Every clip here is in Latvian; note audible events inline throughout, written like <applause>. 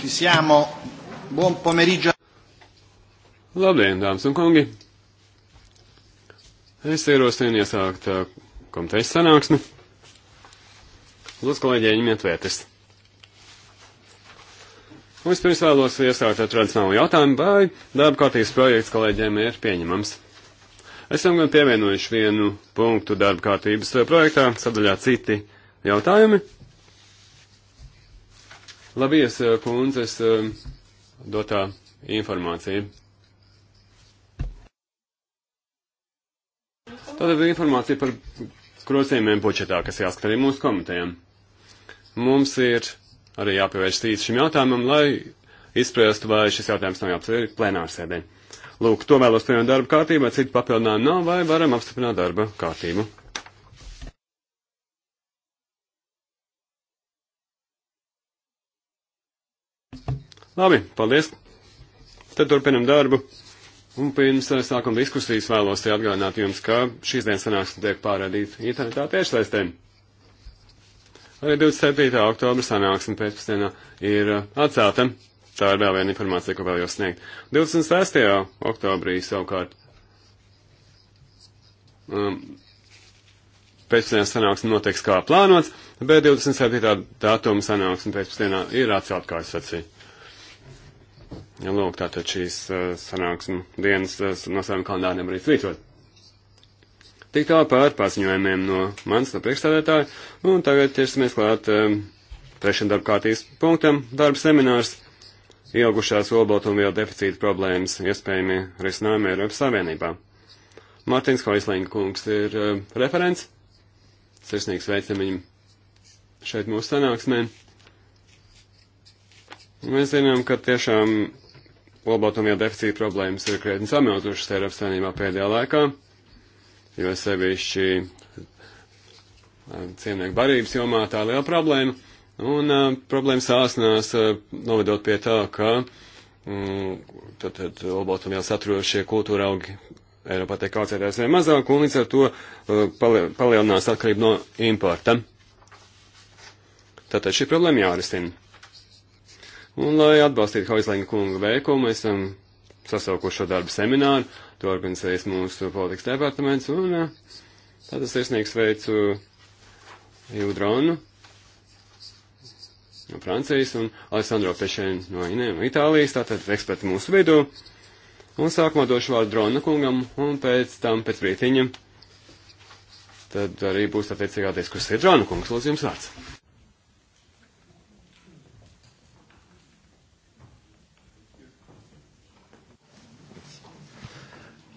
Ci siamo. Buon pomeriggio. Labdien, dāmas un kungi. Es ierosinu iesākt komitejas sanāksmi. Lūdzu, kolēģi, ņemiet vērtis. Vispirms vēlos iesākt ar tradicionālu jautājumu, vai darba kārtības projekts kolēģiem ir pieņemams. Esam gan pievienojuši vienu punktu darba kārtības projektā, sadaļā citi jautājumi. Labies eh, kundzes eh, dotā informācija. Tātad informācija par grozījumiem budžetā, kas jāskat arī mūsu komitejām. Mums ir arī jāpievērš tīts šim jautājumam, lai izprastu, vai šis jautājums nav jāapsver plenārsēdē. Lūk, to vēlos pieņemt darba kārtībā, citu papildinājumu nav, vai varam apstiprināt darba kārtību. Labi, paldies. Tad turpinam darbu. Un pirms eh, sākam diskusijas vēlos te atgādināt jums, ka šīs dienas sanāksme tiek pārādīta internetā tiešsaistēm. Arī 27. oktobra sanāksme pēcpusdienā ir eh, atcelta. Tā ir vēl viena informācija, ko vēl jau sniegt. 26. oktobrī savukārt um, pēcpusdienā sanāksme notiks kā plānots, bet 27. datuma sanāksme pēcpusdienā ir atcelta, kā es sacīju. Ja, lūk, tātad šīs eh, sanāksmu dienas eh, no saviem kalendāriem arī svītrot. Tik tālāk pār paziņojumiem no manas, no priekšstādētāja, nu, un tagad ķersimies klāt um, eh, trešiem darba kārtības punktam - darba seminārs - ilgušās olbaltumvielu deficīta problēmas iespējami risinājumi Eiropas Savienībā. Mārtiņš Hoislinga kungs ir uh, referents. Sirsnīgs veicam viņam šeit mūsu sanāksmēm. Mēs zinām, ka tiešām olbaltumvielu deficīta problēmas ir krietni samilzušas Eiropas Savienībā pēdējā laikā, jo sevišķi eh, ciennieku barības jomā tā liela problēma, un uh, eh, problēma sāsnās uh, eh, novedot pie tā, ka mm, tad, tad olbaltumvielas atrošie kultūra augi Eiropā tiek audzētās vien mazāk, un līdz ar to palielinās atkarību no importa. Tātad šī problēma jārisina. Un, lai atbalstītu Hauslēņa kunga veikumu, mēs esam sasaukuši šo darbu semināru, to organizējas mūsu politikas departaments, un eh, tātad sirsnīgs veicu Jūdronu no Francijas un Alessandro Pešēnu no, Inē, no Itālijas, tātad eksperti mūsu vidū. Un sākumā došu vārdu Drona kungam, un pēc tam, pēc brītiņa, tad arī būs attiecīgā diskusija. Drona kungs, lūdzu jums vārds.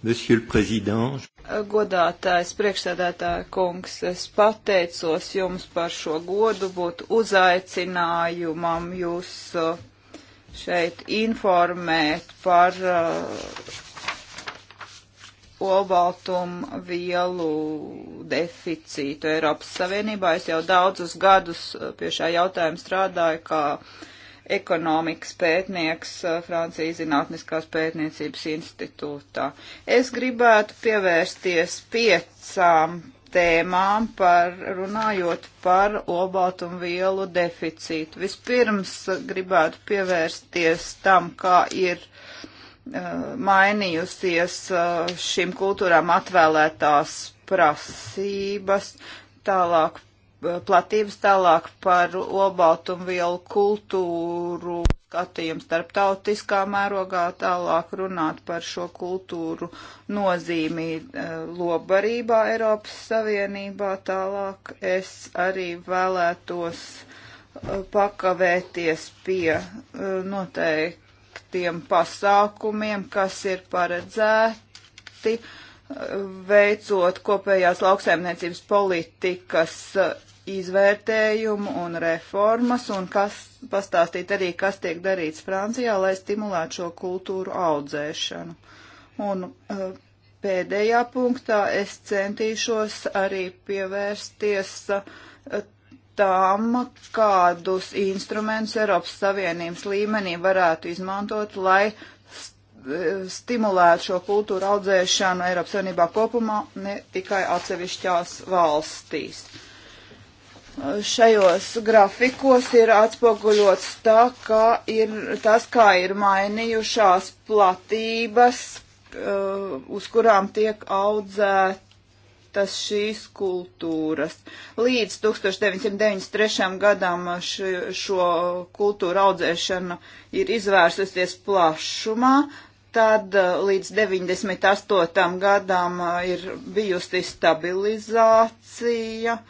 Monsieur le Président. Godātājs priekšsēdētāja kungs, es pateicos jums par šo godu būt uzaicinājumam jūs uh, šeit informēt par uh, olbaltumu vielu deficītu Eiropas Savienībā. Es jau daudzus gadus uh, pie šā jautājuma strādāju kā uh, ekonomikas pētnieks eh, Francijas Zinātniskās pētniecības institūtā. Es gribētu pievērsties piecām tēmām, par, runājot par olbaltumvielu deficītu. Vispirms gribētu pievērsties tam, kā ir uh, mainījusies uh, šīm kultūrām atvēlētās prasības, tālāk platības tālāk par olbaltumvielu kultūru skatījumu starptautiskā mērogā, tālāk runāt par šo kultūru nozīmī eh, lobarībā Eiropas Savienībā, tālāk es arī vēlētos eh, pakavēties pie eh, noteiktiem pasākumiem, kas ir paredzēti veicot kopējās lauksaimniecības politikas izvērtējumu un reformas, un kas, pastāstīt arī, kas tiek darīts Francijā, lai stimulētu šo kultūru audzēšanu. Un eh, pēdējā punktā es centīšos arī pievērsties eh, tam, kādus instrumentus Eiropas Savienības līmenī varētu izmantot, lai stimulētu šo kultūru audzēšanu Eiropas Savienībā kopumā, ne tikai atsevišķās valstīs šajos grafikos ir atspoguļots tā, kā ir, tas, kā ir mainījušās platības, uh, uz kurām tiek audzētas šīs kultūras. Līdz 1993. gadam š, šo kultūru audzēšana ir izvērsusies plašumā, tad uh, līdz 98. gadam uh, ir bijusi stabilizācija. Uh,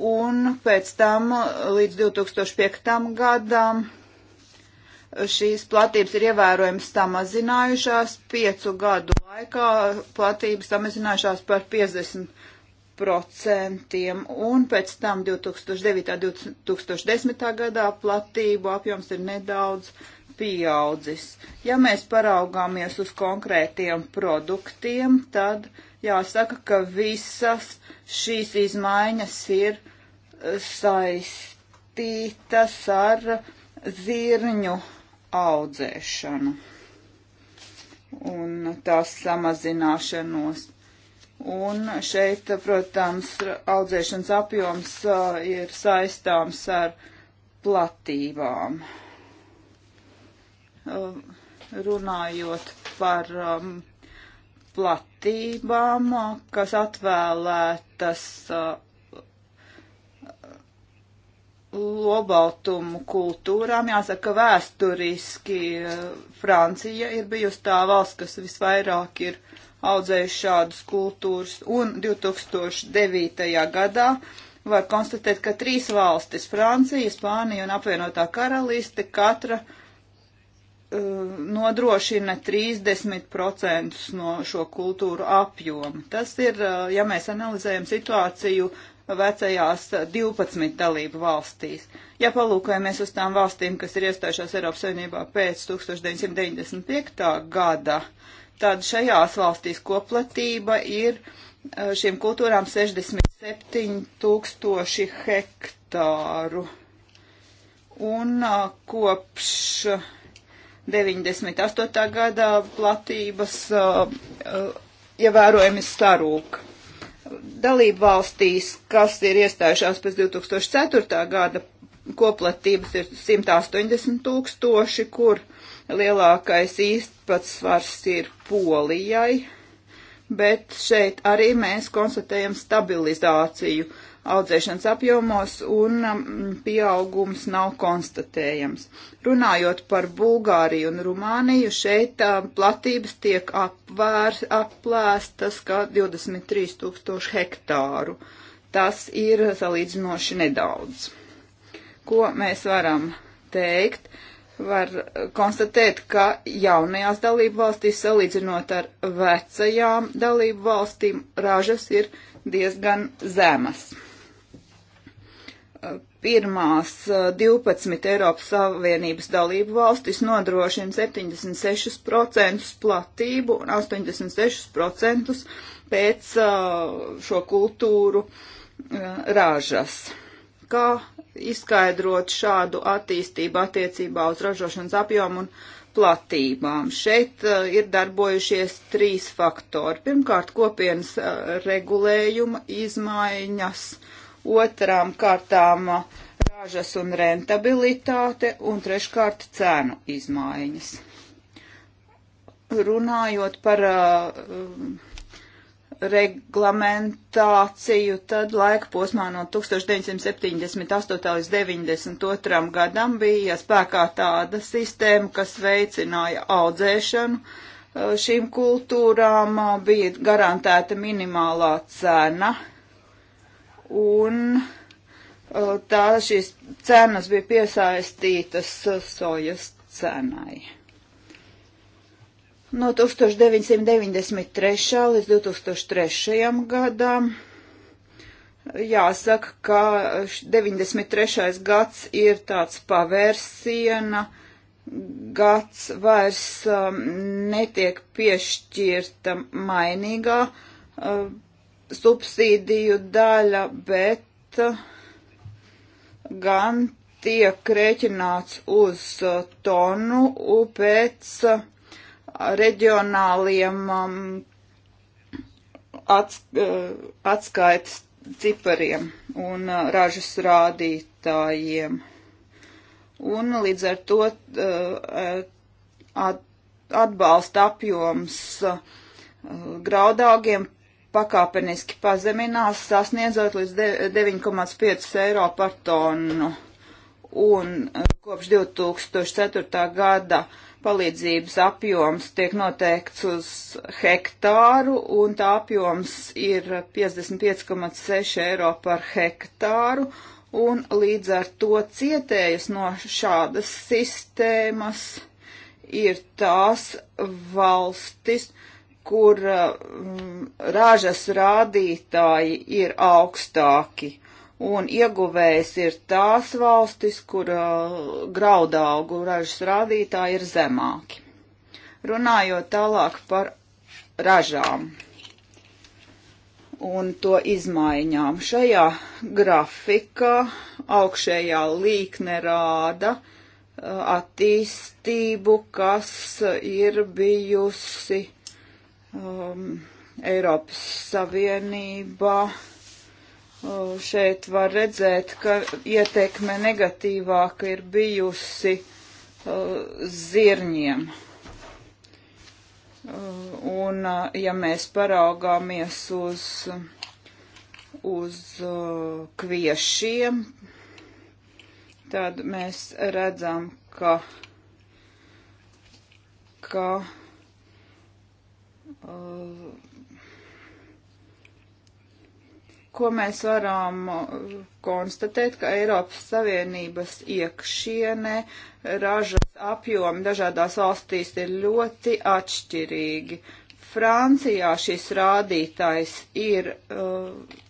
un pēc tam līdz 2005. gadam šīs platības ir ievērojami samazinājušās, piecu gadu laikā platības samazinājušās par 50%, un pēc tam 2009. 2010. gadā platību apjoms ir nedaudz pieaudzis. Ja mēs paraugāmies uz konkrētiem produktiem, tad uh, jāsaka, ka visas šīs izmaiņas ir eh, saistītas ar zirņu audzēšanu un tās samazināšanos. Un šeit, protams, audzēšanas apjoms eh, ir saistāms ar platībām. Eh, runājot par um, platībām, kas atvēlētas uh, lobaltumu kultūrām. Jāsaka, vēsturiski uh, Francija ir bijusi tā valsts, kas visvairāk ir audzējuši šādas kultūras, un 2009. gadā var konstatēt, ka trīs valstis - Francija, Spānija un apvienotā karaliste - katra uh, Uh, nodrošina 30% no šo kultūru apjomu. Tas ir, uh, ja mēs analizējam situāciju vecajās 12 dalību valstīs. Ja palūkojamies uz tām valstīm, kas ir iestājušās Eiropas Savienībā pēc 1995. gada, tad šajās valstīs koplatība ir uh, šīm kultūrām 67 tūkstoši hektāru. Un kopš 98. gadā platības uh, uh, ievērojami sarūk. Dalību valstīs, kas ir iestājušās pēc 2004. gada, koplatības ir 180 tūkstoši, kur lielākais īstpatsvars ir Polijai, bet šeit arī mēs konstatējam stabilizāciju audzēšanas apjomos un um, pieaugums nav konstatējams. Runājot par Bulgāriju un Rumāniju, šeit um, platības tiek apvērs, aplēstas kā 23 tūkstoši hektāru. Tas ir salīdzinoši nedaudz. Ko mēs varam teikt? var konstatēt, ka jaunajās dalību valstīs, salīdzinot ar vecajām dalību valstīm, ražas ir diezgan zemas pirmās 12 eh, Eiropas Savienības dalību valstis nodrošina 76% platību un 86% pēc eh, šo kultūru eh, ražas. Kā izskaidrot šādu attīstību attiecībā uz ražošanas apjomu un platībām? Šeit ir darbojušies trīs faktori. Pirmkārt, kopienas regulējuma izmaiņas otrām kārtām uh, rāžas un rentabilitāte, un treškārt cēnu izmaiņas. Runājot par uh, reglamentāciju, tad laika posmā no 1978. līdz 92. gadam bija spēkā tāda sistēma, kas veicināja audzēšanu. Uh, šīm kultūrām uh, bija garantēta minimālā cena, un uh, tā šīs cenas bija piesaistītas uh, sojas cenai. No 1993. līdz 2003. gadam jāsaka, ka 93. gads ir tāds pavērsiena gads, vairs um, netiek piešķirta mainīgā uh, subsīdiju daļa, bet eh, gan tiek rēķināts uz eh, tonu pēc eh, reģionāliem mm, atskaites cipariem un ražas rādītājiem. Un līdz ar to atbalsta apjoms graudāgiem pakāpeniski pazeminās, sasniedzot līdz 9,5 eiro par tonu. Un e, kopš 2004. gada palīdzības apjoms tiek noteikts uz hektāru, un tā apjoms ir 55,6 eiro par hektāru, un līdz ar to cietējus no šādas sistēmas ir tās valstis, uh, kur um, ražas rādītāji ir augstāki, un ieguvējs ir tās valstis, kur uh, graudaugu ražas rādītāji ir zemāki. Runājot tālāk par ražām un to izmaiņām. Šajā grafikā augšējā līkne rāda eh, attīstību, kas ir bijusi um, Eiropas Savienība. Uh, šeit var redzēt, ka ietekme negatīvāka ir bijusi uh, zirņiem. Uh, un, uh, ja mēs paraugāmies uz, uz uh, kviešiem, tad mēs redzam, ka, ka Uh, ko mēs varam uh, konstatēt, ka Eiropas Savienības iekšienē ražas apjomi dažādās valstīs ir ļoti atšķirīgi. Francijā šis rādītājs ir uh,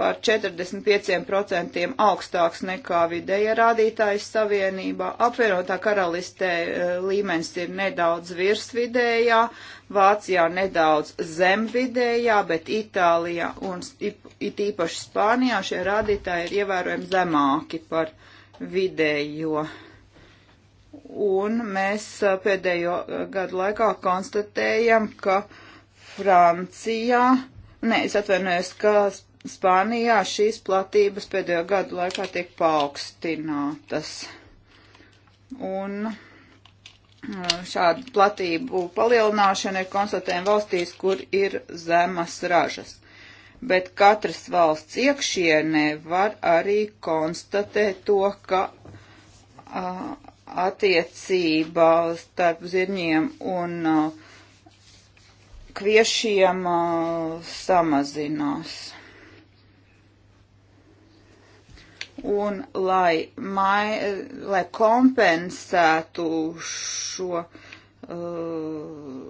par 45% augstāks nekā vidēja rādītājs savienībā. Apvienotā karalistē e, līmenis ir nedaudz virs vidējā, Vācijā nedaudz zem vidējā, bet Itālijā un it īpaši Spānijā šie rādītāji ir ievērojami zemāki par vidējo. Un mēs e, pēdējo e, gadu laikā konstatējam, ka Francijā, nē, es atvainojos, ka Spānijā šīs platības pēdējo gadu laikā tiek paaugstinātas. Un uh, šādu platību palielināšana ir konstatējama valstīs, kur ir zemas ražas. Bet katras valsts iekšienē var arī konstatēt to, ka a, uh, attiecība starp zirņiem un a, uh, kviešiem a, samazinās. un lai, mai, lai kompensētu šo uh,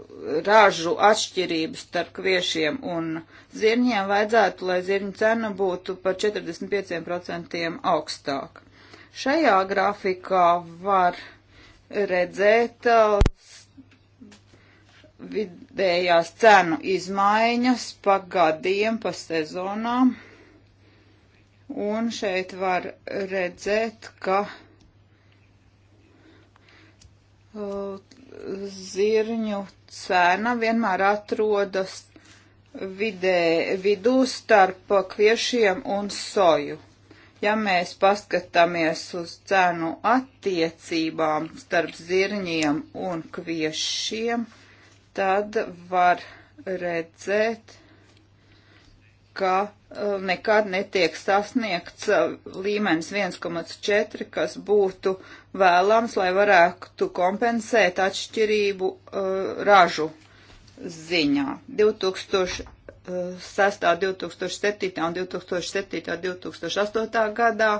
ražu atšķirības starp kviešiem un zirņiem, vajadzētu, lai zirņu cena būtu par 45% augstāka. Šajā grafikā var redzēt uh, vidējās cenu izmaiņas pa gadiem, pa sezonām. Un šeit var redzēt, ka zirņu cena vienmēr atrodas vidē, vidū starp kviešiem un soju. Ja mēs paskatāmies uz cenu attiecībām starp zirņiem un kviešiem, tad var redzēt, ka eh, nekad netiek sasniegts eh, līmenis 1,4, kas būtu vēlams, lai varētu kompensēt atšķirību uh, ražu ziņā. 2006., 2007. un 2007. 2008. gadā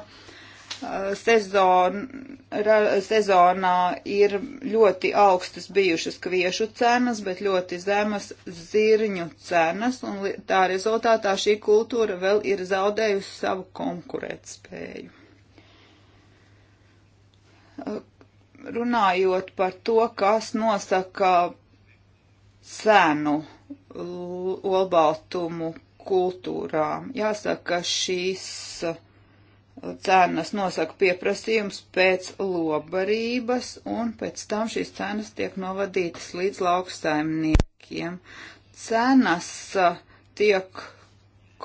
sezon, ra, sezonā ir ļoti augstas bijušas kviešu cenas, bet ļoti zemas zirņu cenas, un tā rezultātā šī kultūra vēl ir zaudējusi savu konkurētspēju. Runājot par to, kas nosaka cenu olbaltumu kultūrām, jāsaka, šīs uh, cenas nosaka pieprasījums pēc lobarības, un pēc tam šīs cenas tiek novadītas līdz lauksaimniekiem. Cenas tiek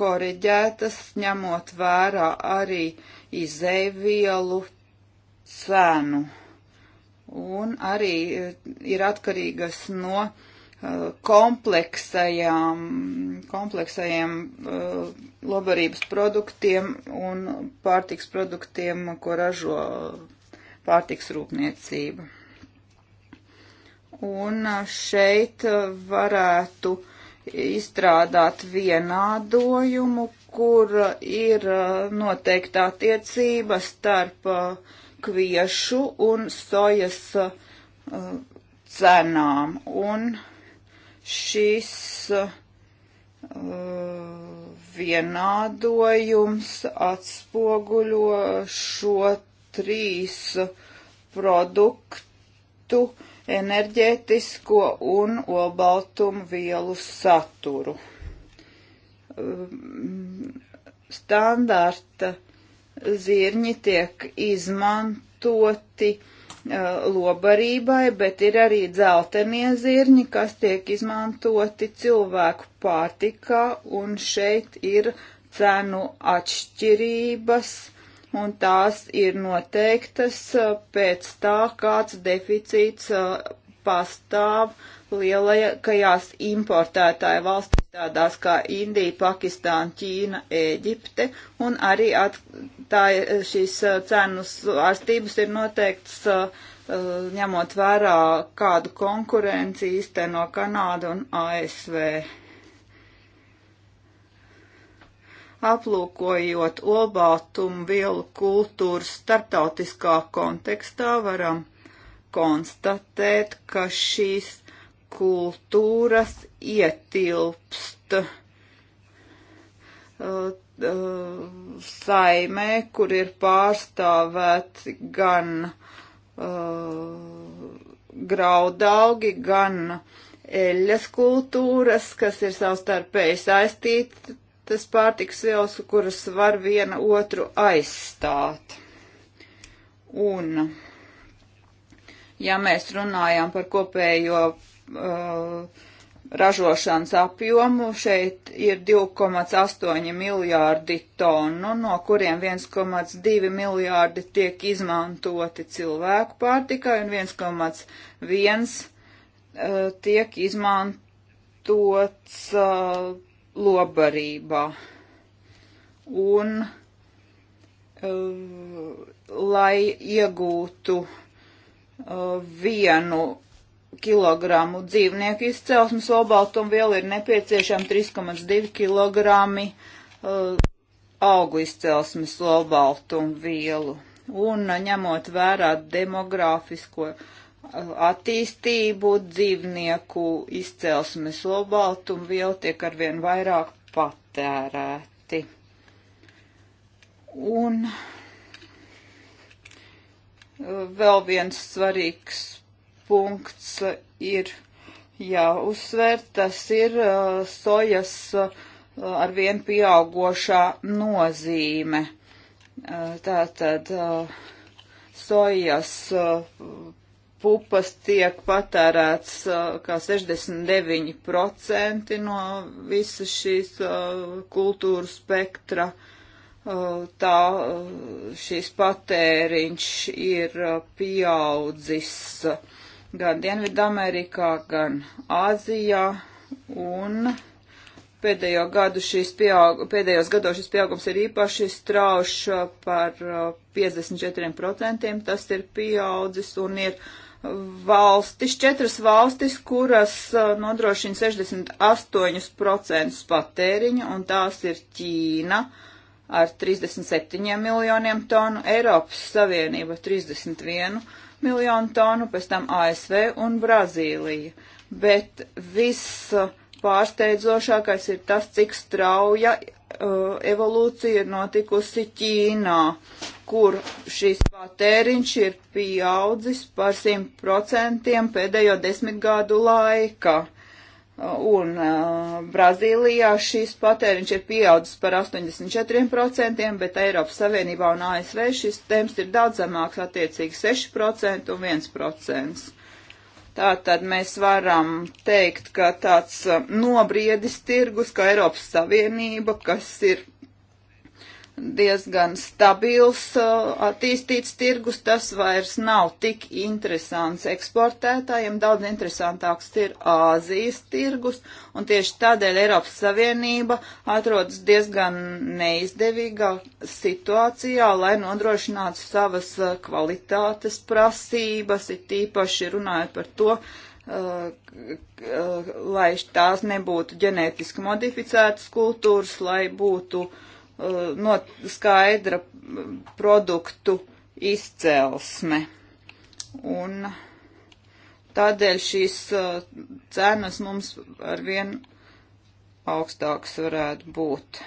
koriģētas, ņemot vērā arī izēvielu cenu, un arī e, ir atkarīgas no kompleksajām, kompleksajiem eh, labdarības produktiem un pārtiks produktiem, ko ražo pārtiks rūpniecība. Un eh, šeit eh, varētu izstrādāt vienādojumu, kur ir noteikta attiecība starp kviešu un sojas cenām. Un uh, šis uh, vienādojums atspoguļo šo trīs produktu enerģētisko un olbaltumu vielu saturu. Um, standarta zirņi tiek izmantoti uh, Uh, lobarībai, bet ir arī dzeltenie zirņi, kas tiek izmantoti cilvēku pārtikā, un šeit ir cenu atšķirības, un tās ir noteiktas uh, pēc tā, kāds deficīts uh, pastāv lielajās importētāju valstīs, tādās kā Indija, Pakistāna, Ķīna, Ēģipte, un arī at, tā šīs cenu svārstības ir noteikts ņemot vērā, kādu konkurenci īsteno Kanāda un ASV. Aplūkojot olbaltumu vielu kultūru starptautiskā kontekstā, varam konstatēt, ka šīs kultūras ietilpst uh, Uh, saimē, kur ir pārstāvēt gan uh, graudaugi, gan eļas kultūras, kas ir savstarpēji saistītas pārtiks vielas, kuras var viena otru aizstāt. Un, ja mēs runājam par kopējo uh, ražošanas apjomu. Šeit ir 2,8 miljārdi tonu, no kuriem 1,2 miljārdi tiek izmantoti cilvēku pārtikai un 1,1 eh, tiek izmantots uh, lobarībā. Un uh, lai iegūtu uh, vienu kilogramu dzīvnieku izcelsmes olbaltumvielu ir nepieciešama 3,2 kilogrami uh, augu izcelsmes olbaltumvielu. Un uh, ņemot vērā demografisko uh, attīstību, dzīvnieku izcelsmes olbaltumvielu tiek arvien vairāk patērēti. Un uh, vēl viens svarīgs punkts ir jāuzsver, tas ir uh, sojas uh, ar vien pieaugošā nozīme. Uh, tātad sojas pupas tiek patērēts kā 69% no visas šīs kultūras spektra tā šīs patēriņš ir pieaudzis gan Dienvidamerikā, gan Āzijā, un pēdējo gadu šīs pieaug, pēdējos gados šis pieaugums ir īpaši straušs par 54%, uh, tas ir pieaudzis un ir valstis, četras valstis, kuras uh, nodrošina 68% patēriņu, un tās ir Ķīna ar 37 miljoniem tonu, Eiropas Savienība 31 miljoniem miljonu tonu, pēc tam ASV un Brazīlija. Bet viss uh, pārsteidzošākais ir tas, cik strauja uh, evolūcija ir notikusi Ķīnā, kur šis patēriņš ir pieaudzis par 100% pēdējo desmitgādu laikā. Un uh, Brazīlijā šis patēriņš ir pieaudzis par 84%, bet Eiropas Savienībā un ASV šis temps ir daudz zemāks, attiecīgi 6% un 1%. Tātad mēs varam teikt, ka tāds nobriedis tirgus, ka Eiropas Savienība, kas ir diezgan stabils uh, attīstīts tirgus, tas vairs nav tik interesants eksportētājiem, daudz interesantāks ir Āzijas tirgus, un tieši tādēļ Eiropas Savienība atrodas diezgan neizdevīgā situācijā, lai nodrošinātu savas uh, kvalitātes prasības, ir tīpaši runājot par to, uh, lai tās nebūtu ģenētiski modificētas kultūras, lai būtu uh, Uh, no skaidra uh, produktu izcelsme. Un tādēļ šīs uh, cenas mums arvien augstāks varētu būt.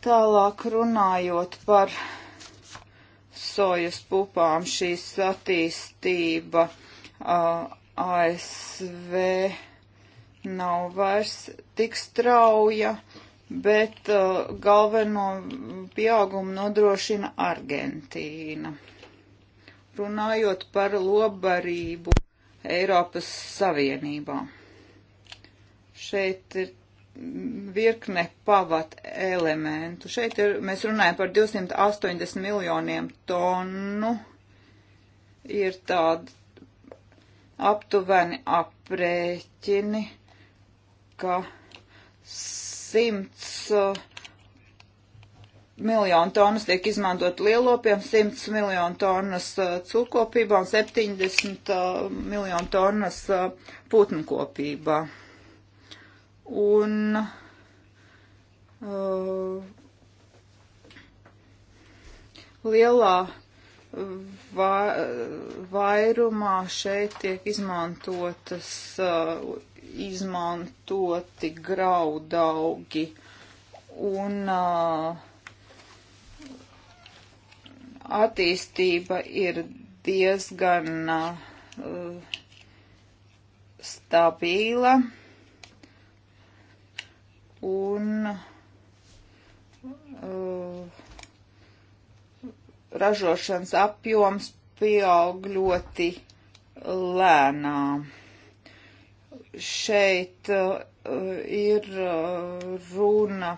Tālāk runājot par sojas pupām, šīs attīstība ASV nav vairs tik strauja bet uh, galveno pieaugumu nodrošina Argentīna. Runājot par lobarību Eiropas Savienībā. Šeit ir virkne pavat elementu. Šeit ir, mēs runājam par 280 miljoniem tonu. Ir tādi aptuveni aprēķini, ka 100 eh, miljonu tonnas tiek izmantot lielopiem, 100 miljonu tonnas eh, cūkopībā un 70 eh, miljonu tonnas putnukopībā. Un uh, lielā va, vairumā šeit tiek izmantotas uh, izmantoti graudaugi un uh, attīstība ir diezgan uh, stabila un uh, ražošanas apjoms pieaug ļoti lēnām šeit uh, ir uh, runa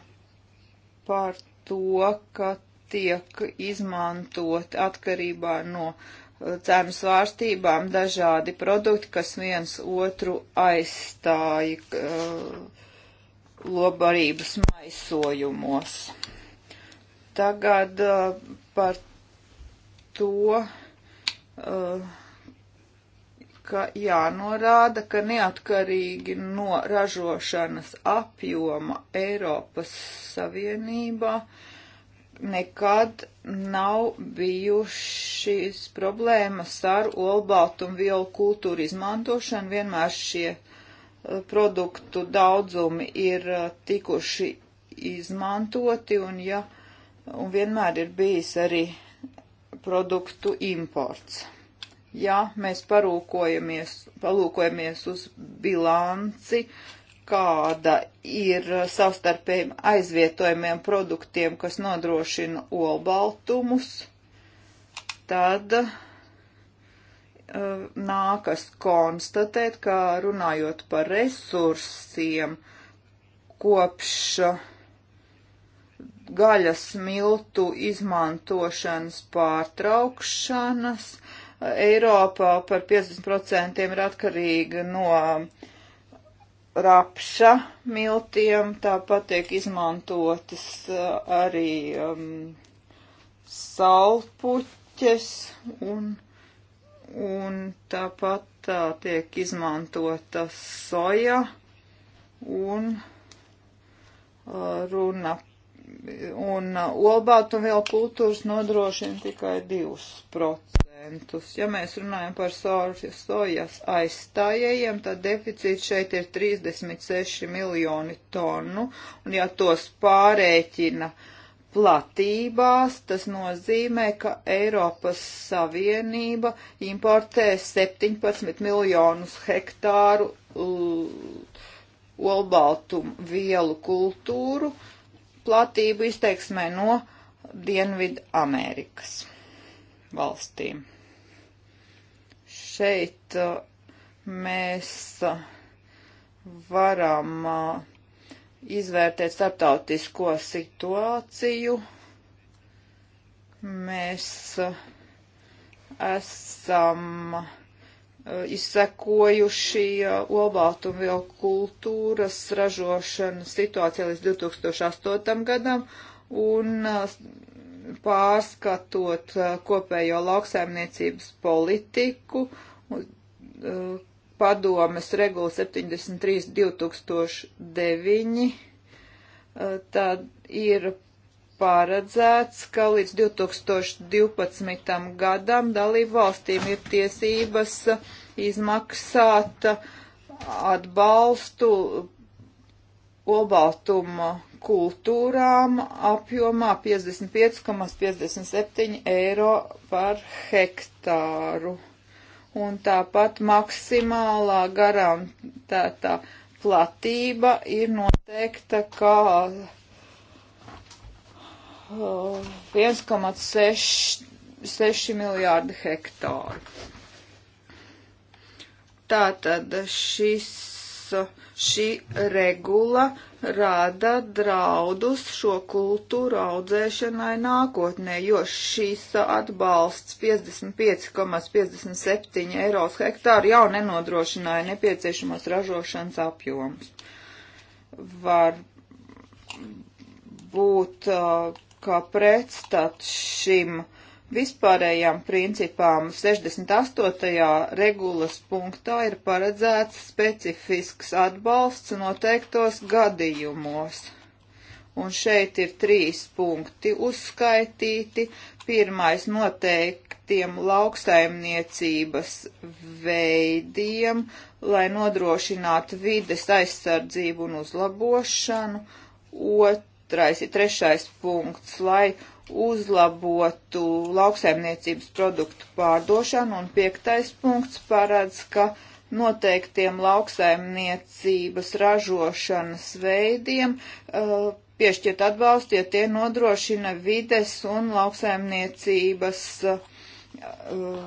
par to, ka tiek izmantot atkarībā no uh, cenu svārstībām dažādi produkti, kas viens otru aizstāja uh, lobarības maisojumos. Tagad uh, par to. Uh, ka jānorāda, ka neatkarīgi no ražošanas apjoma Eiropas Savienībā nekad nav bijušas problēmas ar olbaltumvielu kultūru izmantošanu. Vienmēr šie eh, produktu daudzumi ir eh, tikuši izmantoti un, ja, un vienmēr ir bijis arī produktu imports ja mēs parūkojamies, palūkojamies uz bilanci, kāda ir savstarpējiem aizvietojumiem produktiem, kas nodrošina olbaltumus, tad uh, nākas konstatēt, ka runājot par resursiem kopš gaļas miltu izmantošanas pārtraukšanas, uh, Eiropā par 50% ir atkarīga no rapša miltiem, tāpat tiek izmantotas uh, arī um, salpuķes un, un tāpat tā uh, tiek izmantota soja un uh, runa un uh, olbātumvielu kultūras nodrošina tikai 2% procentus. Ja mēs runājam par sojas aizstājējiem, tad deficīts šeit ir 36 miljoni tonu, un ja tos pārēķina platībās, tas nozīmē, ka Eiropas Savienība importē 17 miljonus hektāru uh, olbaltumu vielu kultūru platību izteiksmē no Dienvidu Amerikas valstīm. Šeit uh, mēs uh, varam uh, izvērtēt starptautisko situāciju. Mēs esam izsekojuši olbaltumvielu kultūras ražošanas situāciju līdz 2008. gadam un pārskatot uh, kopējo lauksaimniecības politiku, uh, padomes regula 73 2009, uh, tad ir paredzēts, ka līdz 2012. gadam dalību valstīm ir tiesības izmaksāt atbalstu olbaltuma kultūrām apjomā 55,57 eiro par hektāru. Un tāpat maksimālā garantētā platība ir noteikta kā 1,6 uh, miljārdi hektāru. Tātad šis, šī regula rada draudus šo kultūru audzēšanai nākotnē, jo šīs atbalsts 55,57 eiro uz hektāru jau nenodrošināja nepieciešamos ražošanas apjomus. Var būt, uh, ka pretstat šim uh, vispārējām principām 68. regulas punktā ir paredzēts specifisks atbalsts noteiktos gadījumos. Un šeit ir trīs punkti uzskaitīti. Pirmais noteiktiem lauksaimniecības veidiem, lai nodrošinātu vides aizsardzību un uzlabošanu. Otrais ir trešais punkts, lai uh, uzlabotu lauksaimniecības produktu pārdošanu, un piektais punkts parāds, ka noteiktiem lauksaimniecības ražošanas veidiem uh, piešķirt atbalstu, ja tie nodrošina vides un lauksaimniecības uh,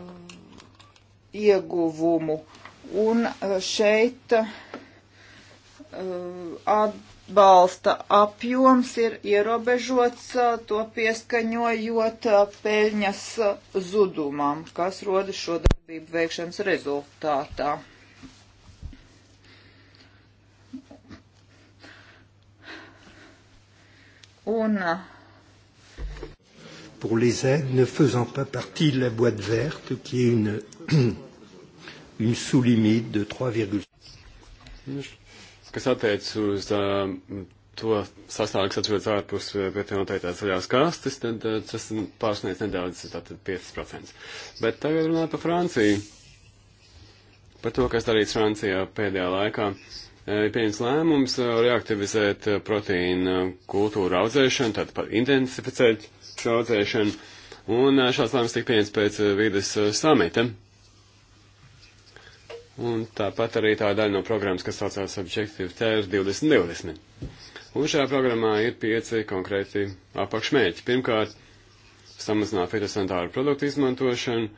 ieguvumu. Un uh, šeit uh, at, atbalsta apjoms ir ierobežots, to pieskaņojot peļņas zudumam, kas rodas šo darbību veikšanas rezultātā. Un pour les aides ne faisant pas partie de la boîte verte qui est une, <clears throat> une sous-limite de 3,5 kas attiec uz uh, to sastāvu, kas atrodas ārpus vietējā uh, noteiktā zaļās kastes, tad uh, tas pārsniedz nedaudz, tātad 5%. Bet tagad runāt par Franciju. Par to, kas darīts Francijā pēdējā laikā. Uh, ir pieņems lēmums uh, reaktivizēt proteīna kultūru audzēšanu, tātad par intensificēt šo audzēšanu. Un šāds lēmums tika pieņems pēc vides samita. Uh, Un tāpat arī tā daļa no programmas, kas saucās Objective TR 2020. Un šajā programmā ir pieci konkrēti apakšmēķi. Pirmkārt, samazināt fitosanitāru produktu izmantošanu,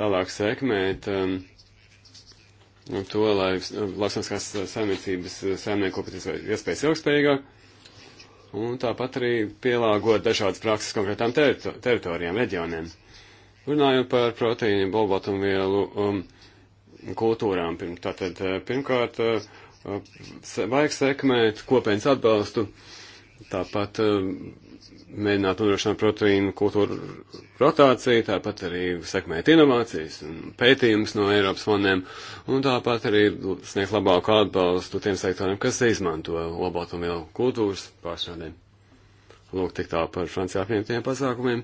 tālāk sekmēt um, to, lai um, lauksaimniekās saimniecības uh, saimnieku kopēties vai iespējas ilgspējīgāk. Un tāpat arī pielāgot dažādas prakses konkrētām terito teritorijām, reģioniem. Runājot par proteīnu, bolbotumvielu, um, kultūrām. Tātad, eh, pirmkārt, eh, vajag sekmēt kopienas atbalstu, tāpat eh, mēģināt nodrošināt proteīnu kultūru rotāciju, tāpat arī sekmēt inovācijas un pētījumus no Eiropas fondiem, un tāpat arī sniegt labāku atbalstu tiem sektoriem, kas izmanto lobotomielu kultūras pārstrādēm. Lūk, tik tā par Francijā pieņemtajiem pasākumiem.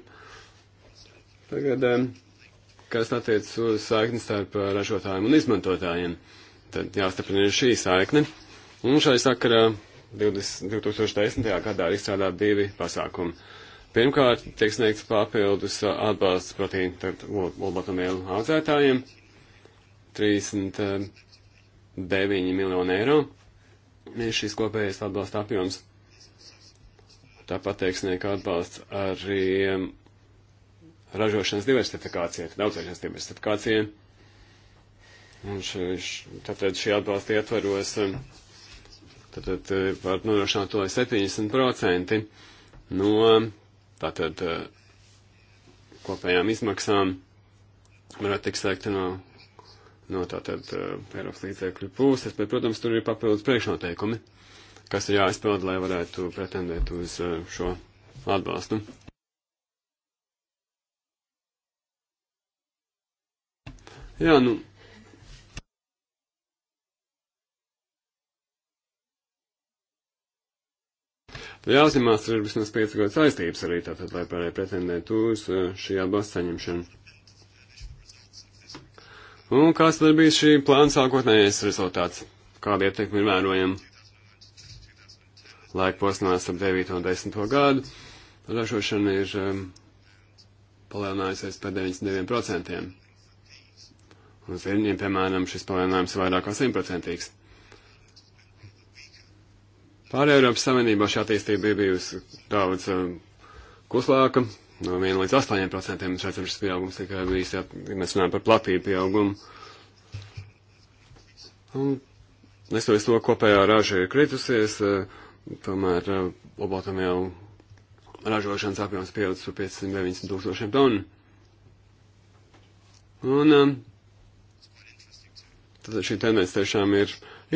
Tagad. Um, kas attiec uz saikni starp uh, ražotājiem un izmantotājiem. Tad jāstiprina šī saikne. Un šai sakarā 20, 2010. gadā ir izstrādāti divi pasākumi. Pirmkārt, tiek sniegts papildus uh, atbalsts protīna olbaltumvielu audzētājiem 39 uh, miljonu eiro. Ir šis kopējais atbalsta apjoms. Tāpat tiek sniegts atbalsts arī um, ražošanas diversifikācija, daudzēšanas diversifikācija. Un š, š, tātad šī atbalsta ietvaros, um, tātad uh, var nodrošināt to 70% no um, tātad uh, kopējām izmaksām, varētu tikt slēgta no, no tātad uh, Eiropas līdzēkļu puses, bet, protams, tur ir papildus priekšnoteikumi, kas ir jāizpild, lai varētu pretendēt uz šo atbalstu. Jā, nu. Jāzimās ir vismaz 5 gadus saistības arī tātad, lai pārēj pretendētu uz eh, šī atbalsta saņemšanu. Un kāds tad bija šī plāna sākotnējais rezultāts? Kāda ietekme ir vērojama? Laika posmās ap 9 un 10 gadu ražošana ir um, palielinājusies par 92%. Uz viņiem, piemēram, šis palielinājums ir vairāk kā simtprocentīgs. Pārējā Eiropas Savienībā šī attīstība bija bijusi daudz um, kuslāka, no 1 līdz 8 procentiem mēs redzam šis pieaugums, tikai bijis, ja mēs runājam par platību pieaugumu. Un nestoties to, kopējā raža ir kritusies, uh, tomēr uh, obaltam jau ražošanas apjoms pieaudzis par 590 tūkstošiem tonu. Un um, Tad šī tendence tiešām ir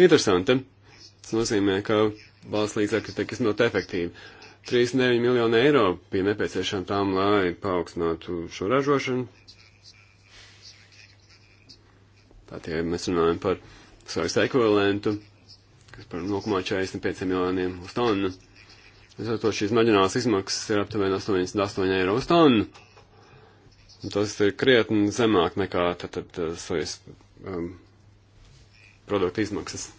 interesanta. Tas nozīmē, ka valsts līdzekļi tiek izmantot efektīvi. 39 miljoni eiro bija nepieciešama tām, lai paaugstinātu šo ražošanu. Tātad, ja mēs runājam par savas ekvivalentu, kas par 0,45 miljoniem uz tonu, līdz ar to šīs maģinālās izmaksas ir aptuveni 88 eiro uz tonu. Tas ir krietni zemāk nekā tad, tad, sojas um, produktu izmaksas.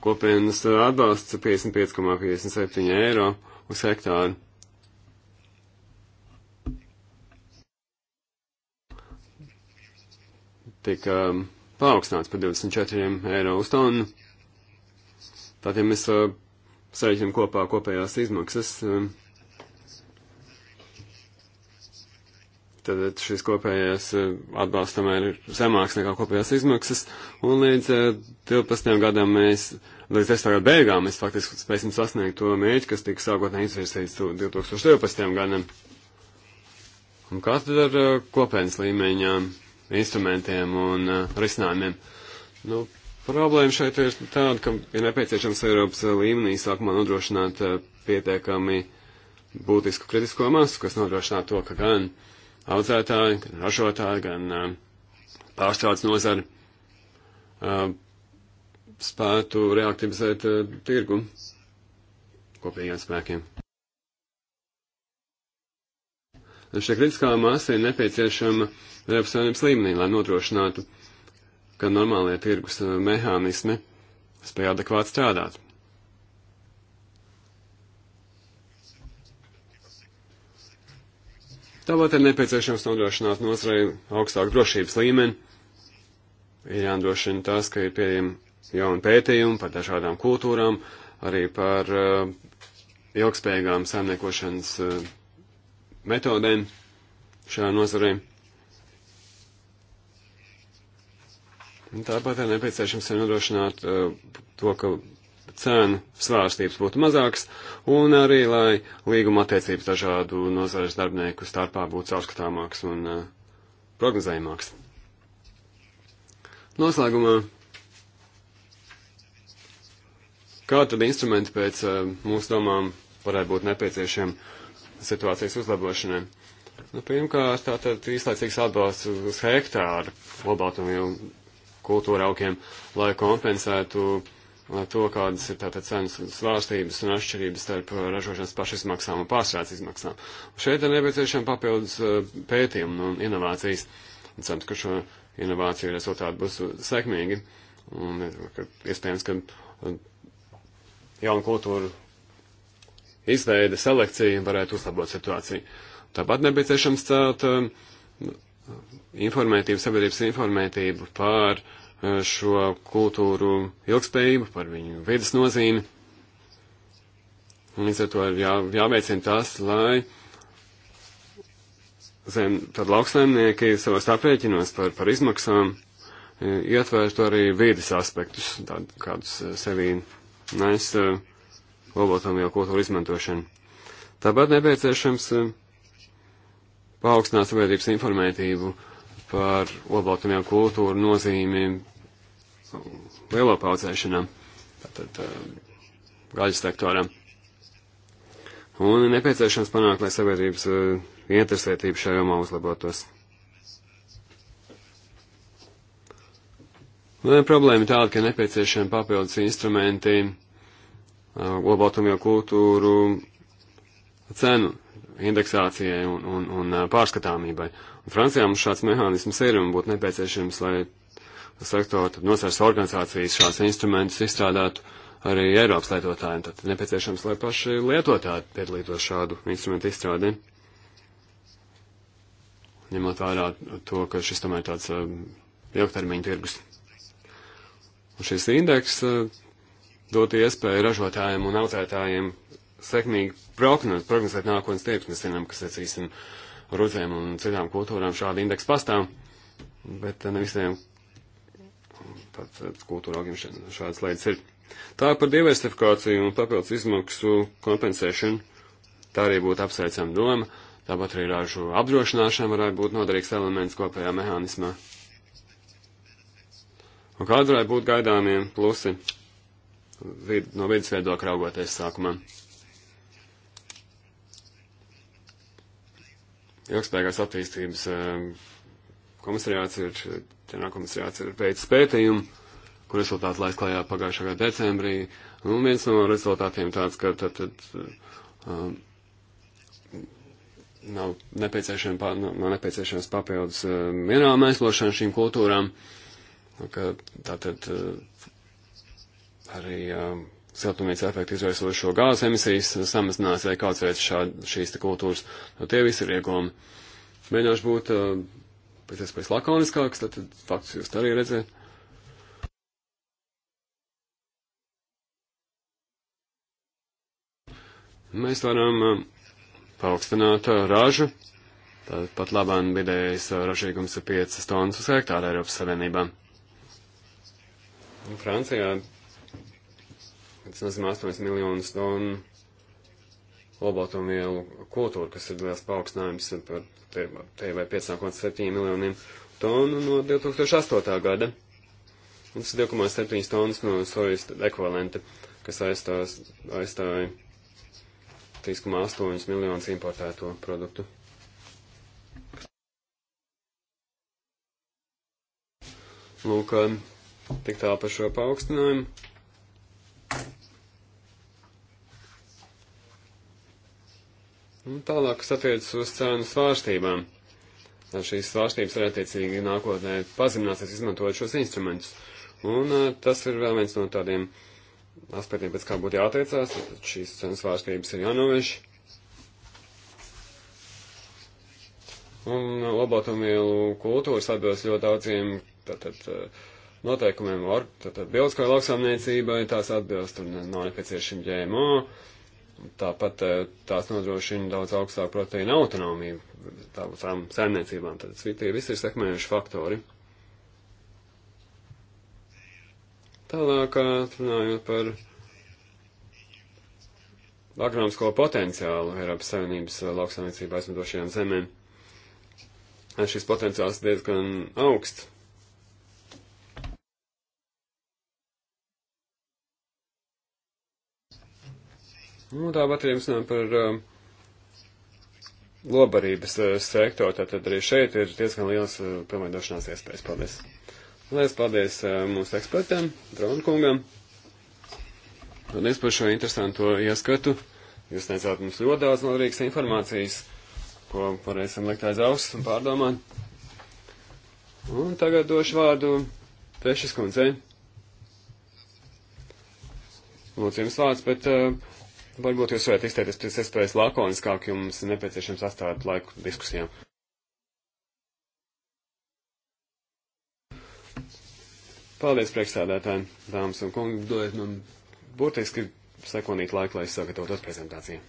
Kopienas atbalsts 55,57 eiro uz hektāru. Tika um, paaugstināts par 24 eiro uz tonu. Tātad, ja mēs uh, sareiķinām kopā kopējās izmaksas, um, tad šis kopējais eh, atbalstam ir zemāks nekā kopējās izmaksas, un līdz 12. Eh, gadam mēs, līdz 10. gada beigām mēs faktiski spēsim sasniegt to mērķi, kas tika sākotnēji izvirsīts 2012. gadam. Un kā tad ar eh, kopienas līmeņa instrumentiem un risinājumiem? Nu, problēma šeit ir tāda, ka ir nepieciešams Eiropas līmenī sākumā nodrošināt pietiekami būtisku kritisko masu, kas nodrošinā to, ka gan uh, audzētāji, gan ražotāji, gan pārstrādes nozari spētu reaktivizēt tirgu kopīgiem spēkiem. Šī kritiskā māsa ir nepieciešama Eiropas Savienības līmenī, lai nodrošinātu, ka normālie tirgus mehānismi spēj adekvāti strādāt. Tāpat ir nepieciešams nodrošināt nozarei augstāku drošības līmeni. Ir jānodrošina tas, ka ir pieejami jauni pētījumi par dažādām kultūrām, arī par uh, ilgspējīgām saimniekošanas uh, metodēm šajā nozarē. Tāpat ir nepieciešams nodrošināt uh, to, ka cēnu svārstības būtu mazāks, un arī, lai līguma attiecības dažādu nozares darbinieku starpā būtu caurskatāmāks un uh, eh, prognozējumāks. Noslēgumā, kā tad instrumenti pēc uh, mūsu domām varētu būt nepieciešami situācijas uzlabošanai? Nu, pirmkārt, tātad īslaicīgs atbalsts uz hektāru obaltumvielu kultūra aukiem, lai kompensētu uh, to, kādas ir tātad cenas svārstības un atšķirības starp uh, ražošanas pašizmaksām un pārstrādes izmaksām. Un šeit ir nepieciešama papildus uh, pētījuma un inovācijas. Un cerams, ka šo inovāciju rezultāti būs uh, sekmīgi. Un ka, iespējams, ka jaunu kultūru izveide, selekcija varētu uzlabot situāciju. Tāpat nepieciešams celt um, informētību, sabiedrības informētību par uh, šo kultūru ilgspējību, par viņu vidas nozīmi. Un līdz ar to ir jā, jāveicina tas, lai zem, tad lauksaimnieki savos aprēķinos par, par izmaksām e, ietvērtu arī vīdes aspektus, tād, kādus e, sevī nes e, obaltumvielu kultūru izmantošanu. Tāpat nepieciešams paaugstināt sabiedrības informētību par obaltumvielu kultūru nozīmi lielopu audzēšanām, tātad um, gaļas sektoram. Un ir nepieciešams panākt, lai sabiedrības uh, interesētība šajā jomā uzlabotos. Un nu, problēma tāda, ka nepieciešami papildus instrumenti, olbaltumvielu uh, kultūru, cenu indeksācijai un, un, un uh, pārskatāmībai. Un Francijā mums šāds mehānisms ir un būtu nepieciešams, lai sektora nozars organizācijas šāds instruments izstrādātu arī Eiropas lietotājiem. Tad nepieciešams, lai paši lietotāji piedalītos šādu instrumentu izstrādē. Ņemot vērā to, ka šis tomēr tāds um, ilgtermiņa tirgus. Un šis indeks uh, dot iespēju ražotājiem un audzētājiem sekmīgi prognozēt, prognozēt nākotnes tirgus. Mēs zinām, ka, secīsim, rudzēm un citām kultūrām šādi indeksi pastāv, bet uh, ne visiem tātad kultūra augiem šādas lietas ir. Tā par diversifikāciju un papildus izmaksu kompensēšanu. Tā arī būtu apsveicama doma. Tāpat arī ražu apdrošināšana varētu būt noderīgs elements kopējā mehānismā. Un kāda varētu būt gaidāmie plusi vid, no vidas viedokļa raugoties sākumā? Ilgspējīgās attīstības eh, komisariāts ir Te nākomisriāts ir veids pētījumu, kur rezultāts laiz klājā pagājušā gada decembrī. Un nu, viens no rezultātiem tāds, ka tad, tad um, nav, nepieciešama, nu, nav nepieciešams papildus uh, um, minerāla mēslošana šīm kultūrām. Nu, ka, tātad uh, arī uh, siltumnīca efektu izraisošo gāzu emisijas samazinās vai kāds veids šād, šīs te kultūras. No tie visi ir iegūmi. Mēģināšu būt uh, pēc iespējas lakoniskāks, tad, tad faktus jūs arī redzēt. Mēs varam um, paaugstināt uh, ražu. Tad pat labāk vidējais uh, ražīgums ir 5 tonnas uz hektāru Eiropas Savienībā. Un Francijā tas nozīmē 8 miljonus tonu olbaltumvielu kultūru, kas ir liels paaugstinājums par te, te vai 5,7 miljoniem tonu no 2008. gada. Un tas ir 2,7 tonnas no sojas ekvivalenta, kas aizstās, aizstāja 3,8 miljonus importēto produktu. Lūk, tik tālu par šo paaugstinājumu. Un nu, tālāk, kas attiecas uz cenu svārstībām. Šīs svārstības var attiecīgi nākotnē pazemināties, izmantojot šos instrumentus. Un eh, tas ir vēl viens no tādiem aspektiem, pēc kā būtu jāteicās, tad šīs cenu svārstības ir jānovērš. Un eh, lobotomielu kultūras atbilst ļoti daudziem tātad, eh, noteikumiem, var, tātad bioloģiskai lauksaimniecībai tās atbilst un nav nepieciešami ģēmo. Uh, Tāpat eh, tās nodrošina daudz augstāku proteīna autonomiju tām saimniecībām. Tad tie visi ir sekmējuši faktori. Tālāk, eh, runājot par agronomisko potenciālu Eiropas Savienības eh, lauksaimniecībā aizmedošajām zemēm, šis potenciāls diezgan augsts. Un tāpat arī mēs runājam par um, lobarības uh, sektoru, tātad arī šeit ir diezgan liels uh, pilnveidošanās iespējas. Paldies! Lielas paldies uh, mūsu ekspertiem, Dronkungam! Paldies par šo interesanto ieskatu! Jūs neicāt mums ļoti daudz noderīgas informācijas, ko varēsim likt aiz auss un pārdomāt. Un tagad došu vārdu trešas kundzei. Lūdzu, jums vārds, bet uh, Varbūt jūs varat izteikties pēc iespējas lakoniskāk, jo mums ir nepieciešams atstāt laiku diskusijām. Paldies priekšstādātājiem, dāmas un kungi, dodiet man būtiski sekundīt laiku, lai es sagatavotos prezentācijai.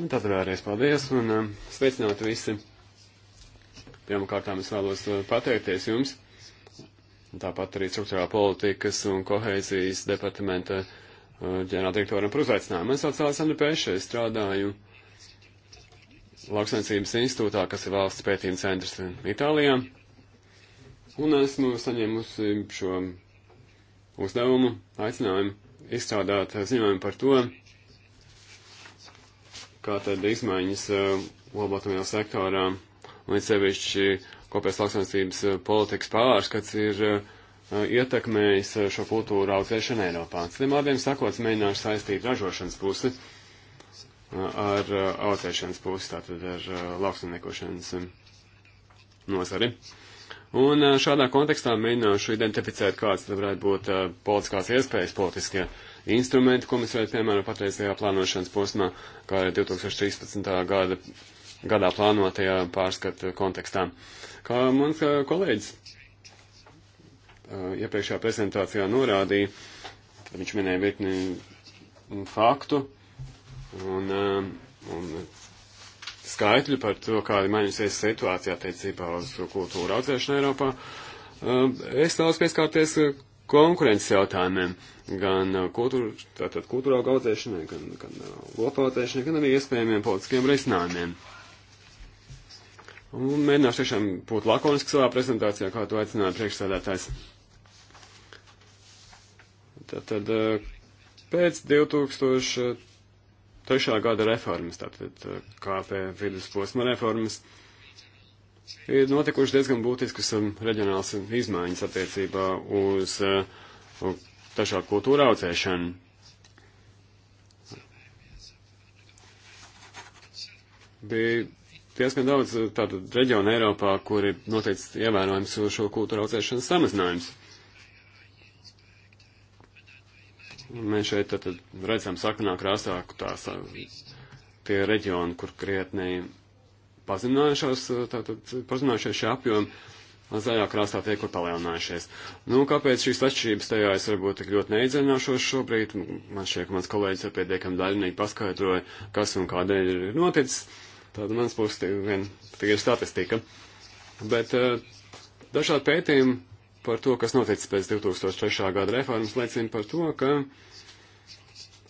Tātad vēlreiz paldies un uh, um, sveicināt visi. Pirmkārtām es vēlos uh, pateikties jums Tāpat arī struktūrā politikas un kohēzijas departamenta uh, ģenerāldirektoram par uzveicinājumu. Es atcēlos NDP, šeit strādāju Lauksaimniecības institūtā, kas ir valsts pētījuma centrs Itālijā. Un esmu saņēmusi šo uzdevumu, aicinājumu izstrādāt ziņojumu par to, kā tad izmaiņas uh, labotumvielu sektorā, un sevišķi kopējas lauksaimniecības eh, politikas pārskats ir eh, ietekmējis eh, šo kultūru audzēšanu Eiropā. Citiem vārdiem sakot, es mēģināšu saistīt ražošanas pusi ar audzēšanas pusi, tātad ar lauksaimniekošanas nozari. Un šādā kontekstā mēģināšu identificēt, kādas varētu būt uh, politiskās iespējas, politiskie instrumenti, ko mēs varētu piemēram patreizajā plānošanas posmā, kā arī 2013. gada gadā plānotajā pārskata kontekstā. Kā mans kolēģis iepriekšējā prezentācijā norādīja, viņš minēja virkni faktu un, un skaitļu par to, kāda mainīsies situācija attiecībā uz kultūru audzēšanu Eiropā. Es vēlos pieskārties konkurences jautājumiem, gan kultūra, tātad kultūrā audzēšanai, gan, gan lopaudzēšanai, gan arī iespējamiem politiskiem risinājumiem. Uh, Un mēģināšu tiešām būt lakonisks savā prezentācijā, kā to aicināja priekšsēdētājs. Tātad eh, pēc 2003. gada reformas, tātad eh, KP vidusposma reformas, ir notikuši diezgan būtiskas um, reģionāls izmaiņas attiecībā eh, uz dažādu kultūru audzēšanu. Bija diezgan daudz eh, tādu reģionu Eiropā, kur ir noteikts ievērojams šo kultūra audzēšanas samazinājums. Mēs šeit tad, tad redzam sarkanā krāsā tās tie reģioni, kur krietnī pazinājušās, eh, tātad pazinājušies šie apjomi, zaļā krāsā tie, kur palielinājušies. Nu, kāpēc šīs atšķirības tajā es varbūt tik ļoti neizdzināšos šobrīd? Man šķiet, ka mans kolēģis ar pietiekam daļinīgi paskaidroja, kas un kādēļ ir noticis. Tāda mans puses vien tikai statistika. Bet uh, dažādi pētījumi par to, kas noticis pēc 2003. gada reformas, liecina par to, ka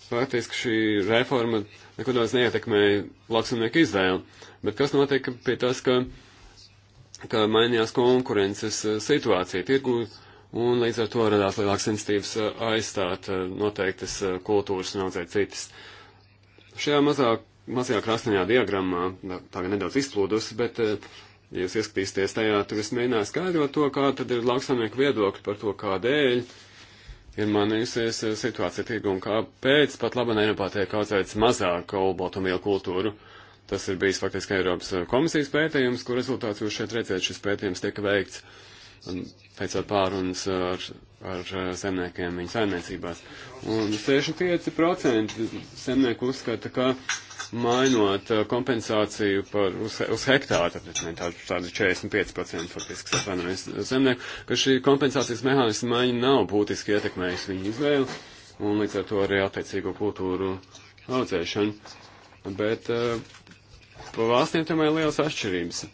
faktiski šī reforma neko daudz neietekmēja lauksamnieku izvēli. Bet kas notika pie tas, ka, ka mainījās konkurences eh, situācija tirgu un līdz ar to radās lielāks institīvs eh, aizstāt noteiktas kultūras un audzēt citas. Šajā mazāk mazajā krāsainajā diagrammā tagad nedaudz izplūdusi, bet, eh, ja jūs ieskatīsieties tajā, tur es mēģināju skaidrot to, kā tad ir lauksaimnieku viedokļi par to, kādēļ ir mainījusies eh, situācija tirgu un kāpēc pat laba Eiropā tiek audzēts mazāk olbaltumvielu kultūru. Tas ir bijis faktiski Eiropas eh, komisijas pētījums, kur rezultāts jūs šeit redzēt, šis pētījums tiek veikts veicot pārunas ar, ar zemniekiem viņu saimniecībās. Un 65% zemnieku uzskata, ka mainot uh, kompensāciju par, uz, uz hektāru, tāpēc ne tādu, tādu 45% faktiski satvainojas zemnieku, ka šī kompensācijas mehānisma maiņa nav būtiski ietekmējusi viņu izvēli un līdz ar to arī attiecīgo kultūru audzēšanu. Bet uh, pa valstīm tomēr liels atšķirības.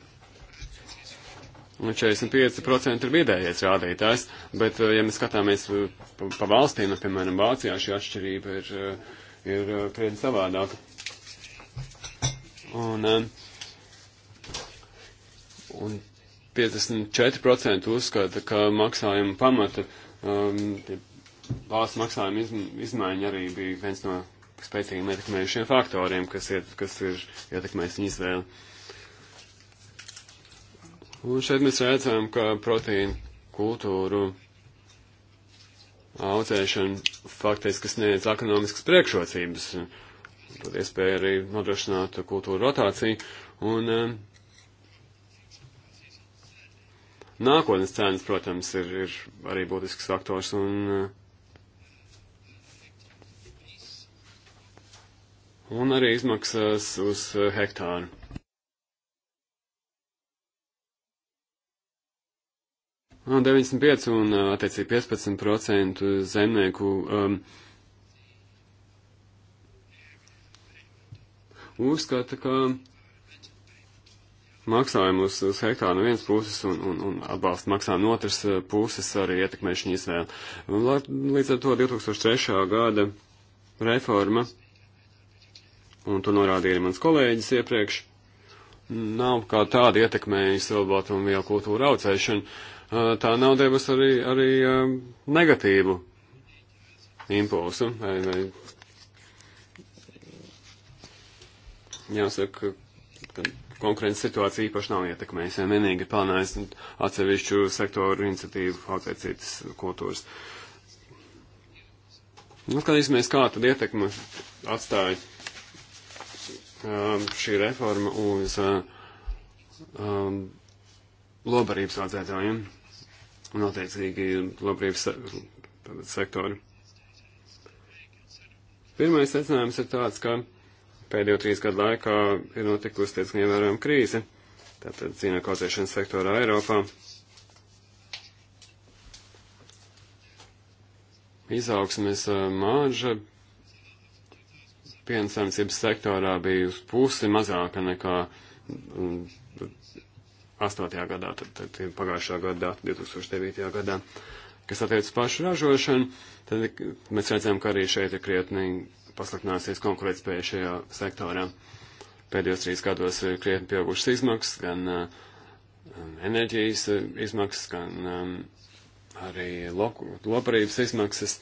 45% nu, ir vidējais rādītājs, bet, eh, ja mēs skatāmies pa, eh, pa valstīm, nu, piemēram, Vācijā šī atšķirība ir, eh, ir krietni savādāka. Un, un 54% uzskata, ka maksājuma pamata, um, valsts maksājuma izm, izmaiņa arī bija viens no spēcīgi ietekmējušiem faktoriem, kas, iet, kas ir ietekmējis viņu izvēli. Un šeit mēs redzam, ka proteīnu kultūru audzēšana faktiski sniedz ekonomiskas priekšrocības. Tad iespēja arī nodrošināt kultūru rotāciju. Un um, nākotnes cenas, protams, ir, ir arī būtisks faktors. Un, uh, un arī izmaksas uz hektāru. No 95 un, attiecīgi, 15% zemnieku um, uzskata, ka maksājumi uz, uz hektāru no vienas puses un, un, un atbalsta maksājumi no otras puses arī ietekmē šī izvēle. Līdz ar to 2003. gada reforma, un to norādīja arī mans kolēģis iepriekš, nav kā tāda ietekmējusi obaltumvielu kultūru audzēšanu tā nav devusi arī, arī negatīvu impulsu. Vai, vai jāsaka, ka konkurences situācija īpaši nav ietekmējusi, ja vienīgi plānājas atsevišķu sektoru iniciatīvu kaut citas kultūras. Nu, skatīsimies, kā tad ietekme atstāja šī reforma uz um, lobarības audzētājiem. Ja? un attiecīgi labrības sektori. Pirmais secinājums ir tāds, ka pēdējo trīs gadu laikā ir notikusi diezgan ievērojama krīze, tātad cīņa kautēšanas sektorā Eiropā. Izaugsmes mārža piensaimniecības sektorā bija uz pusi mazāka nekā 2008. gadā, tad, tad pagājušā gadā, 2009. gadā. Kas attiecas pašu ražošanu, tad mēs redzam, ka arī šeit ir krietni pasliktinājusies konkurētspēja šajā sektorā. Pēdējos trīs gados ir krietni pieaugušas izmaksas, gan eh, um, enerģijas eh, izmaksas, gan um, arī loparības izmaksas,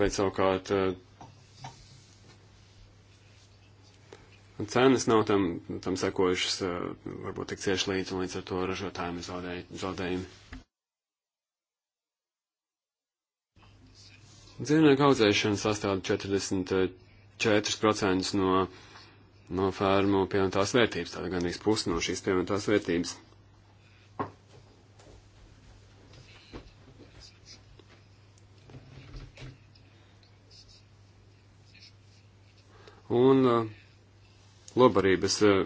bet savukārt uh, cenas nav tam, tam sekojušas, varbūt tik cieši līdz, un līdz ar to ražotājiem zaudē, zaudējumi. Dzīvnieku audzēšana sastāv 44% no, no fermu pievienotās vērtības, tātad gandrīz pusi no šīs pievienotās vērtības. Un uh, lobarības eh,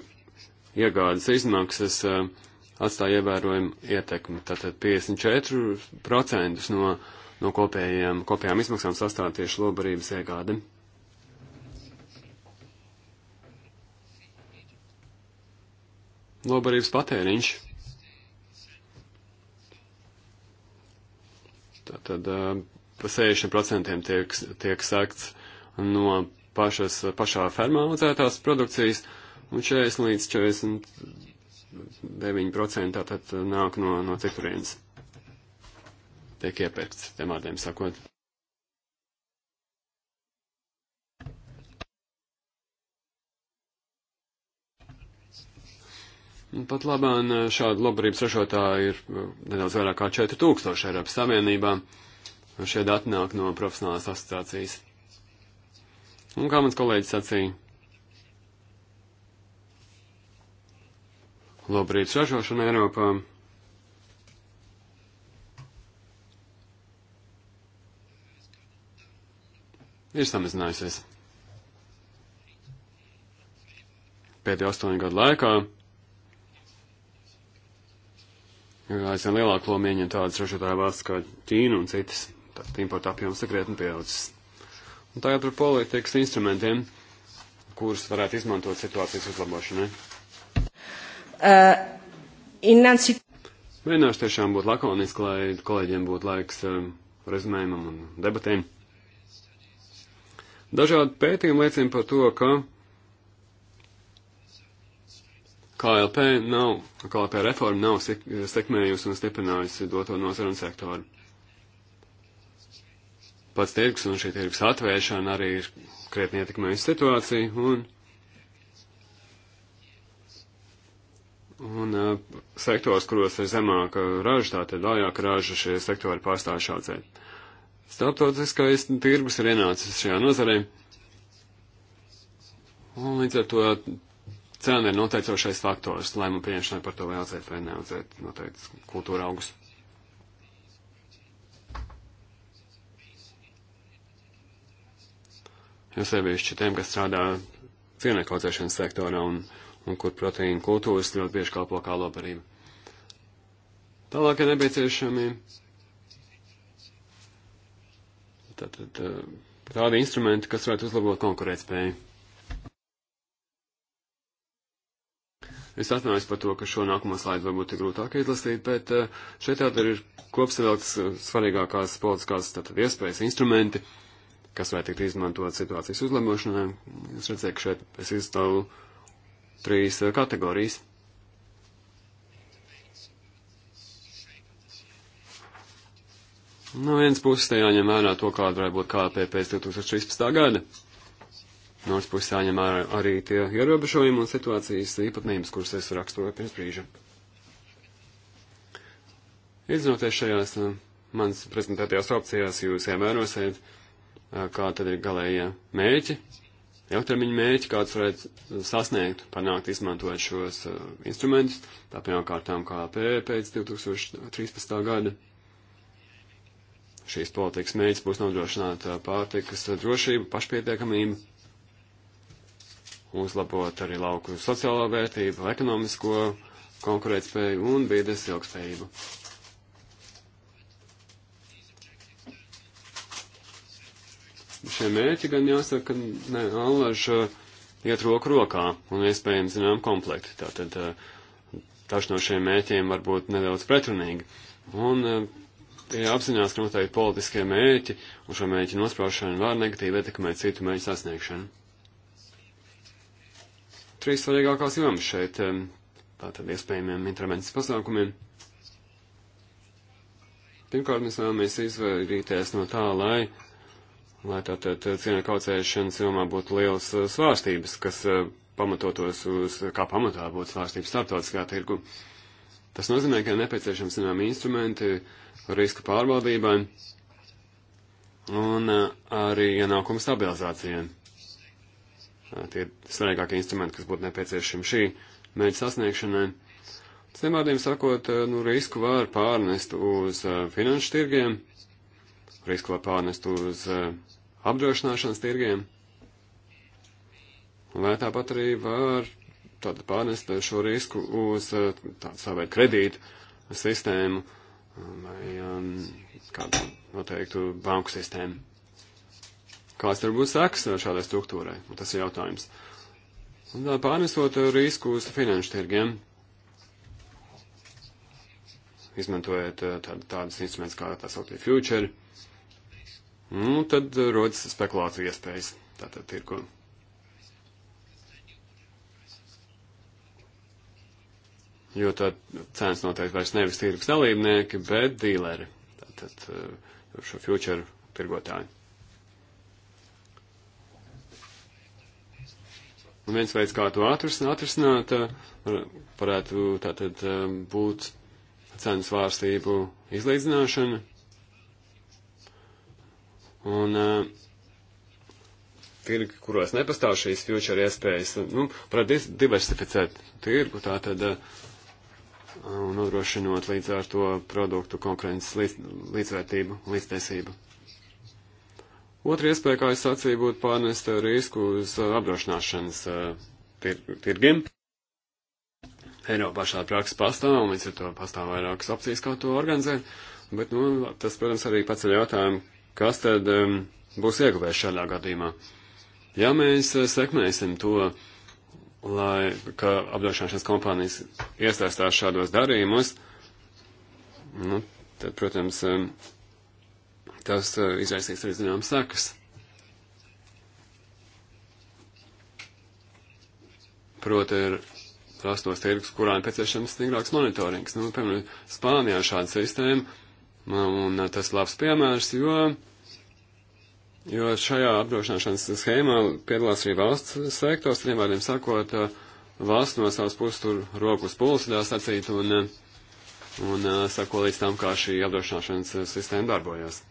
iegādes izmaksas eh, atstāja ievērojumu ietekmi. Tātad 54% no, no kopējiem, kopējām izmaksām sastāv tieši lobarības iegāde. Lobarības patēriņš. Tātad eh, pa 60% tiek, tiek sakts no pašas, pašā fermā audzētās produkcijas, un 40 līdz 49% tātad nāk no, no citurienes. Tiek iepērkts, tiem vārdiem sakot. Pat labāk šādu labdarības ražotāju ir nedaudz vairāk kā 4000 Eiropas Savienībā. Šie dati nāk no profesionālās asociācijas. Un kā mans kolēģis sacīja, labrīt ražošana Eiropā. Ir samazinājusies. Pēdējo astoņu gadu laikā aizvien lielāku lomu ieņem tādas ražotāju valsts kā Ķīna un citas. Tātad importa apjoms ir krietni pieaudzis. Un tagad par politikas instrumentiem, kurus varētu izmantot situācijas uzlabošanai. Uh, innanzi... Mēģināšu tiešām būt lakoniski, lai kolēģiem būtu laiks uh, rezumējumam un debatēm. Dažādi pētījumi liecina par to, ka KLP nav, KLP reforma nav sekmējusi un stiprinājusi doto nozaru un sektoru pats tirgus un šī tirgus atvēršana arī ir krietni ietekmējusi situāciju. Un, un uh, sektors, kuros ir zemāka raža, tātad vājāka raža, šie sektori pārstāv šaucē. Starptautiskais tirgus ir ienācis šajā nozarē. Un līdz ar to cena ir noteicošais faktors lēmumu pieņemšanai par to, vai audzēt vai neaudzēt noteikti kultūra augus. jo sevišķi tiem, kas strādā dzīvnieku audzēšanas sektorā un, un kur proteīna kultūras ļoti bieži kalpo kā lobarība. Tālāk ir nepieciešami tātad, tā, eh, tādi instrumenti, kas varētu uzlabot konkurētspēju. Es atvainojos par to, ka šo nākamo slaidu varbūt ir grūtāk izlasīt, bet eh, šeit tātad ir kopsavilkts eh, svarīgākās politiskās tātad, iespējas, instrumenti, uh, kas varētu tikt izmantot situācijas uzlabošanai. Jūs redzat, ka šeit es izstāvu trīs eh, kategorijas. No vienas puses te jāņem vērā to, kāda varētu būt KLP pēc 2013. gada. No otras puses jāņem vērā arī tie ierobežojumi un situācijas īpatnības, kuras es raksturoju pirms brīža. Iedzinoties šajās eh, manas prezentētajās opcijās, jūs ievērosiet, ja kā tad ir galējie mērķi, ilgtermiņa mērķi, kādus varētu sasniegt, panākt, izmantojot šos uh, instrumentus, tā pirmkārtām KLP pēc 2013. gada. Šīs politikas mērķis būs nodrošināt uh, pārtikas drošību, pašpietiekamību, uzlabot arī lauku sociālo vērtību, ekonomisko konkurētspēju un vides ilgspējību. šie mērķi gan jāsaka, ka ne, allaž eh, iet roku rokā un iespējams zinām komplekti. Tātad taš eh, no šiem mērķiem var būt nedaudz pretrunīgi. Un ir eh, apzinās, ka noteikti politiskie mērķi un šo mērķu nospraušana var negatīvi ietekmēt citu mērķu sasniegšanu. Trīs svarīgākās jomas šeit, tātad iespējamiem intervences pasākumiem. Pirmkārt, mēs vēlamies izvairīties no tā, lai lai tātad eh, cieņa kaucēšanas jomā būtu liels eh, svārstības, kas eh, pamatotos uz, kā pamatā būtu svārstības starptautiskā tirgu. Tas nozīmē, ka ir nepieciešams zinām instrumenti riska pārvaldībai un arī ienākumu stabilizācijai. Tie ir svarīgākie instrumenti, kas būtu nepieciešami šī mērķa sasniegšanai. Citiem vārdiem sakot, nu, risku var pārnest uz finanšu tirgiem, risku var pārnest uz uh, apdrošināšanas tirgiem. Lai tāpat arī var tāda pārnest šo risku uz eh, tādu savu kredītu sistēmu um, vai um, kādu noteiktu banku sistēmu. Kāds tur būs seks uh, šādai struktūrai? Un tas ir jautājums. Un tā pārnesot uh, risku uz finanšu tirgiem, izmantojot tā, uh, tādas instrumentus kā tā sauktie future, Un nu, tad eh, rodas spekulāciju iespējas. Tātad ir ko. Jo tā cenas noteikti vairs nevis tirgus dalībnieki, bet dīleri. Tātad eh, šo future tirgotāju. Un viens veids, kā to atrisināt, eh, atrisināt varētu tātad būt cenas vārstību izlīdzināšana Un uh, tirgi, kuros nepastāv šīs future iespējas, nu, varētu diversificēt tirgu, tā tad uh, nodrošinot līdz ar to produktu konkurences līdz, līdzvērtību, līdztiesību. Otra iespēja, kā es sacīju, būtu pārnest risku uz eh, apdrošināšanas uh, tir tirgiem. Eiropā šāda praksa pastāv, un līdz ar to pastāv vairākas opcijas, kā to organizēt. Bet, nu, tas, protams, arī paceļ jautājumu, kas tad um, būs ieguvējis šādā gadījumā. Ja mēs eh, sekmēsim to, lai, ka apdrošināšanas kompānijas iesaistās šādos darījumos, nu, tad, protams, um, tas uh, izraisīs arī zināmas sakas. Proti, ir rastos tirgus, kurā nepieciešams stingrāks monitorings. Nu, piemēram, Spānijā šāda sistēma Un uh, tas labs piemērs, jo, jo šajā apdrošināšanas schēmā piedalās arī valsts sektors, trim vārdiem sakot, uh, valsts no savas puses tur rokas pulsi, tā sacīt, un, uh, un sako līdz tam, kā šī apdrošināšanas sistēma darbojas.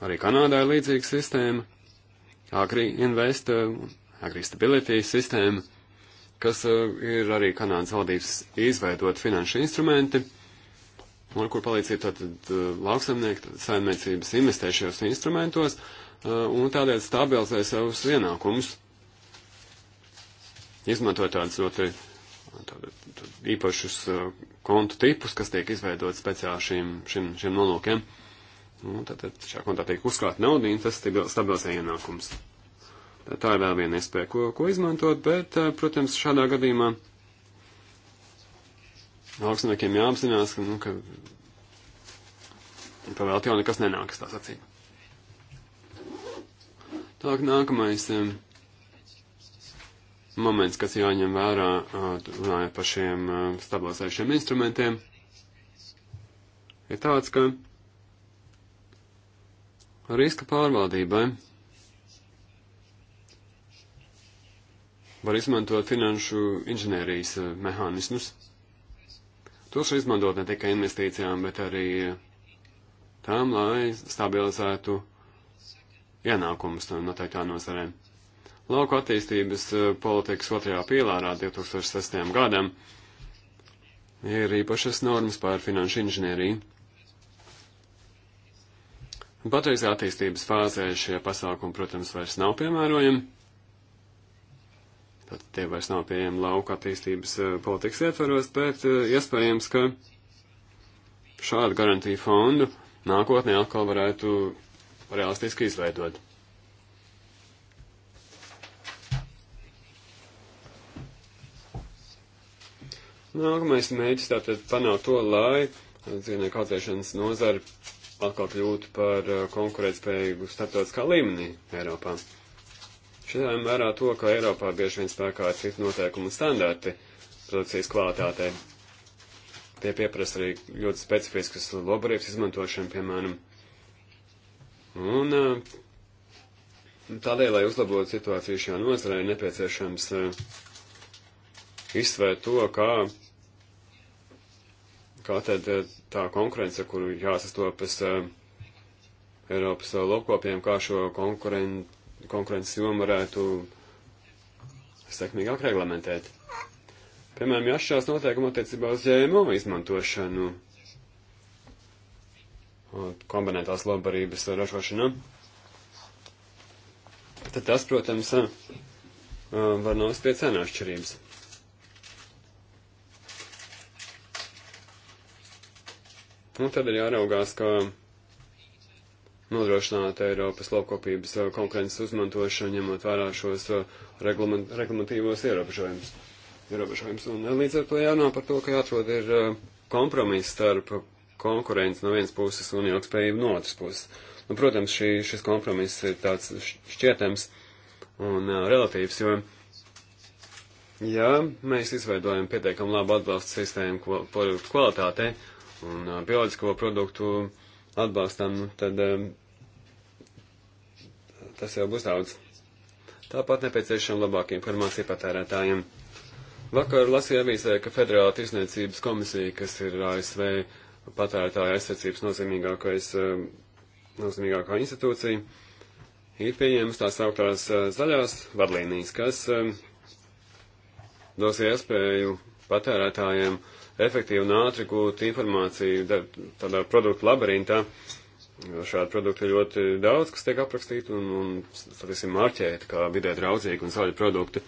Arī Kanādā ir līdzīga sistēma, Agri Invest, Agri Stability sistēma kas eh, ir arī Kanādas valdības izveidot finanšu instrumenti, ar kur palīdzību tātad eh, lauksaimnieki, saimniecības investē šajos instrumentos eh, un tādēļ stabilizē savus ienākumus, izmantojot tādus ļoti tādu, tādu, īpašus kontu tipus, kas tiek izveidot speciāli šim, šim, šim nolūkiem. Un tātad šajā kontā tiek uzkrāt naudu, un tas stabilizē ienākumus. Tā ir vēl viena iespēja, ko, ko izmantot, bet, eh, protams, šādā gadījumā augstniekiem jāapzinās, ka, nu, ka pavēlt jau nekas nenāks tā sacīt. Tālāk nākamais moments, kas jāņem vērā, runājot par šiem stabilizējušiem instrumentiem, ir tāds, ka riska pārvaldībai. var izmantot finanšu inženērijas eh, mehānismus. Tos var izmantot ne tikai investīcijām, bet arī eh, tām, lai stabilizētu ienākumus no noteiktā nozarē. Lauku attīstības eh, politikas otrajā pīlārā 2006. gadam ir īpašas normas par finanšu inženieriju. Patreiz attīstības fāzē šie pasākumi, protams, vairs nav piemērojami. Tad tie vairs nav pieejami lauka attīstības eh, politikas ietvaros, bet eh, iespējams, ka šādu garantiju fondu nākotnē atkal varētu realistiski izveidot. Nākamais mēģis tātad panākt to, lai dzīvnieku audzēšanas nozara atkal kļūtu par eh, konkurētspējīgu starptautiskā līmenī Eiropā. Šajā mērā to, ka Eiropā bieži vien spēkā ir citi noteikumi un standarti produkcijas kvalitātei. Tie pieprasa arī ļoti specifiskas laborības izmantošanu, piemēram. Un eh, tādēļ, lai uzlabotu situāciju šajā nozarē, ir nepieciešams eh, izsvērt to, kā, kā tad eh, tā konkurence, kuru jāsastopas Eiropas lokopiem, kā šo konkurentu konkurences jomu varētu sekmīgāk reglamentēt. Piemēram, ja šās noteikuma attiecībā uz ģēmo izmantošanu kombinētās labbarības ražošanā, tad tas, protams, var novest pie cenu atšķirības. Un nu, tad ir jāraugās, ka nodrošināt Eiropas laukopības eh, konkurences uzmantošanu, ņemot vērā šos reglament, eh, reglamentīvos ierobežojumus. ierobežojumus. Un eh, līdz ar to jārunā par to, ka jāatrod ir kompromiss starp konkurenci no vienas puses un ilgspējību no otras puses. Nu, protams, šī, šis kompromiss ir tāds šķietams un uh, relatīvs, jo, ja mēs izveidojam pietiekam labu atbalstu sistēmu kvalitātei un uh, bioloģisko produktu uh, atbalstam, tad um, tas jau būs daudz. Tāpat nepieciešama labāka informācija patērētājiem. Vakar lasīju avīzē, ka Federāla tirsniecības komisija, kas ir ASV patērētāja aizsardzības nozīmīgākais, nozīmīgākā institūcija, ir pieņēmusi tās augtās eh, zaļās vadlīnijas, kas dos iespēju patērētājiem uh, efektīvi un ātri gūt informāciju tādā produktu labirintā. Šādu produktu ir ļoti daudz, kas tiek aprakstīti un, un statīsim, mārķēti kā vidē draudzīgi un zaļi produkti.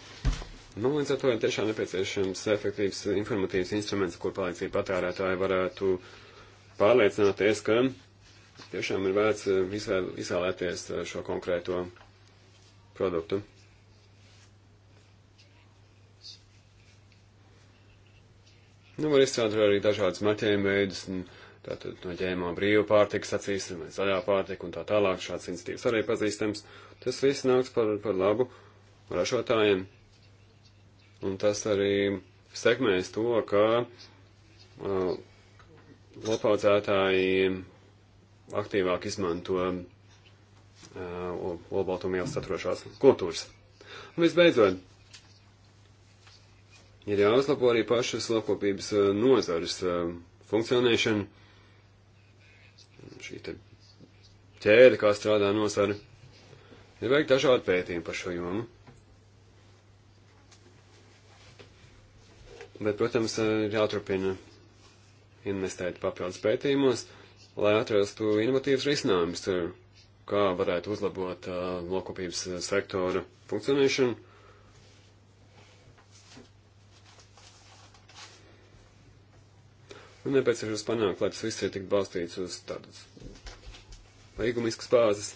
Nu, līdz ar to ir tiešām nepieciešams efektīvs informatīvs instruments, kur palīdzību patērētāji varētu pārliecināties, ka tiešām ir vērts eh, izvēlēties eh, šo konkrēto produktu. Nu, var izstrādāt arī dažādas maķējuma veidus, tātad no ģēmā brīva pārtika sacīsim, vai zaļā pārtika un tā tālāk, šāds institīvs arī pazīstams. Tas viss nāks par, par labu ražotājiem. Un tas arī sekmēs to, ka uh, lopaudzētāji aktīvāk izmanto uh, olbaltumvielas saturošās kultūras. Un visbeidzot, Ir jāuzlabo arī pašas lopkopības eh, nozares eh, funkcionēšana, šī te ķēde, kā strādā nozara. Ir vajag dažādi pētījumi par šo jomu. Bet, protams, eh, ir jāturpina investēt papildus pētījumos, lai atrastu inovatīvas risinājumus, kā varētu uzlabot uh, lokopības sektora funkcionēšanu Un nu, nepieciešams panākt, lai tas viss ir tik balstīts uz tādas līgumiskas bāzes.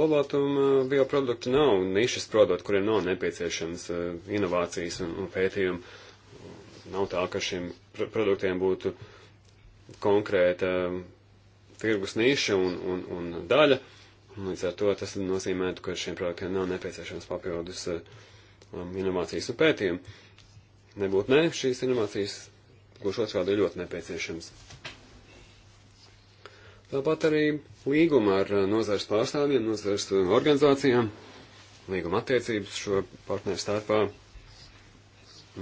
Olbatuma uh, bioprodukti nav nišas produkti, kuriem nav nepieciešams uh, inovācijas un, un pētījumi. Nav tā, ka šiem pr produktiem būtu konkrēta um, tirgus niša un, un, un daļa. Un līdz ar to tas nozīmētu, ka šiem produktiem nav nepieciešams papildus uh, um, inovācijas un pētījumi nebūtu nē, šīs inovācijas, kurš otrādi ir ļoti nepieciešams. Tāpat arī līguma ar uh, nozares pārstāvjiem, nozares uh, organizācijām, līguma attiecības šo partneru starpā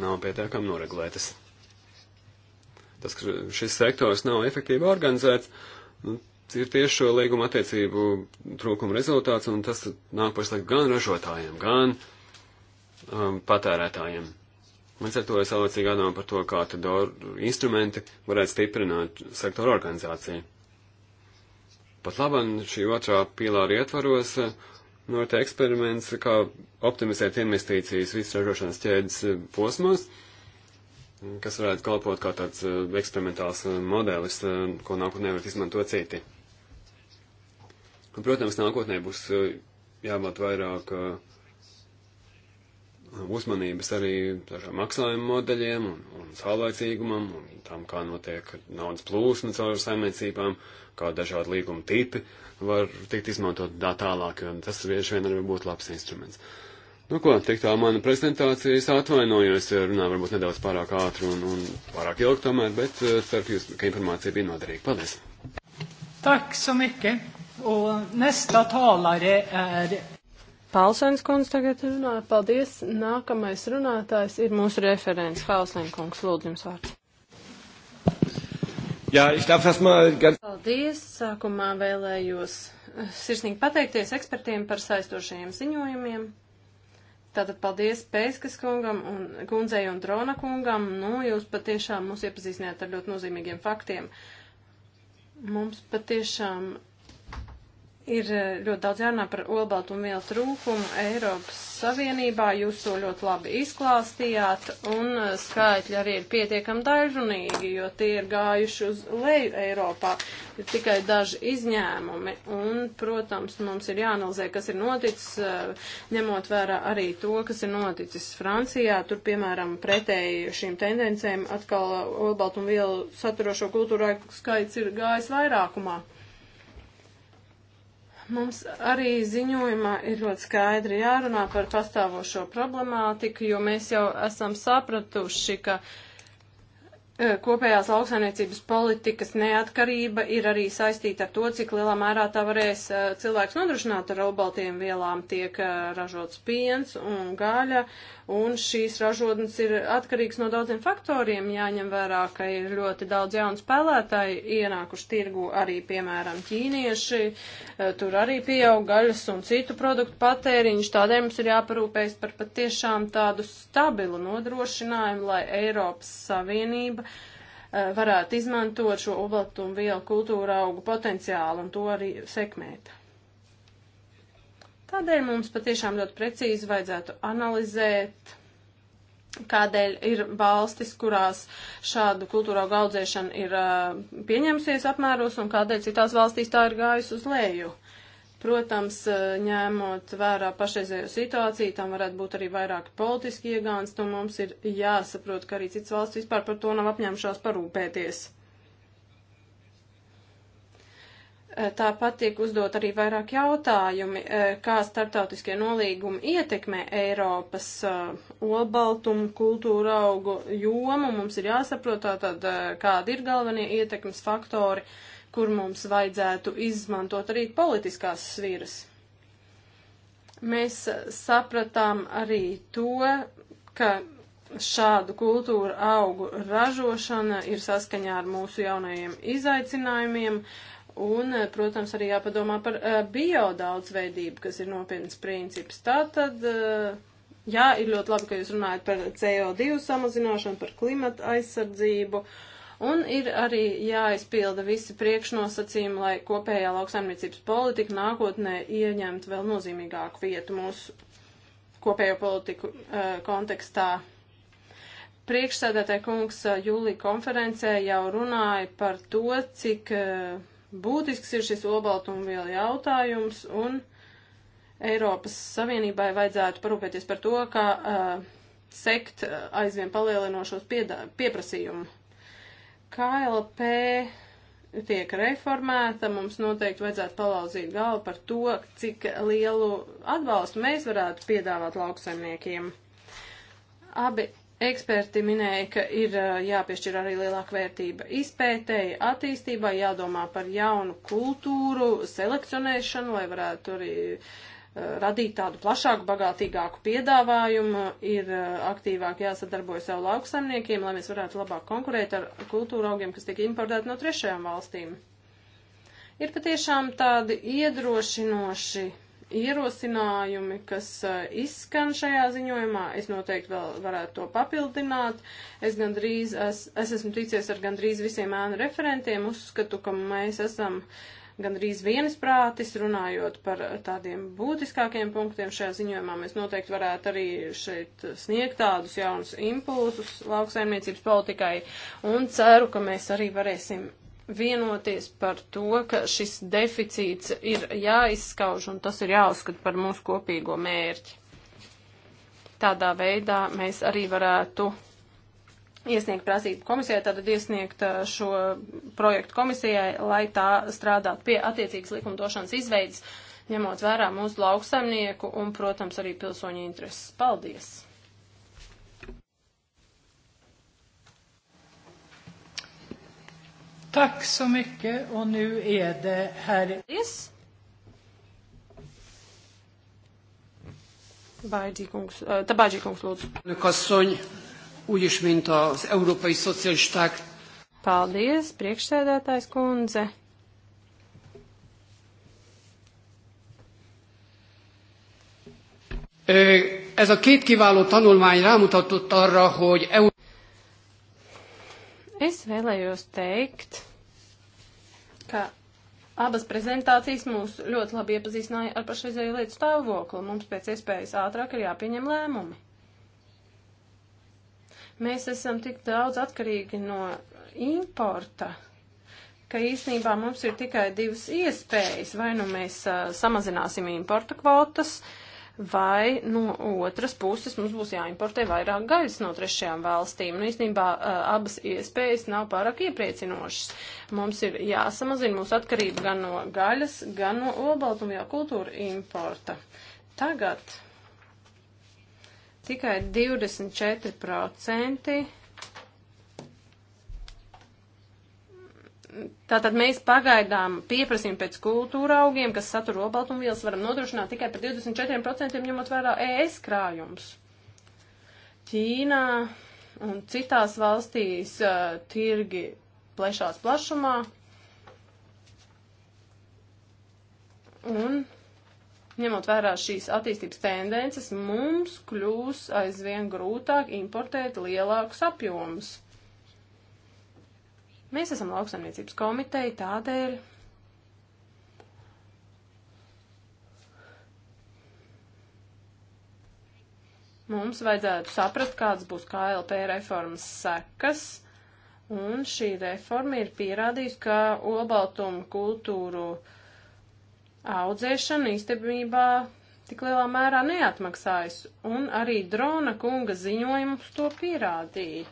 nav pietiekami noregulētas. Tas, ka šis sektors nav efektīvi organizēts, nu, ir tieši šo līguma attiecību trūkuma rezultāts, un tas nāk par sliktu gan ražotājiem, gan um, patērētājiem. Līdz ar to es saulēcīgi gādāju par to, kā tad instrumenti varētu stiprināt sektoru organizāciju. Pat labam šī otrā pīlāra ietvaros eh, notiek eksperiments, kā optimizēt investīcijas visas ražošanas ķēdes eh, posmos, kas varētu kalpot kā tāds eh, eksperimentāls modelis, ko nākotnē var izmantot citi. Un, protams, nākotnē būs jābūt vairāk uh, uzmanības arī dažām maksājumu modeļiem un, un saulēcīgumam un tam, kā notiek naudas plūsma caur saimniecībām, kā dažādi līguma tipi var tikt izmantot tā tālāk, un tas bieži vien arī būtu labs instruments. Nu ko, tik tā mana prezentācija, es atvainojos, ja runāju varbūt nedaudz pārāk ātri un, un pārāk ilgi tomēr, bet eh, ceru, jūs, ka informācija bija noderīga. Paldies! Tack så mycket! Och nästa talare är Palsēns kundze tagad runā. Paldies. Nākamais runātājs ir mūsu referents Hauslēn kungs. Lūdzu, jums vārds. Jā, es darf esmu gan. Paldies. Sākumā vēlējos eh, sirsnīgi pateikties ekspertiem par saistošajiem ziņojumiem. Tātad paldies Pēskas kungam un kundzei un drona kungam. Nu, jūs patiešām mūs iepazīstināt ar ļoti nozīmīgiem faktiem. Mums patiešām Ir eh, ļoti daudz jārunā par olbaltumvielu trūkumu Eiropas Savienībā. Jūs to ļoti labi izklāstījāt, un eh, skaitļi arī ir pietiekami dažunīgi, jo tie ir gājuši uz leju Eiropā. Ir tikai daži izņēmumi, un, protams, mums ir jāanalizē, kas ir noticis, eh, ņemot vērā arī to, kas ir noticis Francijā. Tur, piemēram, pretēji šīm tendencēm atkal olbaltumvielu saturošo kultūrā skaits ir gājis vairākumā. Mums arī ziņojumā ir ļoti skaidri jārunā par pastāvošo problemātiku, jo mēs jau esam sapratuši, ka uh, kopējās lauksainiecības politikas neatkarība ir arī saistīta ar to, cik lielā mērā tā varēs cilvēks nodrošināt ar olbaltiem vielām tiek ražots piens un gaļa, un šīs ražotnes ir atkarīgs no daudziem faktoriem, jāņem vērā, ka ir ļoti daudz jaunu spēlētāju ienākuši tirgu arī, piemēram, ķīnieši, tur arī pieaug gaļas un citu produktu patēriņš, tādēļ mums ir jāparūpējas par patiešām tādu stabilu nodrošinājumu, lai Eiropas Savienība Eh, varētu izmantot šo obaltumu vielu kultūra augu potenciālu un to arī sekmēt. Tādēļ mums patiešām ļoti precīzi vajadzētu analizēt, kādēļ ir valstis, kurās šādu kultūra augu audzēšana ir eh, pieņemsies apmēros un kādēļ citās valstīs tā ir gājusi uz leju. Uh, Protams, eh, ņemot vērā pašreizējo situāciju, tam varētu būt arī vairāk politiski iegāns, un mums ir jāsaprot, ka arī citas valsts vispār par to nav apņēmušās parūpēties. Eh, tāpat tiek uzdot arī vairāk jautājumi, eh, kā startautiskie nolīgumi ietekmē Eiropas olbaltumu kultūra augu jomu. Mums ir jāsaprot tātad, kādi ir galvenie ietekmes faktori. Uh, kur mums vajadzētu izmantot arī politiskās sviras. Mēs eh, sapratām arī to, ka šādu kultūru augu ražošana ir saskaņā ar mūsu jaunajiem izaicinājumiem, un, eh, protams, arī jāpadomā par eh, bio daudzveidību, kas ir nopietns princips. Tātad, jā, ir ļoti labi, ka jūs runājat par CO2 samazināšanu, par klimata aizsardzību, uh, Un ir arī jāizpilda visi priekšnosacījumi, lai kopējā lauksaimniecības politika nākotnē ieņemtu vēl nozīmīgāku vietu mūsu kopējo politiku uh, kontekstā priekšsēdētāja kungs eh, jūlija konferencē jau runāja par to, cik eh, būtisks ir šis obaltumvielu jautājums, un Eiropas Savienībai vajadzētu parūpēties par to, kā uh, sekt aizvien palielinošos pieprasījumu. KLP tiek reformēta, mums noteikti vajadzētu palauzīt galvu par to, cik lielu atbalstu mēs varētu piedāvāt lauksaimniekiem. Abi eksperti minēja, ka ir jāpiešķir arī lielāka vērtība izpētēji, attīstībai, jādomā par jaunu kultūru, selekcionēšanu, lai varētu arī uh, radīt tādu plašāku, bagātīgāku piedāvājumu, ir eh, aktīvāk jāsadarbojas jau lauksaimniekiem, lai mēs varētu labāk konkurēt ar kultūra augiem, kas tiek importēti no trešajām valstīm. Ir patiešām tādi iedrošinoši ierosinājumi, kas eh, izskan šajā ziņojumā. Es noteikti vēl varētu to papildināt. Es, gandrīz, es, es esmu ticies ar gandrīz visiem ēnu referentiem, uzskatu, ka mēs esam uh, gandrīz vienisprātis, runājot par tādiem būtiskākiem punktiem šajā ziņojumā. Mēs noteikti varētu arī šeit sniegt tādus jaunus impulsus lauksaimniecības politikai un ceru, ka mēs arī varēsim vienoties par to, ka šis deficīts ir jāizskauž un tas ir jāuzskata par mūsu kopīgo mērķi. Tādā veidā mēs arī varētu iesniegt prasību komisijai, tātad iesniegt šo projektu komisijai, lai tā strādātu pie attiecīgas likumdošanas izveidas, ņemot vērā mūsu lauksaimnieku un, protams, arī pilsoņu intereses. Paldies! Tack så mycket och nu är det herr... Yes. Tabajdi kungs, uh, tabajdi kungs lūdzu. Kasszony, úgyis, mint az európai szocialisták. Paldies, priekšsēdētājs kundze. Ez a két kiváló tanulmány rámutatott arra, hogy EU... Es vēlējos teikt, ka abas prezentācijas mūs ļoti labi iepazīstināja ar pašreizēju lietu stāvokli. Mums pēc iespējas ātrāk ir jāpieņem lēmumi. Mēs esam tik daudz atkarīgi no importa, ka īsnībā mums ir tikai divas iespējas. Vai nu mēs uh, samazināsim importa kvotas, vai no otras puses mums būs jāimportē vairāk gaļas no trešajām valstīm. Nu, īsnībā uh, abas iespējas nav pārāk iepriecinošas. Mums ir jāsamazina mūsu atkarība gan no gaļas, gan no olbaltumvielu kultūra importa. Tagad Tikai 24% Tātad mēs pagaidām pieprasījumu pēc kultūra augiem, kas satur olbaltumvielas, varam nodrošināt tikai par 24%, ņemot vērā ES krājums. Ķīnā un citās valstīs uh, tirgi plešās plašumā. Un Ņemot vērā šīs attīstības tendences, mums kļūs aizvien grūtāk importēt lielākus apjomus. Mēs esam lauksaimniecības komiteja tādēļ. Mums vajadzētu saprast, kādas būs KLP reformas sekas, un šī reforma ir pierādījusi, ka olbaltumu kultūru uh, audzēšana īstenībā tik lielā mērā neatmaksājas, un arī drona kunga ziņojums to pierādīja.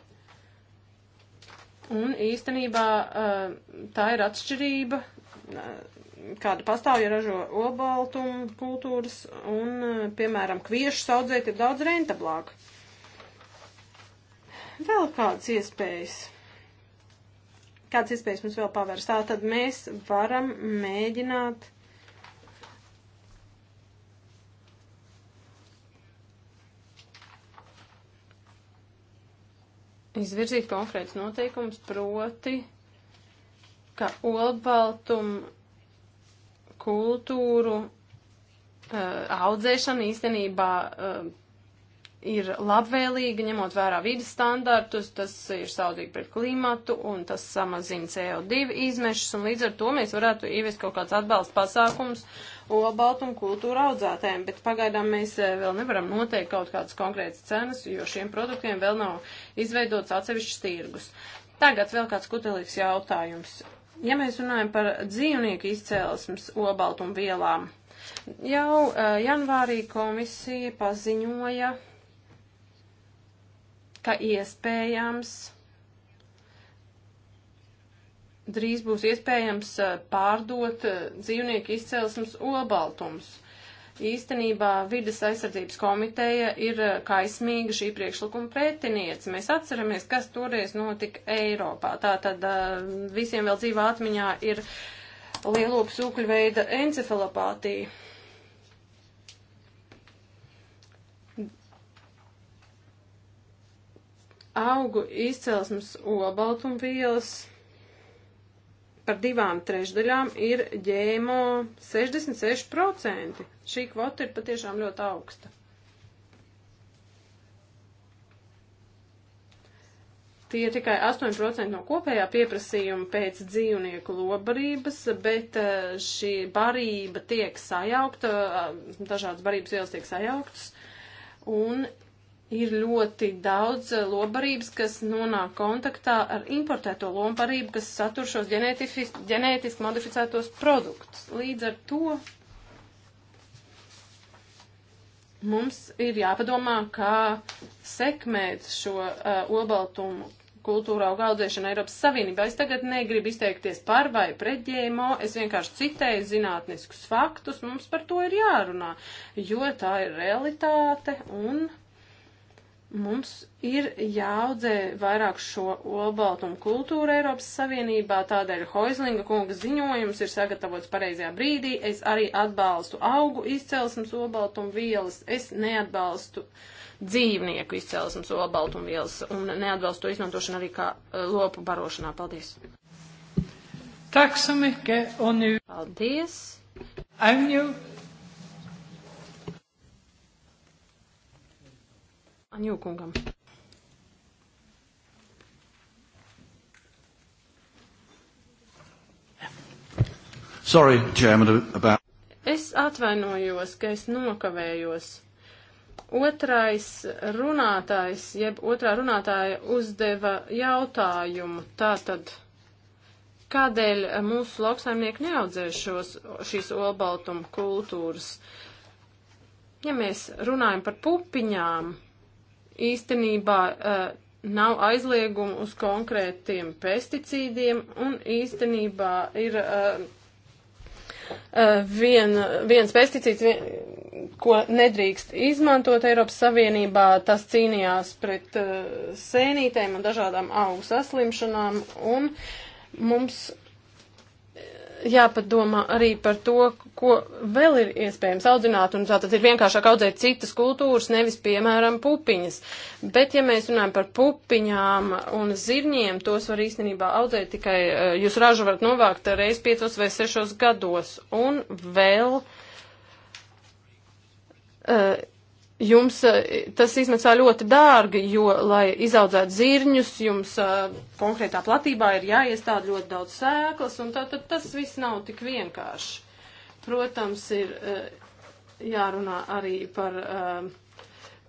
Un īstenībā eh, tā ir atšķirība, eh, kāda pastāv, ja ražo olbaltumu kultūras, un, eh, piemēram, kviešu audzēt ir daudz rentablāk. Vēl kādas iespējas? Kādas iespējas mums vēl pavērs? Tā tad mēs varam mēģināt izvirzīt konkrēts noteikums, proti, ka olbaltumu kultūru uh, audzēšana īstenībā uh, ir labvēlīga, ņemot vērā vidas standartus, tas ir saudīgi pret klimatu un tas samazina CO2 izmešas, un līdz ar to mēs varētu ieviest kaut kāds atbalsta pasākums, uh, olbaltumu kultūra audzētājiem, bet pagaidām mēs eh, vēl nevaram noteikt kaut kādas konkrētas cenas, jo šiem produktiem vēl nav izveidots atsevišķs tirgus. Tagad vēl kāds kutelīgs jautājums. Ja mēs runājam par dzīvnieku izcēlesmes olbaltumu vielām, jau uh, janvārī komisija paziņoja, ka iespējams drīz būs iespējams eh, pārdot eh, dzīvnieku izcelsmes olbaltums. Īstenībā vides aizsardzības komiteja ir eh, kaismīga šī priekšlikuma pretiniece. Mēs atceramies, kas toreiz notika Eiropā. Tātad visiem vēl dzīvā atmiņā ir lielopu sūkļu veida encefalopātija. Augu izcelsmes olbaltumvielas. vielas par divām trešdaļām ir ģēmo 66%. Šī kvota ir patiešām ļoti augsta. Tie ir tikai 8% no kopējā pieprasījuma pēc dzīvnieku lobarības, bet eh, šī barība tiek sajaukta, eh, dažādas barības vielas tiek sajauktas, un ir ļoti daudz eh, lobarības, kas nonāk kontaktā ar importēto lobarību, kas satur šos ģenētiski modificētos produktus. Līdz ar to mums ir jāpadomā, kā sekmēt šo uh, eh, obaltumu kultūra auga audzēšana Eiropas Savienībā. Es tagad negribu izteikties par vai pret ģēmo, es vienkārši citēju zinātniskus faktus, mums par to ir jārunā, jo tā ir realitāte un Mums ir jāaudzē vairāk šo olbaltumu kultūru Eiropas Savienībā, tādēļ Hoizlinga kunga ziņojums ir sagatavots pareizajā brīdī. Es arī atbalstu augu izcelsmes olbaltumu vielas, es neatbalstu dzīvnieku izcelsmes olbaltumu vielas un neatbalstu to izmantošanu arī kā eh, lopu barošanā. Paldies! Taksami, ka un jūs. Paldies! Aņu. Aņūkungam. Sorry, Chairman, about... Es atvainojos, ka es nokavējos. Otrais runātājs, jeb otrā runātāja uzdeva jautājumu. Tātad kādēļ mūsu lauksaimnieki neaudzē šos, šīs olbaltuma kultūras. Ja mēs runājam par pupiņām, īstenībā eh, nav aizliegumu uz konkrētiem pesticīdiem un īstenībā ir eh, eh, vien, viens pesticīds, vien, ko nedrīkst izmantot Eiropas Savienībā, tas cīnījās pret sēnītēm un dažādām augu saslimšanām un mums jāpadomā arī par to, ko vēl ir iespējams audzināt, un tātad ir vienkāršāk audzēt citas kultūras, nevis, piemēram, pupiņas. Bet, ja mēs runājam par pupiņām un zirņiem, tos var īstenībā audzēt tikai, eh, jūs ražu varat novākt reiz piecos vai sešos gados, un vēl. Uh, jums eh, tas izmaksā ļoti dārgi, jo, lai izaudzētu zirņus, jums eh, konkrētā platībā ir jāiestāda ļoti daudz sēklas, un tā, tad tas viss nav tik vienkārši. Protams, ir eh, jārunā arī par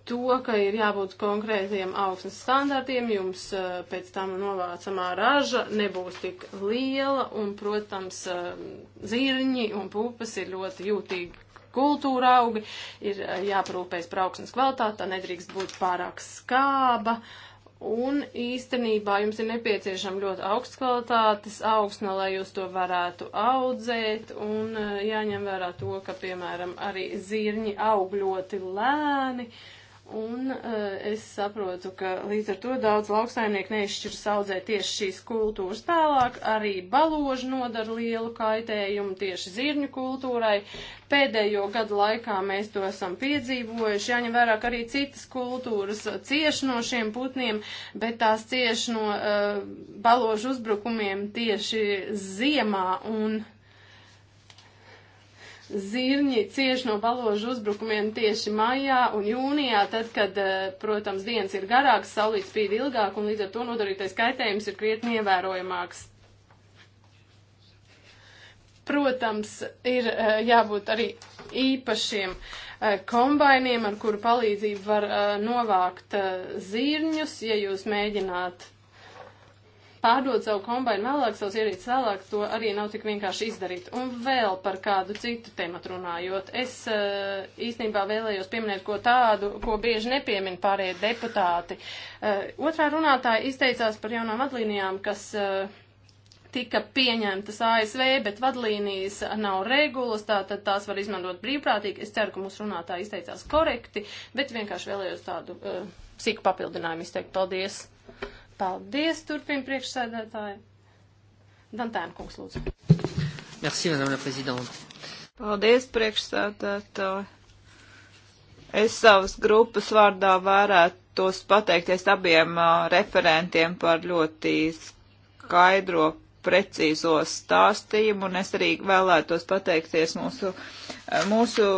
to, ka ir jābūt konkrētiem augsnes standartiem, jums pēc tam novācamā raža nebūs tik liela, un, protams, zirņi un pupas ir ļoti jūtīgi kultūra augi, ir eh, jāparūpējas par augsnes kvalitāti, tā nedrīkst būt pārāk skāba. Un īstenībā jums ir nepieciešama ļoti augsts kvalitātes augsne, lai jūs to varētu audzēt, un eh, jāņem vērā to, ka, piemēram, arī zirņi aug ļoti lēni, uh, Un uh, es saprotu, ka līdz ar to daudz lauksaimnieku neizšķir saudzē tieši šīs kultūras tālāk, arī baloži nodara lielu kaitējumu tieši zirņu kultūrai. Pēdējo gadu laikā mēs to esam piedzīvojuši, jāņem vērā, ka arī citas kultūras cieši no šiem putniem, bet tās cieši no uh, baložu uzbrukumiem tieši ziemā un Zirņi cieši no baložu uzbrukumiem tieši maijā un jūnijā, tad, kad, eh, protams, dienas ir garāks, saulīt spīd ilgāk un līdz ar to nodarītais kaitējums ir krietni ievērojamāks. Protams, ir eh, jābūt arī īpašiem eh, kombainiem, ar kuru palīdzību var novākt zirņus, ja jūs mēģināt pārdod savu kombainu vēlāk, savus ierīces vēlāk, to arī nav tik vienkārši izdarīt. Un vēl par kādu citu tematu runājot, es eh, īstenībā vēlējos pieminēt ko tādu, ko bieži nepiemin pārējie deputāti. Eh, otrā runātāja izteicās par jaunām vadlīnijām, kas eh, tika pieņemtas ASV, bet vadlīnijas nav regulas, tātad tās var izmantot brīvprātīgi. Es ceru, ka mūsu runātāji izteicās korekti, bet vienkārši vēlējos tādu uh, sīku papildinājumu izteikt. Paldies! Paldies, turpina priekšsēdētāji. Dantēna kungs, lūdzu. Merci, madame la présidente. Paldies, priekšsēdētāji. Es savas grupas vārdā vērētos pateikties abiem uh, referentiem par ļoti skaidro precīzo stāstījumu, un es arī vēlētos pateikties mūsu, mūsu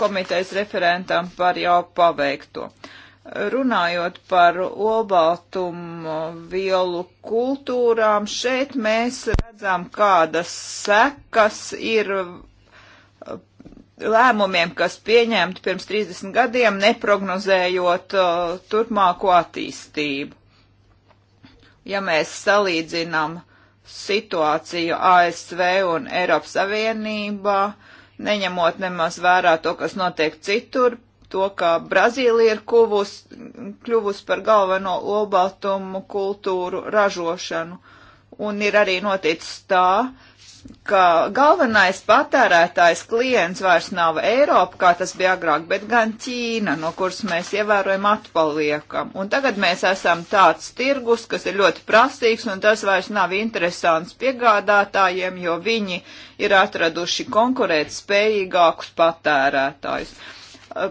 komitejas referentam par jau paveikto. Uh, Runājot par olbaltumu vielu kultūrām, šeit mēs redzam, kādas sekas ir lēmumiem, kas pieņemti pirms 30 gadiem, neprognozējot uh, turpmāko attīstību. Ja mēs salīdzinām situāciju ASV un Eiropas Savienībā, neņemot nemaz vērā to, kas notiek citur to, ka Brazīlija ir kuvus, kļuvusi par galveno olbaltumu kultūru ražošanu. Un ir arī noticis tā, ka galvenais patērētājs klients vairs nav Eiropa, kā tas bija agrāk, bet gan Ķīna, no kuras mēs ievērojam atpaliekam. Un tagad mēs esam tāds tirgus, kas ir ļoti prasīgs, un tas vairs nav interesants piegādātājiem, jo viņi ir atraduši konkurēt spējīgākus patērētājus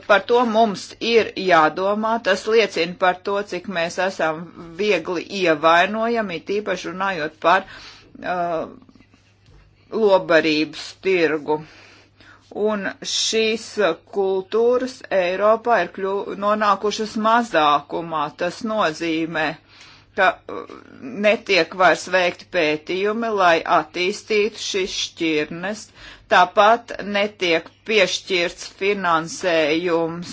par to mums ir jādomā. Tas liecina par to, cik mēs esam viegli ievainojami, tīpaši runājot par uh, lobarības tirgu. Un šīs kultūras Eiropā ir kļu, nonākušas mazākumā. Tas nozīmē, ka uh, netiek vairs veikti pētījumi, lai attīstītu šīs šķirnes. Tāpat netiek piešķirts finansējums,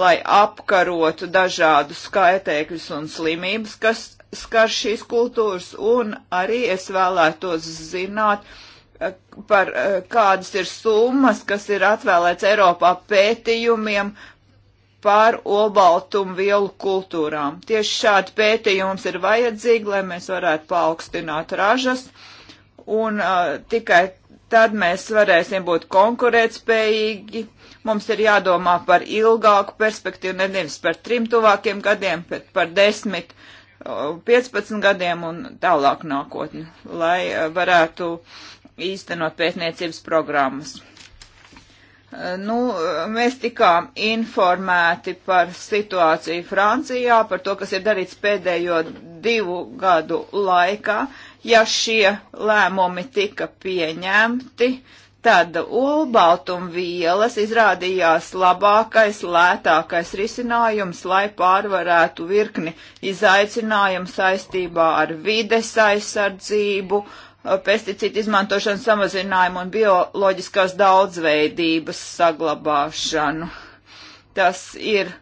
lai apkarotu dažādu skaitēkļus un slimības, kas skar šīs kultūras, un arī es vēlētos zināt eh, par eh, kādas ir summas, kas ir atvēlēts Eiropā pētījumiem par olbaltumu vielu kultūrām. Tieši šādi pētījums ir vajadzīgi, lai mēs varētu paaugstināt ražas, un uh, tikai tad mēs varēsim būt konkurētspējīgi. Mums ir jādomā par ilgāku perspektīvu, nevis par trim tuvākiem gadiem, bet par desmit, 15 gadiem un tālāk nākotni, lai eh, varētu īstenot pētniecības programmas. Eh, nu, mēs tikām informēti par situāciju Francijā, par to, kas ir darīts pēdējo divu gadu laikā. Uh, ja šie lēmumi tika pieņemti, tad olbaltumvielas izrādījās labākais, lētākais risinājums, lai pārvarētu virkni izaicinājumu saistībā ar vides aizsardzību, pesticīdu izmantošanas samazinājumu un bioloģiskās daudzveidības saglabāšanu. Tas ir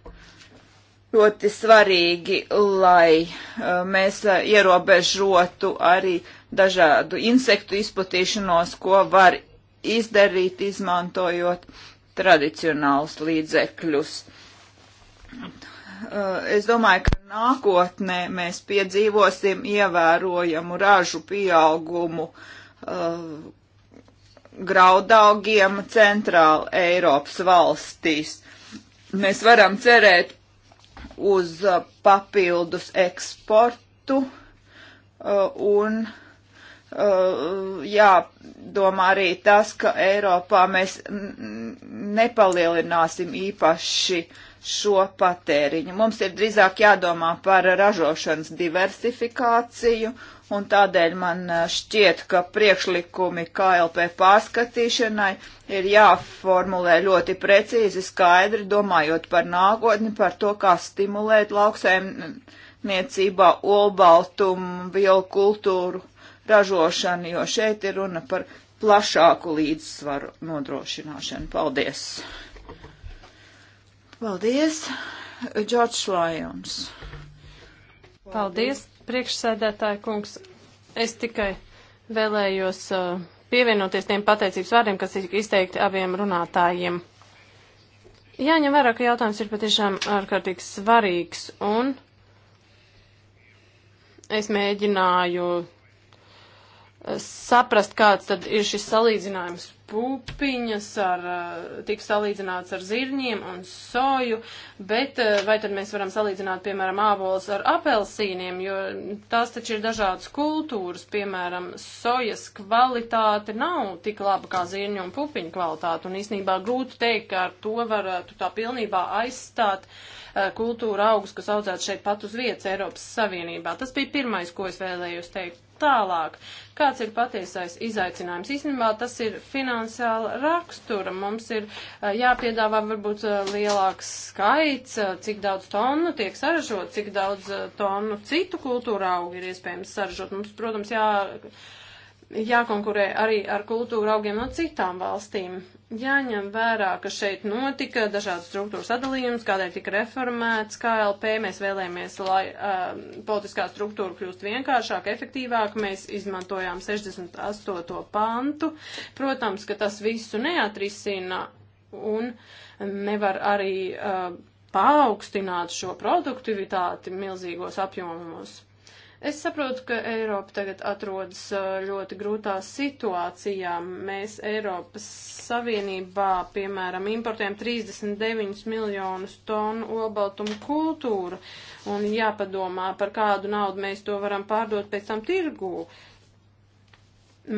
ļoti svarīgi, lai uh, mēs uh, ierobežotu arī dažādu insektu izplatīšanos, ko var izdarīt, izmantojot tradicionālus līdzekļus. Uh, es domāju, ka nākotnē mēs piedzīvosim ievērojamu ražu pieaugumu uh, graudaugiem centrāla Eiropas valstīs. Mēs varam cerēt uz uh, papildus eksportu uh, un uh, jādomā arī tas, ka Eiropā mēs nepalielināsim īpaši šo patēriņu. Mums ir drīzāk jādomā par ražošanas diversifikāciju un tādēļ man šķiet, ka priekšlikumi KLP pārskatīšanai ir jāformulē ļoti precīzi, skaidri, domājot par nākotni, par to, kā stimulēt lauksaimniecībā olbaltumu, biokultūru ražošanu, jo šeit ir runa par plašāku līdzsvaru nodrošināšanu. Paldies! Paldies, Džordžs Lajons! Paldies, Priekšsēdētāja kungs, es tikai vēlējos uh, pievienoties tiem pateicības vārdiem, kas ir izteikti abiem runātājiem. Jāņem vērā, ka jautājums ir patiešām ārkārtīgi svarīgs, un es mēģināju uh, saprast, kāds tad ir šis salīdzinājums pupiņas ar, eh, tiek salīdzināts ar zirņiem un soju, bet eh, vai tad mēs varam salīdzināt, piemēram, ābolus ar apelsīniem, jo tās taču ir dažādas kultūras, piemēram, sojas kvalitāte nav tik laba kā zirņu un pupiņu kvalitāte, un īsnībā grūti teikt, ka ar to varētu tā pilnībā aizstāt uh, Eh, kultūra augus, kas audzētu šeit pat uz vietas Eiropas Savienībā. Tas bija pirmais, ko es vēlējos teikt. Tālāk, kāds ir patiesais izaicinājums? Īstenībā tas ir finansiāla rakstura. Mums ir eh, jāpiedāvā varbūt eh, lielāks skaits, cik daudz tonu tiek saražot, cik daudz tonu citu kultūra augu ir iespējams saražot. Mums, protams, jā jākonkurē arī ar kultūra augiem no citām valstīm jāņem vērā, ka šeit notika dažādas struktūras sadalījums, kādēļ tika reformēts KLP, mēs vēlējāmies, lai uh, politiskā struktūra kļūst vienkāršāk, efektīvāk, mēs izmantojām 68. pantu. Protams, ka tas visu neatrisina un nevar arī uh, paaugstināt šo produktivitāti milzīgos apjomos. Es saprotu, ka Eiropa tagad atrodas ļoti grūtā situācijā. Mēs Eiropas Savienībā, piemēram, importējam 39 miljonus tonu olbaltumu kultūru un jāpadomā, par kādu naudu mēs to varam pārdot pēc tam tirgū.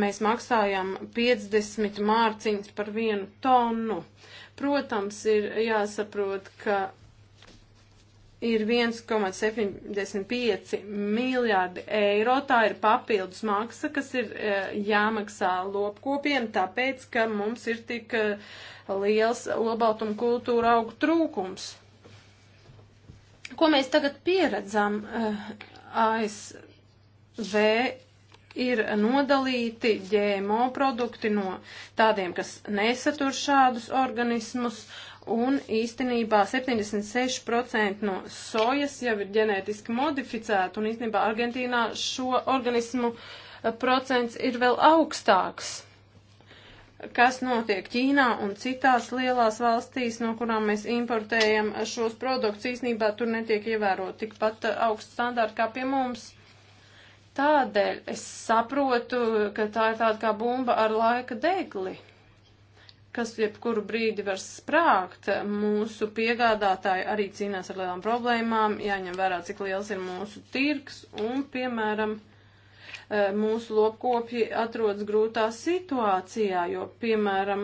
Mēs maksājam 50 mārciņas par vienu tonu. Protams, ir jāsaprot, ka ir 1,75 miljārdi eiro. Tā ir papildus maksa, kas ir e, jāmaksā lopkopiem, tāpēc, ka mums ir tik e, liels lobaltuma kultūra augu trūkums. Ko mēs tagad pieredzam? E, ASV ir nodalīti ģēmo produkti no tādiem, kas nesatur šādus organismus, un īstenībā 76% no sojas jau ir ģenētiski modificēta, un īstenībā Argentīnā šo organismu eh, procents ir vēl augstāks. Kas notiek Ķīnā un citās lielās valstīs, no kurām mēs importējam šos produktus, īstenībā tur netiek ievērot tikpat eh, augsts standārti kā pie mums. Tādēļ es saprotu, ka tā ir tāda kā bumba ar laika degli kas jebkuru brīdi var sprākt. Mūsu piegādātāji arī cīnās ar lielām problēmām, jāņem vērā, cik liels ir mūsu tirgs un, piemēram, e, mūsu lopkopji atrodas grūtā situācijā, jo, piemēram,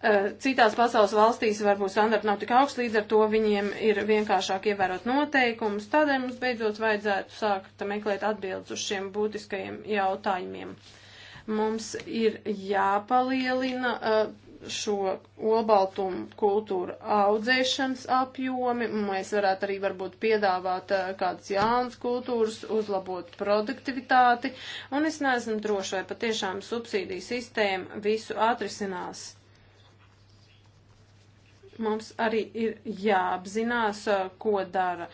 e, Citās pasaules valstīs varbūt standarti nav tik augsti, līdz ar to viņiem ir vienkāršāk ievērot noteikumus. Tādēļ mums beidzot vajadzētu sākt meklēt atbildes uz šiem būtiskajiem jautājumiem. Uh, Mums ir jāpalielina uh, šo olbaltumu kultūru audzēšanas apjomi. Mēs varētu arī varbūt piedāvāt uh, kādas jaunas kultūras, uzlabot produktivitāti. Un es neesmu droši, vai patiešām subsīdija sistēma visu atrisinās. Mums arī ir jāapzinās, uh, ko dara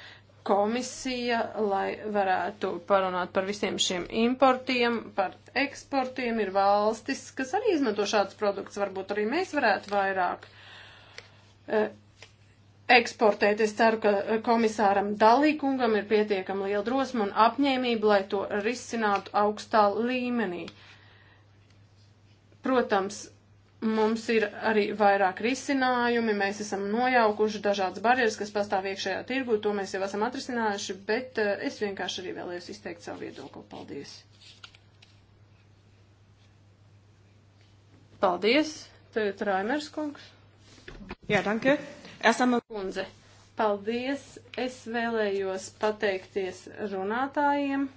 komisija, lai varētu parunāt par visiem šiem importiem, par eksportiem, ir valstis, kas arī izmanto šādus produktus. Varbūt arī mēs varētu vairāk e, eksportēt. Es ceru, ka komisāram Dalīkungam ir pietiekami liela drosma un apņēmība, lai to risinātu augstā līmenī. Protams, Mums ir arī vairāk risinājumi, mēs esam nojaukuši dažādas barjeras, kas pastāv iekšējā tirgu, to mēs jau esam atrisinājuši, bet eh, es vienkārši arī vēlējos izteikt savu viedokli. Paldies! Paldies! Tagad Raimers kungs. Jā, danke. Esam kundze. Paldies! Es vēlējos pateikties runātājiem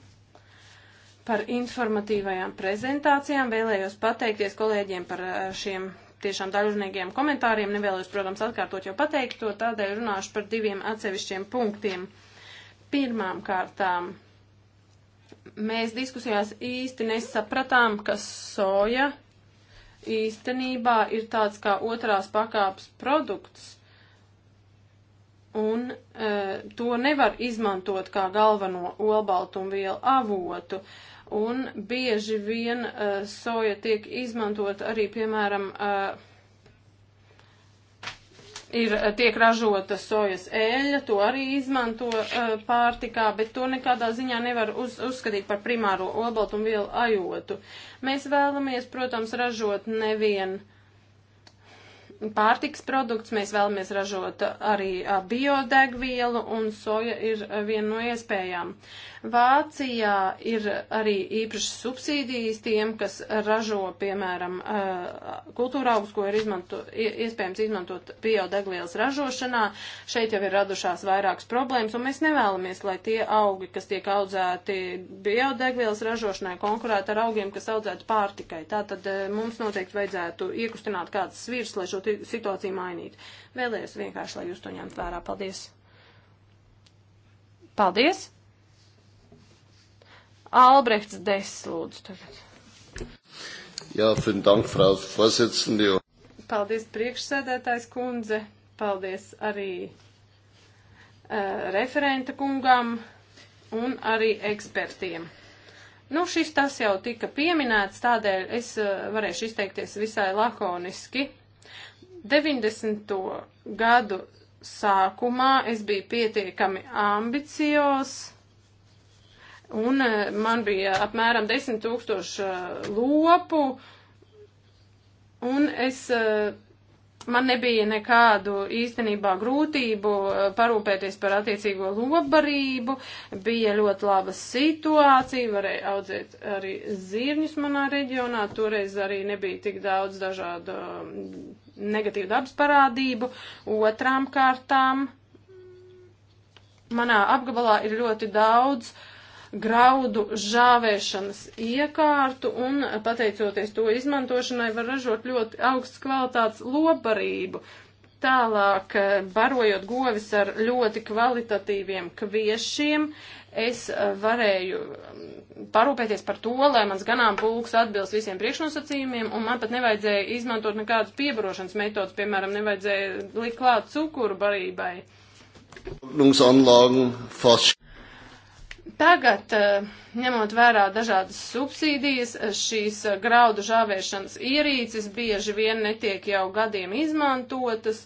par informatīvajām prezentācijām. Vēlējos pateikties kolēģiem par eh, šiem tiešām daļrunīgiem komentāriem. Nevēlos, protams, atkārtot jau pateikto, tādēļ runāšu par diviem atsevišķiem punktiem. Pirmām kārtām mēs diskusijās īsti nesapratām, ka soja īstenībā ir tāds kā otrās pakāpes produkts, un e, to nevar izmantot kā galveno olbaltumvielu avotu. E, un bieži vien uh, soja tiek izmantot arī, piemēram, uh, ir, eh, tiek ražota sojas eļļa, to arī izmanto uh, pārtikā, bet to nekādā ziņā nevar uz, uzskatīt par primāro olbaltumvielu ajotu. Mēs vēlamies, protams, ražot nevien uh, pārtiks produkts, mēs vēlamies ražot arī biodegvielu, un soja ir viena no iespējām. Vācijā ir arī īpašas subsīdijas tiem, kas ražo, piemēram, kultūra augus, ko ir izmanto, iespējams izmantot biodegvielas ražošanā. Šeit jau ir radušās vairākas problēmas, un mēs nevēlamies, lai tie augi, kas tiek audzēti biodegvielas ražošanai, konkurētu ar augiem, kas audzētu pārtikai. Tātad mums noteikti vajadzētu iekustināt kādas svirs, lai šo tirgu situāciju mainīt. Vēlējos vienkārši, lai jūs to ņemt vērā. Paldies! Paldies! Albrechts Des, lūdzu, tagad. Jā, vielen Dank, Frau Vorsitzende. Paldies, priekšsēdētājs kundze. Paldies arī uh, referenta kungam un arī ekspertiem. Nu, šis tas jau tika pieminēts, tādēļ es eh, varēšu izteikties visai lakoniski. 90. gadu sākumā es biju pietiekami ambiciozs, un eh, man bija apmēram 10 tūkstoši eh, lopu, un es, eh, man nebija nekādu īstenībā grūtību parūpēties par attiecīgo lobarību, bija ļoti laba situācija, varēja audzēt arī zirņus manā reģionā, toreiz arī nebija tik daudz dažādu mm, negatīvu dabas parādību, otrām kārtām manā apgabalā ir ļoti daudz graudu žāvēšanas iekārtu un pateicoties to izmantošanai var ražot ļoti augsts kvalitātes lobarību. Tālāk eh, barojot govis ar ļoti kvalitatīviem kviešiem, uh, es eh, varēju mm, parūpēties par to, lai mans ganāmpulks atbilst visiem priekšnosacījumiem, un man pat nevajadzēja izmantot nekādas piebrošanas metodas, piemēram, nevajadzēja likt klāt cukuru barībai. Lungsanlagen fast Tagad, eh, ņemot vērā dažādas subsīdijas, eh, šīs eh, graudu žāvēšanas ierīces bieži vien netiek jau gadiem izmantotas,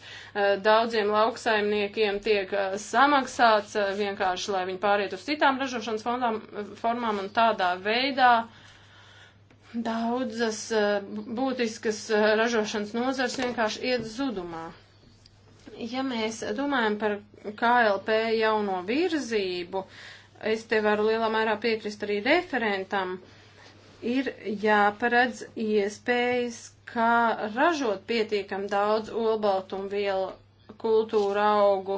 daudziem lauksaimniekiem tiek samaksāts vienkārši, lai viņi pāriet uz citām ražošanas fondām, formām un tādā veidā daudzas būtiskas ražošanas nozars vienkārši iet zudumā. Ja mēs domājam par KLP jauno virzību, uh, es te varu lielā mērā piekrist arī referentam, ir jāparedz iespējas, kā ražot pietiekam daudz olbaltumvielu kultūra augu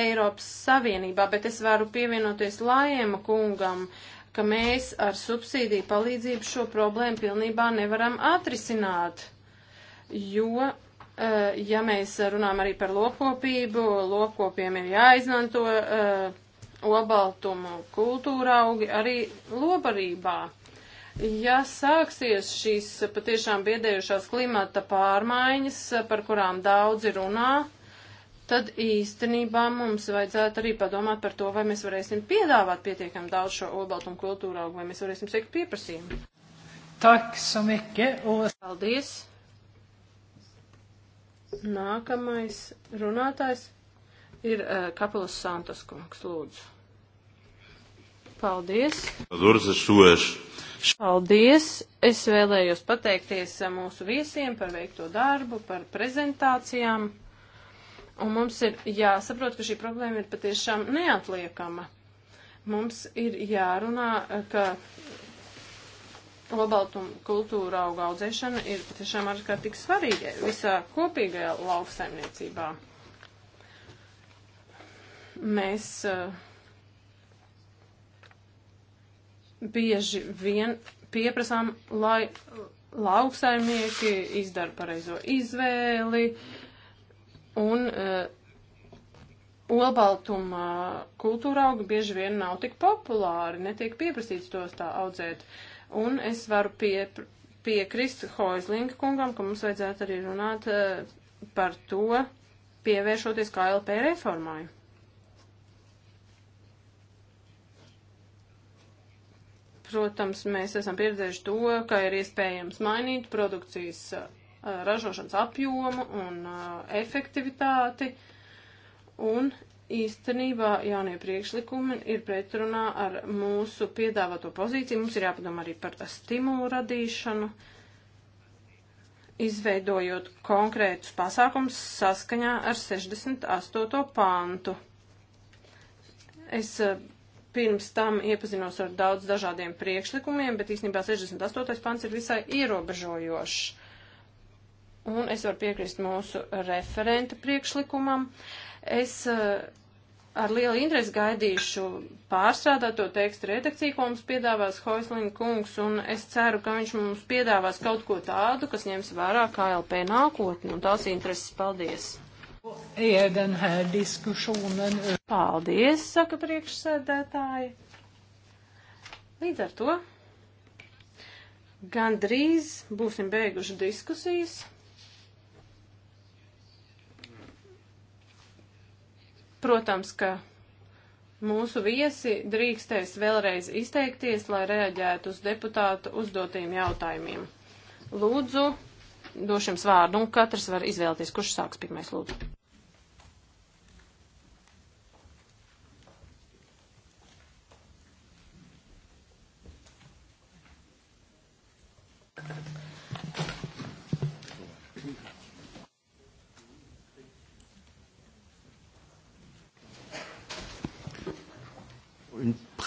Eiropas Savienībā, bet es varu pievienoties Lājēma kungam, ka mēs ar subsīdiju palīdzību šo problēmu pilnībā nevaram atrisināt, jo eh, ja mēs runājam arī par lopkopību, lopkopiem ir jāizmanto uh, obaltumu kultūra augi arī lobarībā. Ja sāksies šīs patiešām biedējušās klimata pārmaiņas, par kurām daudzi runā, tad īstenībā mums vajadzētu arī padomāt par to, vai mēs varēsim piedāvāt pietiekam daudz šo olbaltumu kultūra augu, vai mēs varēsim sekt pieprasījumu. Tak, samike, un... Paldies! Nākamais runātājs ir uh, eh, Kapelas Santos kungs, lūdzu. Paldies. Paldies. Es vēlējos pateikties eh, mūsu viesiem par veikto darbu, par prezentācijām. Un mums ir jāsaprot, ka šī problēma ir patiešām neatliekama. Mums ir jārunā, eh, ka olbaltumu kultūra auga audzēšana ir patiešām ārkārtīgi svarīga visā kopīgajā lauksaimniecībā. Mēs uh, bieži vien pieprasām, lai lauksaimnieki izdara pareizo izvēli un uh, eh, olbaltuma kultūra auga bieži vien nav tik populāri, netiek pieprasīts tos tā audzēt. Un es varu pie, piekrist Hoizlinga kungam, ka mums vajadzētu arī runāt uh, par to, pievēršoties KLP reformai. Protams, mēs esam pieredzējuši to, ka ir iespējams mainīt produkcijas uh, ražošanas apjomu un uh, efektivitāti, un īstenībā jaunie priekšlikumi ir pretrunā ar mūsu piedāvāto pozīciju. Mums ir jāpadomā arī par stimulu radīšanu, izveidojot konkrētus pasākums saskaņā ar 68. pantu. Es uh, pirms tam iepazinos ar daudz dažādiem priekšlikumiem, bet īstenībā 68. pants ir visai ierobežojošs. Un es varu piekrist mūsu referenta priekšlikumam. Es uh, ar lielu interesi gaidīšu pārstrādāto tekstu redakciju, ko mums piedāvās Hoislinga kungs, un es ceru, ka viņš mums piedāvās kaut ko tādu, kas ņems vērā KLP nākotni un tās intereses. Paldies! Paldies, saka priekšsēdētāji. Līdz ar to gandrīz būsim beiguši diskusijas. Protams, ka mūsu viesi drīkstēs vēlreiz izteikties, lai reaģētu uz deputātu uzdotiem jautājumiem. Lūdzu, došu jums vārdu, un katrs var izvēlēties, kurš sāks pirmais lūdzu.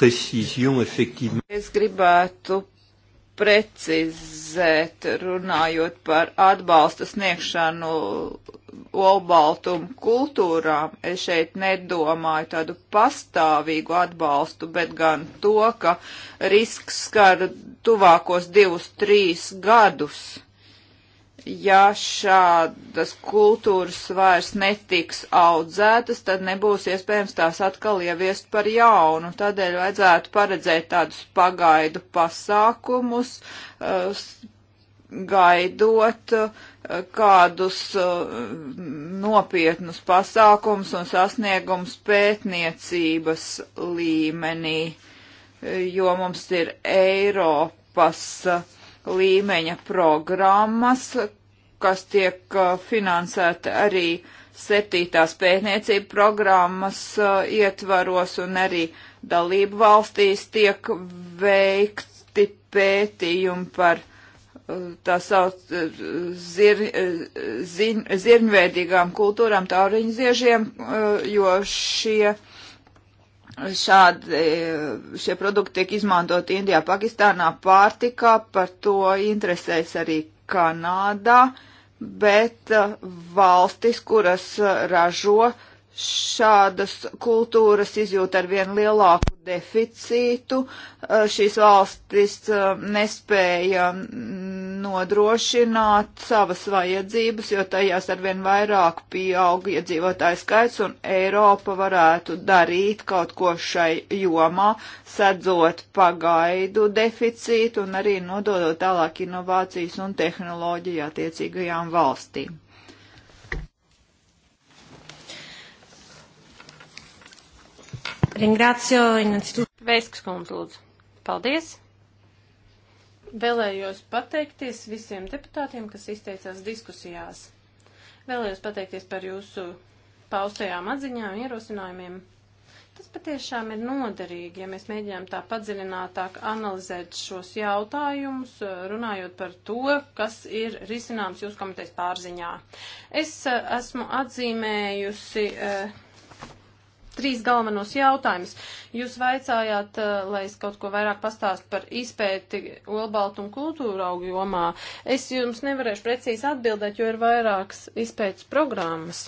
Es gribētu precizēt, runājot par atbalsta sniegšanu olbaltumu kultūrām. Es šeit nedomāju tādu pastāvīgu atbalstu, bet gan to, ka risks skar tuvākos divus, trīs gadus ja šādas kultūras vairs netiks audzētas, tad nebūs iespējams tās atkal ieviest par jaunu. Tādēļ vajadzētu paredzēt tādus pagaidu pasākumus, eh, gaidot eh, kādus eh, nopietnus pasākumus un sasniegumus pētniecības līmenī, jo mums ir Eiropas uh, līmeņa programmas, kas tiek uh, finansēta arī septītās pētniecība programmas uh, ietvaros un arī dalību valstīs tiek veikti pētījumi par uh, tā sauc zir, zir, zirņveidīgām kultūrām, tauriņu ziežiem, jo šie šādi šie produkti tiek izmantot Indijā, Pakistānā, pārtikā, par to interesēs arī Kanādā, bet uh, valstis, kuras uh, ražo uh, šādas kultūras izjūt ar vien lielāku deficītu. Eh, šīs valstis eh, nespēja mm, nodrošināt savas vajadzības, jo tajās ar vien vairāk pieaug iedzīvotāju skaits, un Eiropa varētu darīt kaut ko šai jomā, sadzot pagaidu deficītu un arī nododot tālāk inovācijas un tehnoloģiju attiecīgajām valstīm. Ringrazio innanzitutto. Veiskas kundze, lūdzu. Paldies. Vēlējos pateikties visiem deputātiem, kas izteicās diskusijās. Vēlējos pateikties par jūsu paustajām atziņām, ierosinājumiem. Tas patiešām ir noderīgi, ja mēs mēģinām tā padziļinātāk analizēt šos jautājumus, runājot par to, kas ir risināms jūsu komitejas pārziņā. Es eh, esmu atzīmējusi. Uh, trīs galvenos jautājumus. Jūs vaicājāt, eh, lai es kaut ko vairāk pastāstu par izpēti olbaltu un kultūra augu jomā. Es jums nevarēšu precīzi atbildēt, jo ir vairākas izpētes programmas.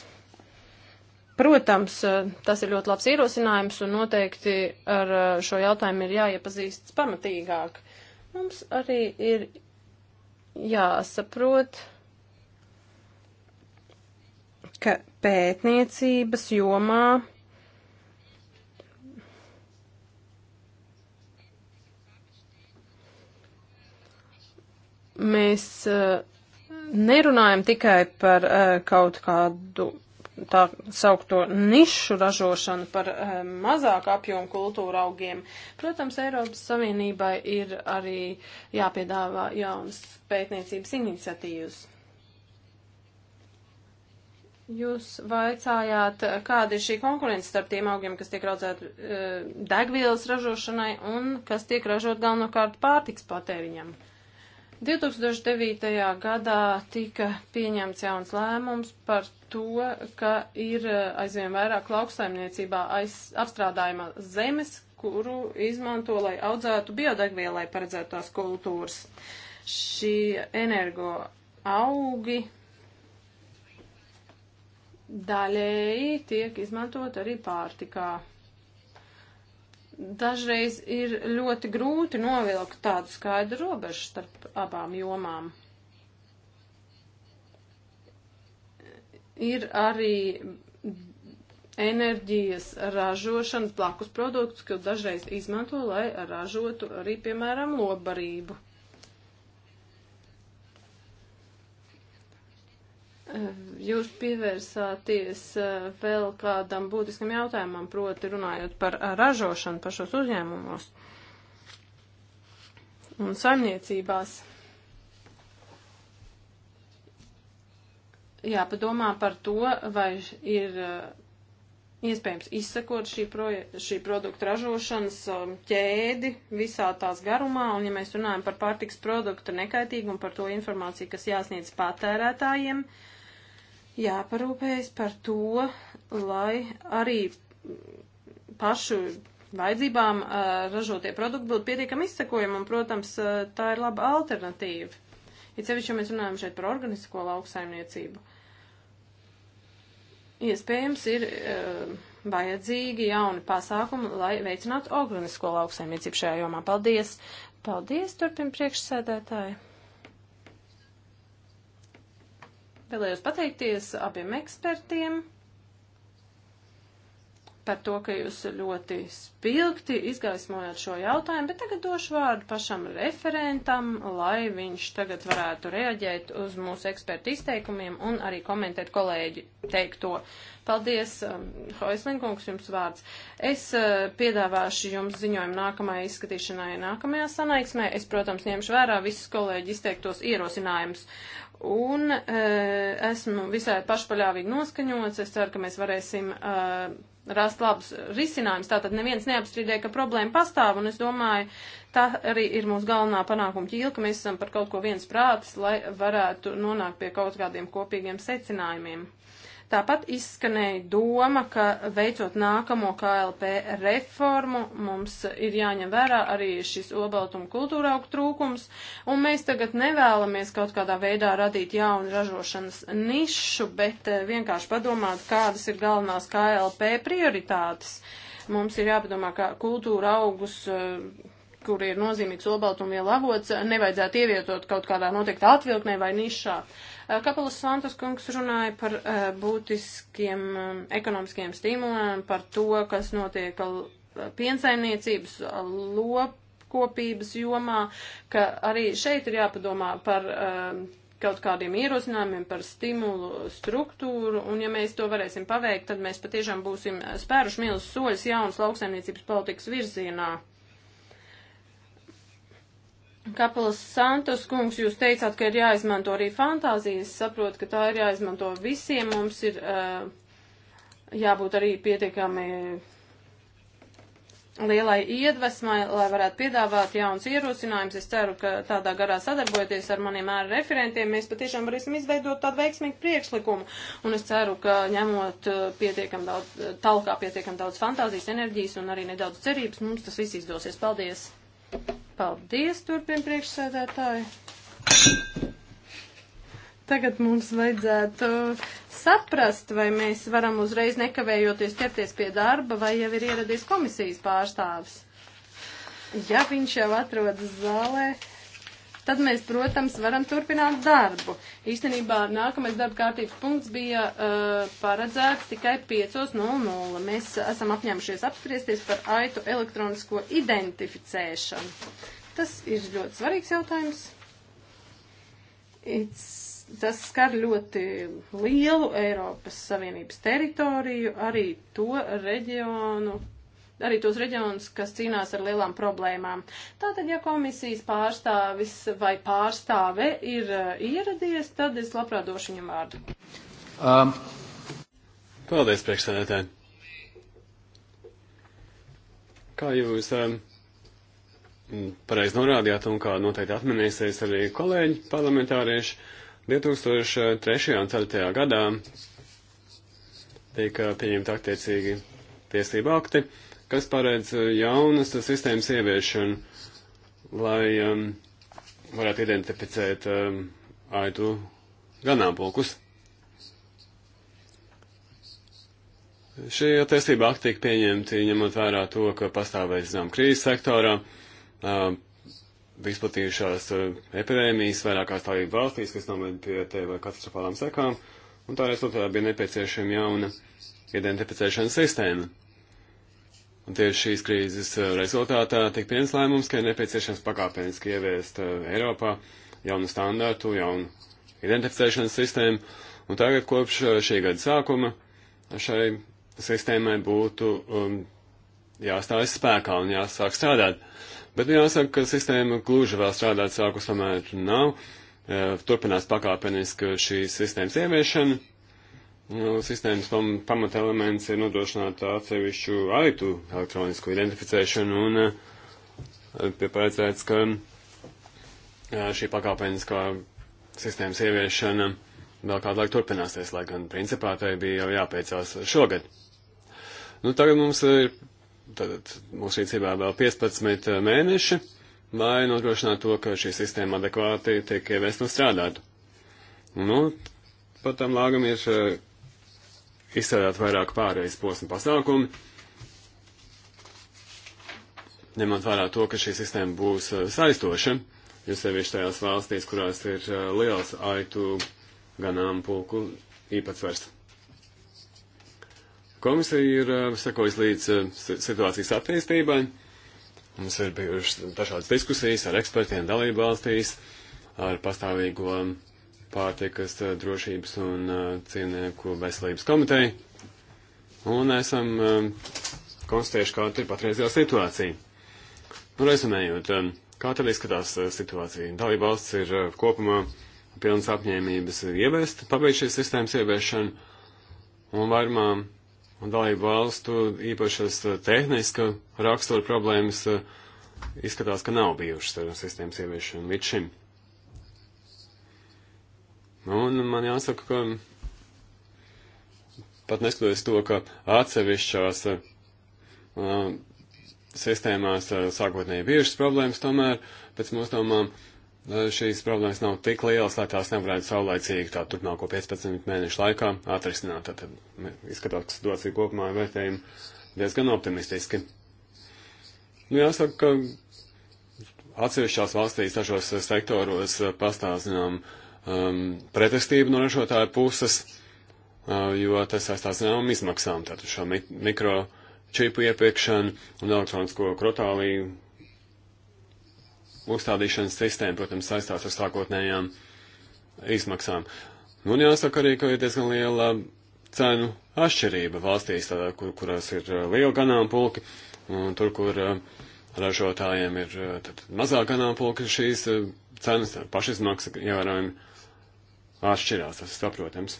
Protams, eh, tas ir ļoti labs ierosinājums un noteikti ar eh, šo jautājumu ir jāiepazīstas pamatīgāk. Mums arī ir jāsaprot, ka pētniecības jomā Mēs e, nerunājam tikai par e, kaut kādu tā saukto nišu ražošanu par e, mazāk apjomu kultūra augiem. Protams, Eiropas Savienībai ir arī jāpiedāvā jaunas pētniecības iniciatīvas. Jūs vaicājāt, kāda ir šī konkurence starp tiem augiem, kas tiek raudzēti degvielas ražošanai un kas tiek ražot galvenokārt pārtiks patēriņam? Uh, 2009. gadā tika pieņemts jauns lēmums par to, ka ir eh, aizvien vairāk lauksaimniecībā aiz, apstrādājumā zemes, kuru izmanto, lai audzētu biodegvielai paredzētās kultūras. Šī energo augi daļēji tiek izmantot arī pārtikā dažreiz ir ļoti grūti novilkt tādu skaidru robežu starp abām jomām. Ir arī enerģijas ražošanas blakus produkts, ko dažreiz izmanto, lai ražotu arī, piemēram, lobarību. Jūs pievērsāties eh, vēl kādam būtiskam jautājumam, proti runājot par eh, ražošanu pašos uzņēmumos un saimniecībās. Jāpadomā par to, vai ir eh, iespējams izsekot šī, proje, šī produkta ražošanas ķēdi visā tās garumā, un ja mēs runājam par pārtiks produktu nekaitīgumu, par to informāciju, kas jāsniedz patērētājiem, uh, jāparūpējas par to, lai arī pašu vajadzībām ražotie produkti būtu pietiekami izsekojami, un, protams, tā ir laba alternatīva. Ir sevišķi, ja mēs runājam šeit par organisko lauksaimniecību. Iespējams, ir uh, vajadzīgi jauni pasākumi, lai veicinātu organisko lauksaimniecību šajā jomā. Paldies! Paldies, turpin priekšsēdētāji! Vēlējos pateikties abiem ekspertiem par to, ka jūs ļoti spilgti izgaismojāt šo jautājumu, bet tagad došu vārdu pašam referentam, lai viņš tagad varētu reaģēt uz mūsu ekspertu izteikumiem un arī komentēt kolēģi teikto. Paldies, um, Hoislinkungs, jums vārds. Es uh, piedāvāšu jums ziņojumu nākamajai izskatīšanai nākamajā sanaiksmē. Es, protams, ņemšu vērā visus kolēģi izteiktos ierosinājumus. Un e, esmu visai pašpaļāvīgi noskaņots. Es ceru, ka mēs varēsim e, rast labus risinājumus. Tātad neviens neapstrīdēja, ka problēma pastāv, un es domāju, tā arī ir mūsu galvenā panākuma ķīla, ka mēs esam par kaut ko viens prātis, lai varētu nonākt pie kaut kādiem kopīgiem secinājumiem. Tāpat izskanēja doma, ka veicot nākamo KLP reformu, mums ir jāņem vērā arī šis obaltuma kultūra augu trūkums, un mēs tagad nevēlamies kaut kādā veidā radīt jaunu ražošanas nišu, bet eh, vienkārši padomāt, kādas ir galvenās KLP prioritātes. Mums ir jāpadomā, kā kultūra augus eh, kur ir nozīmīgs olbaltumvielu avots, nevajadzētu ievietot kaut kādā noteiktā atvilknē vai nišā. Eh, Kapelas Santos kungs runāja par eh, būtiskiem eh, ekonomiskiem stimuliem, par to, kas notiek piensaimniecības lopkopības jomā, ka arī šeit ir jāpadomā par kaut kādiem ierosinājumiem par stimulu struktūru, un ja mēs to varēsim paveikt, tad mēs patiešām būsim spēruši milzus soļus jaunas lauksaimniecības politikas virzienā. Kapels Santos kungs, jūs teicāt, ka ir jāizmanto arī fantāzija. Es saprotu, ka tā ir jāizmanto visiem. Mums ir uh, jābūt arī pietiekami lielai iedvesmai, lai varētu piedāvāt jauns ierosinājums. Es ceru, ka tādā garā sadarbojoties ar maniem ēra referentiem, mēs patiešām varēsim izveidot tādu veiksmīgu priekšlikumu. Un es ceru, ka ņemot uh, pietiekam daudz, uh, talkā pietiekam daudz fantāzijas, enerģijas un arī nedaudz cerības, mums tas viss izdosies. Paldies! Paldies, turpin priekšsēdētāji. Tagad mums vajadzētu saprast, vai mēs varam uzreiz nekavējoties ķerties pie darba, vai jau ir ieradies komisijas pārstāvis. Ja viņš jau atrodas zālē, tad mēs, protams, varam turpināt darbu. Īstenībā nākamais darba kārtības punkts bija uh, paredzēts tikai 5.00. Mēs esam apņēmušies apspriesties par aitu elektronisko identificēšanu. Tas ir ļoti svarīgs jautājums. It's, tas skar ļoti lielu Eiropas Savienības teritoriju, arī to reģionu, arī tos reģionus, kas cīnās ar lielām problēmām. Tātad, ja komisijas pārstāvis vai pārstāve ir eh, ieradies, tad es labprāt došu viņam vārdu. Um. Paldies, priekšsēdētāji. Kā jūs um, pareizi norādījāt un kā noteikti atminēsies arī kolēģi parlamentārieši, 2003. un 4. gadā tika pieņemta attiecīgi tiesība akti, kas paredz eh, jaunas sistēmas ieviešanu, lai um, varētu identificēt um, ehm, aitu ganāmpulkus. Šie tiesība akti tika pieņemti ņemot vērā to, ka pastāvēja zinām krīzes sektorā, um, izplatījušās uh, epidēmijas vairākās tālību valstīs, kas noved pie TV katastrofālām sekām, un tā rezultātā bija nepieciešama jauna identificēšanas sistēma. Tieši šīs krīzes eh, rezultātā tika pieņems lēmums, ka ir nepieciešams pakāpeniski ieviest eh, Eiropā jaunu standārtu, jaunu identificēšanas sistēmu, un tagad kopš eh, šī gada sākuma šai sistēmai būtu um, jāstājas spēkā un jāsāk strādāt. Bet jāsaka, ka sistēma gluži vēl strādāt sākus tomēr nav. Turpinās pakāpeniski šīs sistēmas ieviešana. Nu, sistēmas pam, pamata elements ir nodrošināt atsevišķu aitu elektronisku identificēšanu un pie eh, paredzēts, ka eh, šī pakāpeniskā sistēmas ieviešana vēl kādu laiku turpināsies, lai gan principā tai bija jau jāpiecās šogad. Nu, tagad mums ir, tad mūsu rīcībā vēl 15 eh, mēneši, lai nodrošinātu to, ka šī sistēma adekvāti tiek ieviest un strādātu. Nu, pat tam lāgam ir izstrādāt vairāk pārējais posmu pasākumu, ņemot vērā to, ka šī sistēma būs eh, saistoša, jo sevišķi tajās valstīs, kurās ir eh, liels aitu ganāmpulku īpatsvars. Komisija ir eh, sekojas līdz situācijas attīstībai. Mums ir bijušas dažādas diskusijas ar ekspertiem dalībvalstīs, ar pastāvīgo pārtikas eh, drošības un eh, cienēku veselības komiteju. Un esam eh, konstatējuši, kāda ir patreizējā situācija. Nu, rezumējot, kā tad izskatās situācija? Dalība valsts ir kopumā pilns apņēmības ieviest, pabeigt šīs sistēmas ieviešanu, un vairumā dalību valstu īpašas tehniska rakstura problēmas izskatās, ka nav bijušas ar sistēmas ieviešanu līdz šim. Nu, un man jāsaka, ka pat neskatoties to, ka atsevišķās uh, sistēmās uh, sākotnēji bijušas problēmas, tomēr pēc mūsu domām uh, šīs problēmas nav tik lielas, lai tās nevarētu saulaicīgi tā turpmāko 15 mēnešu laikā atrisināt. Tad izskatās, ka situācija kopumā ir vērtējuma diezgan optimistiski. Nu, jāsaka, ka atsevišķās valstīs dažos sektoros uh, pastāv, zinām, uh, um, pretestību no ražotāju puses, uh, jo tas saistās zināmām izmaksām, tātad šo mi mikro čipu iepirkšanu un elektronisko krotāliju uzstādīšanas sistēma, protams, saistās ar sākotnējām izmaksām. Nu, un jāsaka arī, ka ir diezgan liela cenu atšķirība valstīs, tādā, kur, kurās ir uh, liela ganāmpulki, un tur, kur uh, ražotājiem ir uh, tad, mazāk ganāmpulki, šīs cenas pašizmaksa ievērojami atšķirās, tas ir saprotams.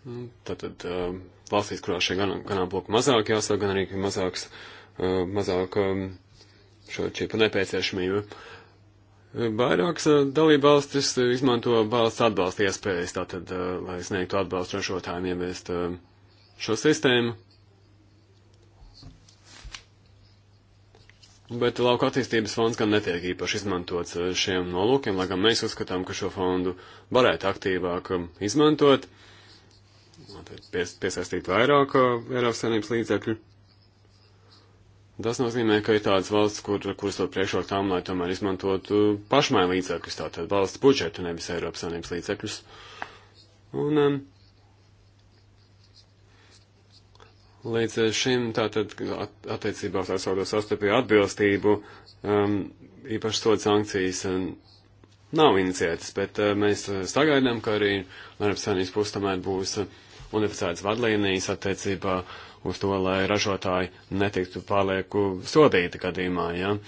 Nu, tātad uh, um, valstīs, kurā šie gan, ganāmploki mazāk jāsāk, gan arī mazāks, uh, mazāk um, šo čipu nepieciešamību. Vairākas uh, dalība valstis uh, izmanto valsts atbalsta iespējas, tātad, uh, lai sniegtu atbalstu ražotājiem ieviest uh, šo sistēmu. Bet lauka attīstības fonds gan netiek īpaši izmantots eh, šiem nolūkiem, lai gan mēs uzskatām, ka šo fondu varētu aktīvāk um, izmantot, pies, piesaistīt vairāk uh, Eiropas Savienības līdzekļu. Tas nozīmē, ka ir tādas valsts, kur, kuras to priekšrok tām, lai tomēr izmantotu pašmai līdzekļus, tātad valsts budžetu, nevis Eiropas Savienības līdzekļus. Un um, Līdz eh, šim tātad attiecībā uz aizsardo sastapīju atbilstību um, īpaši soda sankcijas um, nav iniciētas, bet uh, mēs eh, sagaidām, ka arī Eiropas Savienības puses tomēr būs uh, unificētas vadlīnijas attiecībā uz to, lai ražotāji netiktu pārlieku sodīti gadījumā, ja uh,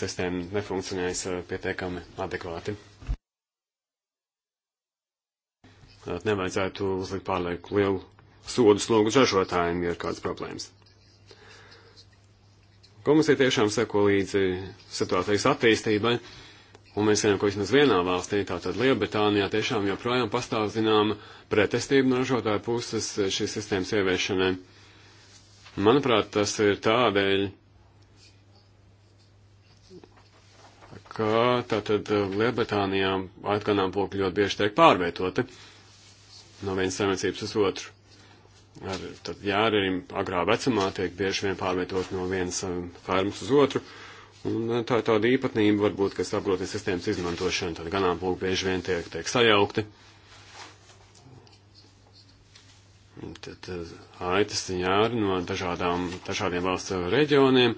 sistēma nefunkcionējas uh, pietiekami adekvāti. Tātad nevajadzētu uzlikt pārlieku lielu sodus logus ražotājiem, ja ir kādas problēmas. Komisija tiešām seko līdzi situācijas attīstībai, un mēs zinām, ka vismaz vienā valstī, tātad Lielbritānijā, tiešām joprojām pastāv zināma pretestība no ražotāju puses šīs sistēmas ieviešanai. Manuprāt, tas ir tādēļ, ka tātad Lielbritānijā atganāmpokļi ļoti bieži tiek pārvietoti no vienas saimniecības uz otru ar, tad jārēm agrā vecumā tiek bieži vien pārvietot no vienas um, fermas uz otru. Un uh, tā ir tāda īpatnība, varbūt, kas apgrūtina sistēmas izmantošanu, tad ganāmpulki bieži vien tiek, tiek sajaukti. Tad uh, aitas jāri no dažādām, dažādiem valsts uh, reģioniem,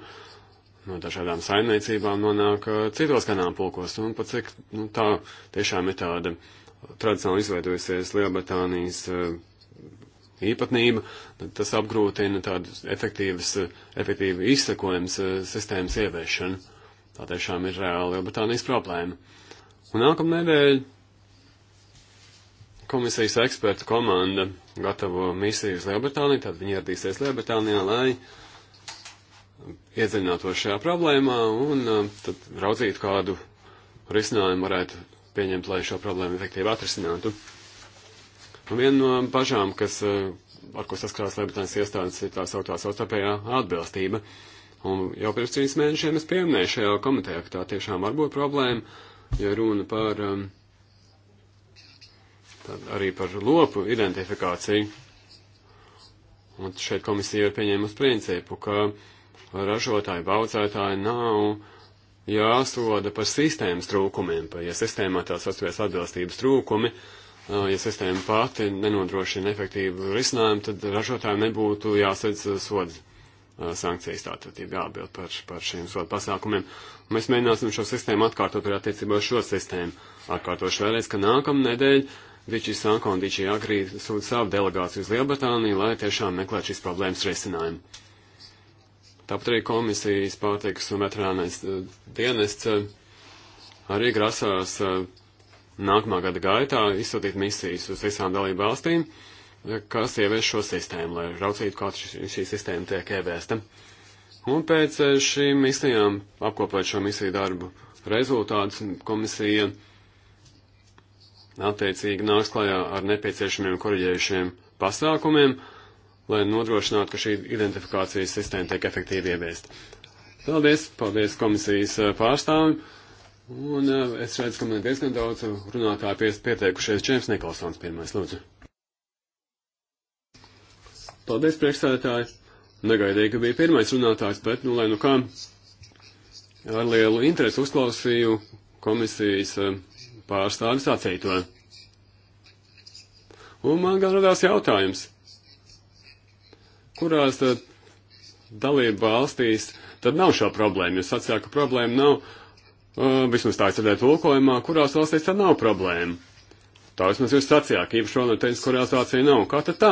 no dažādām saimniecībām nonāk citos ganāmpulkos. Un pat cik nu, tā tiešām ir tāda tradicionāli izveidojusies Lielbritānijas uh, īpatnība, tad tas apgrūtina tādas efektīvas, efektīvu izsekojums eh, sistēmas ieviešanu. Tā tiešām ir reāla Lielbritānijas problēma. Un nākamnedēļ komisijas ekspertu komanda gatavo misiju uz Lielbritāniju, tad viņi ieradīsies Lielbritānijā, lai iedziļinātos šajā problēmā un eh, tad raudzītu, kādu risinājumu varētu pieņemt, lai šo problēmu efektīvi atrisinātu. Viena no bažām, kas, eh, ar ko saskarās Lielbritānijas iestādes, ir tā sauktā savstarpējā atbilstība. Un jau pirms trīs mēnešiem es pieminēju šajā komitejā, ka tā tiešām var būt problēma, jo runa par um, arī par lopu identifikāciju. Un šeit komisija ir pieņēmusi principu, ka ražotāji, baucētāji nav jāsoda par sistēmas trūkumiem, par ja sistēmā tās atsevišķas atbilstības trūkumi, uh, ja sistēma pati nenodrošina efektīvu risinājumu, tad ražotājiem nebūtu jāsadz sods sankcijas, tātad ir jāatbild par, par šiem sodu pasākumiem. Mēs mēģināsim šo sistēmu atkārtot arī attiecībā uz šo sistēmu. Atkārtošu vēlreiz, ka nākamnedēļ Vičī Sanko un Vičī Agrī sūta savu delegāciju uz Lielbritāniju, lai tiešām meklētu šīs problēmas risinājumu. Tāpat arī komisijas pārtikas un veterānais dienests arī grasās uh, nākamā gada gaitā izsūtīt misijas uz visām dalību valstīm, eh, kas ievies šo sistēmu, lai raucītu, kā šī, šī sistēma tiek ieviesta. Un pēc eh, šīm misijām, apkopot šo misiju darbu rezultātus, komisija attiecīgi nāks klajā ar nepieciešamiem korģējušiem pasākumiem, lai nodrošinātu, ka šī identifikācijas sistēma tiek efektīvi ieviest. Paldies, paldies komisijas eh, pārstāvim. Un uh, es redzu, ka man diezgan daudz runātāju pies pieteikušies. Čēms Nikolsons pirmais, lūdzu. Paldies, priekšstādātāji. Negaidīju, ka bija pirmais runātājs, bet, nu, lai nu kā, ar lielu interesi uzklausīju komisijas eh, pārstāvis sacīto. Un man gan radās jautājums, kurās tad dalība valstīs tad nav šā problēma, jo sacījā, ka problēma nav Uh, vismaz tā es redzēju tulkojumā, kurās valstīs tā nav problēma. Tā vismaz jūs sacījāt, ka īpaši ronoteņas korelācija nav. Kā tad tā?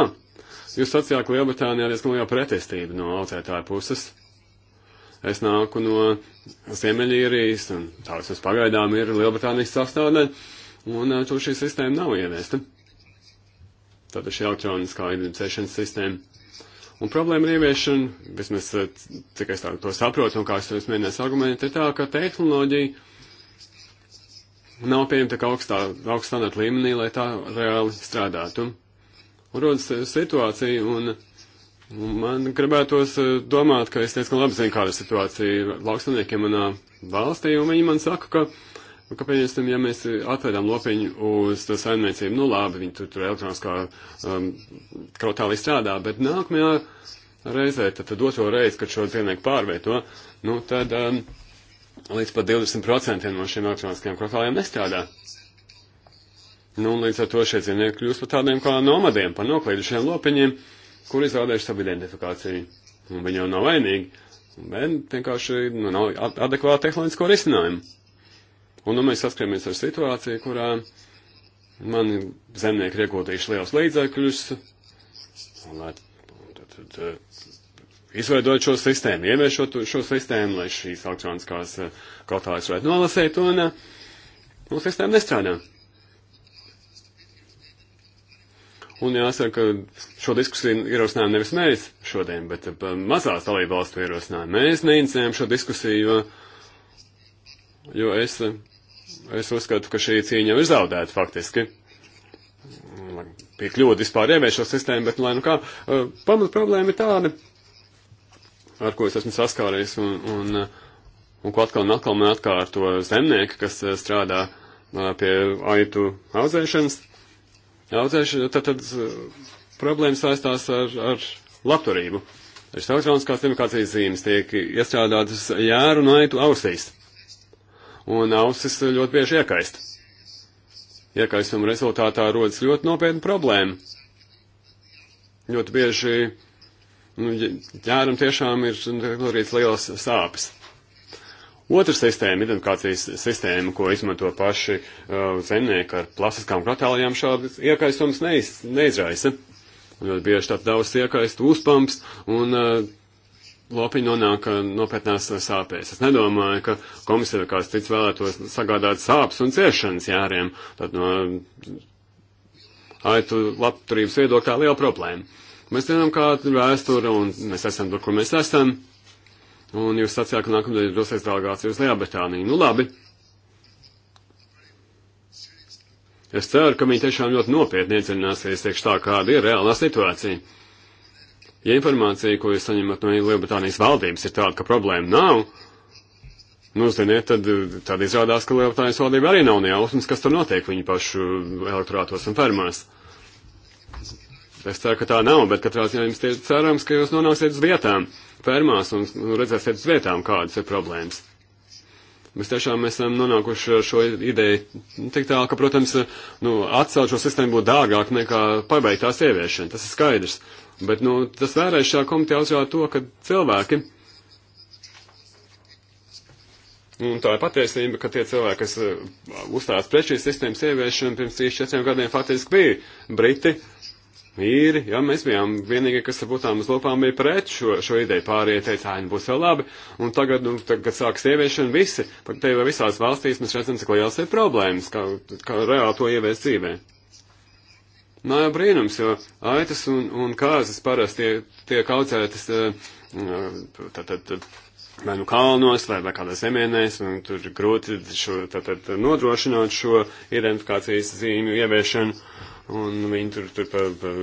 Jūs sacījāt, ka Lielbritānijā diezgan liela pretestība no audzētāju puses. Es nāku no Ziemeļīrijas, un tā vismaz pagaidām ir Lielbritānijas sastāvdaļa, un uh, tur šī sistēma nav ieviesta. Tātad šī elektroniskā identificēšanas sistēma. Un problēma ar ieviešanu, vismaz eh, cik es tā, to saprotu un kā es to mēģināju argumentēt, ir tā, ka tehnoloģija nav pieņemta tik augstā, augstā standarta līmenī, lai tā reāli strādātu. Un rodas eh, situācija, un, un man gribētos eh, domāt, ka es diezgan labi zinu, kāda ir situācija lauksaimniekiem manā valstī, un viņi man saka, ka Un kāpēc, tad, ja mēs atvedam lopiņu uz saimniecību, nu labi, viņi tur, tur elektroniskā um, krautālī strādā, bet nākamajā reizē, tad, tad otro reizi, kad šo dzīvnieku pārvieto, nu tad um, līdz pat 20% no šiem elektroniskajiem krautāliem nestrādā. Nu, līdz ar to šie dzīvnieki kļūst par tādiem kā nomadiem, par noklīdušiem lopiņiem, kur izrādējuši savu identifikāciju. Un viņi jau nav vainīgi, bet vienkārši nu, nav adekvāta tehnoloģisko risinājumu. Un nu mēs saskaramies ar situāciju, kurā mani zemnieki ir ieguldījuši liels līdzekļus, un lai tad, tad eh, izveidot šo sistēmu, ieviešot šo sistēmu, lai šīs elektroniskās eh, kautājas varētu nolasīt, un, eh, un nu, sistēma nestrādā. Un jāsaka, šo diskusiju ierosinājām nevis mēs šodien, bet mazās dalību valstu ierosinājām. Mēs neinicējām šo diskusiju, jo, jo es es uzskatu, ka šī cīņa ir zaudēta faktiski. Pie kļūda vispār ievērš šo sistēmu, bet, nu, lai nu kā, eh, pamat problēma ir tāda, ar ko es esmu saskāries, un, un, eh, un ko atkal un atkal man atkārto zemnieki, kas eh, strādā pie aitu audzēšanas. Audzēšana, tad, tad problēma saistās ar, ar labturību. Šis elektroniskās demarkācijas zīmes tiek iestrādātas jēru un aitu ausīs un ausis ļoti bieži iekaist. Iekaistuma rezultātā rodas ļoti nopietna problēma. Ļoti bieži nu, ķēram tiešām ir nodarīts liels sāpes. Otra sistēma, identifikācijas sistēma, ko izmanto paši uh, zemnieki ar plastiskām krotālijām, šādas iekaistums neiz, neizraisa. Ļoti bieži tāds daudz iekaistu uzpams un uh, lopiņi nonāk nopietnās sāpēs. Es nedomāju, ka komisija kāds cits vēlētos sagādāt sāpes un ciešanas jāriem. Tad no aitu labturības viedokļā liela problēma. Mēs zinām, kāda ir vēsture, un mēs esam tur, kur mēs esam. Un jūs sacījāt, ka nākamdien dosies delegācija uz Lielbritāniju. Nu labi. Es ceru, ka viņi tiešām ļoti nopietni iedziļināsies, tiekš tā, kāda ir reālā situācija. Ja informācija, ko jūs saņemat no Lielbritānijas valdības, ir tāda, ka problēma nav, nu, ziniet, tad, tad izrādās, ka Lielbritānijas valdība arī nav nejausmas, kas tur notiek viņu pašu elektorātos un fermās. Es ceru, ka tā nav, bet katrā ziņā jums ir cerams, ka jūs nonāksiet uz vietām, fermās un nu, redzēsiet uz vietām, kādas ir problēmas. Mēs tiešām esam nonākuši ar šo ideju tik tālu, ka, protams, nu, atcelt šo sistēmu būtu dārgāk nekā pabeigt tās ieviešana. Tas ir skaidrs. Bet, nu, tas vēlreiz šā komiteja uzrāda to, ka cilvēki, un tā ir patiesība, ka tie cilvēki, kas uh, uzstājās pret šīs sistēmas ieviešanu pirms 3-4 gadiem, faktiski bija briti, īri, ja mēs bijām vienīgie, kas ar būtām uz lopām bija pret šo, šo ideju, pārējie teica, ah, nu būs vēl labi, un tagad, nu, tagad sāks ieviešana visi, pat te jau visās valstīs mēs redzam, cik liels ir problēmas, kā, kā reāli to ievies dzīvē. Nā, jau brīnums, jo aitas un, un kāzas parasti tiek audzētas eh, mm, tātad vai nu kalnos, vai, vai kādās zemienēs, un tur ir grūti šo, tātad, nodrošināt šo identifikācijas zīmju ieviešanu, un viņi tur, tur pa, pa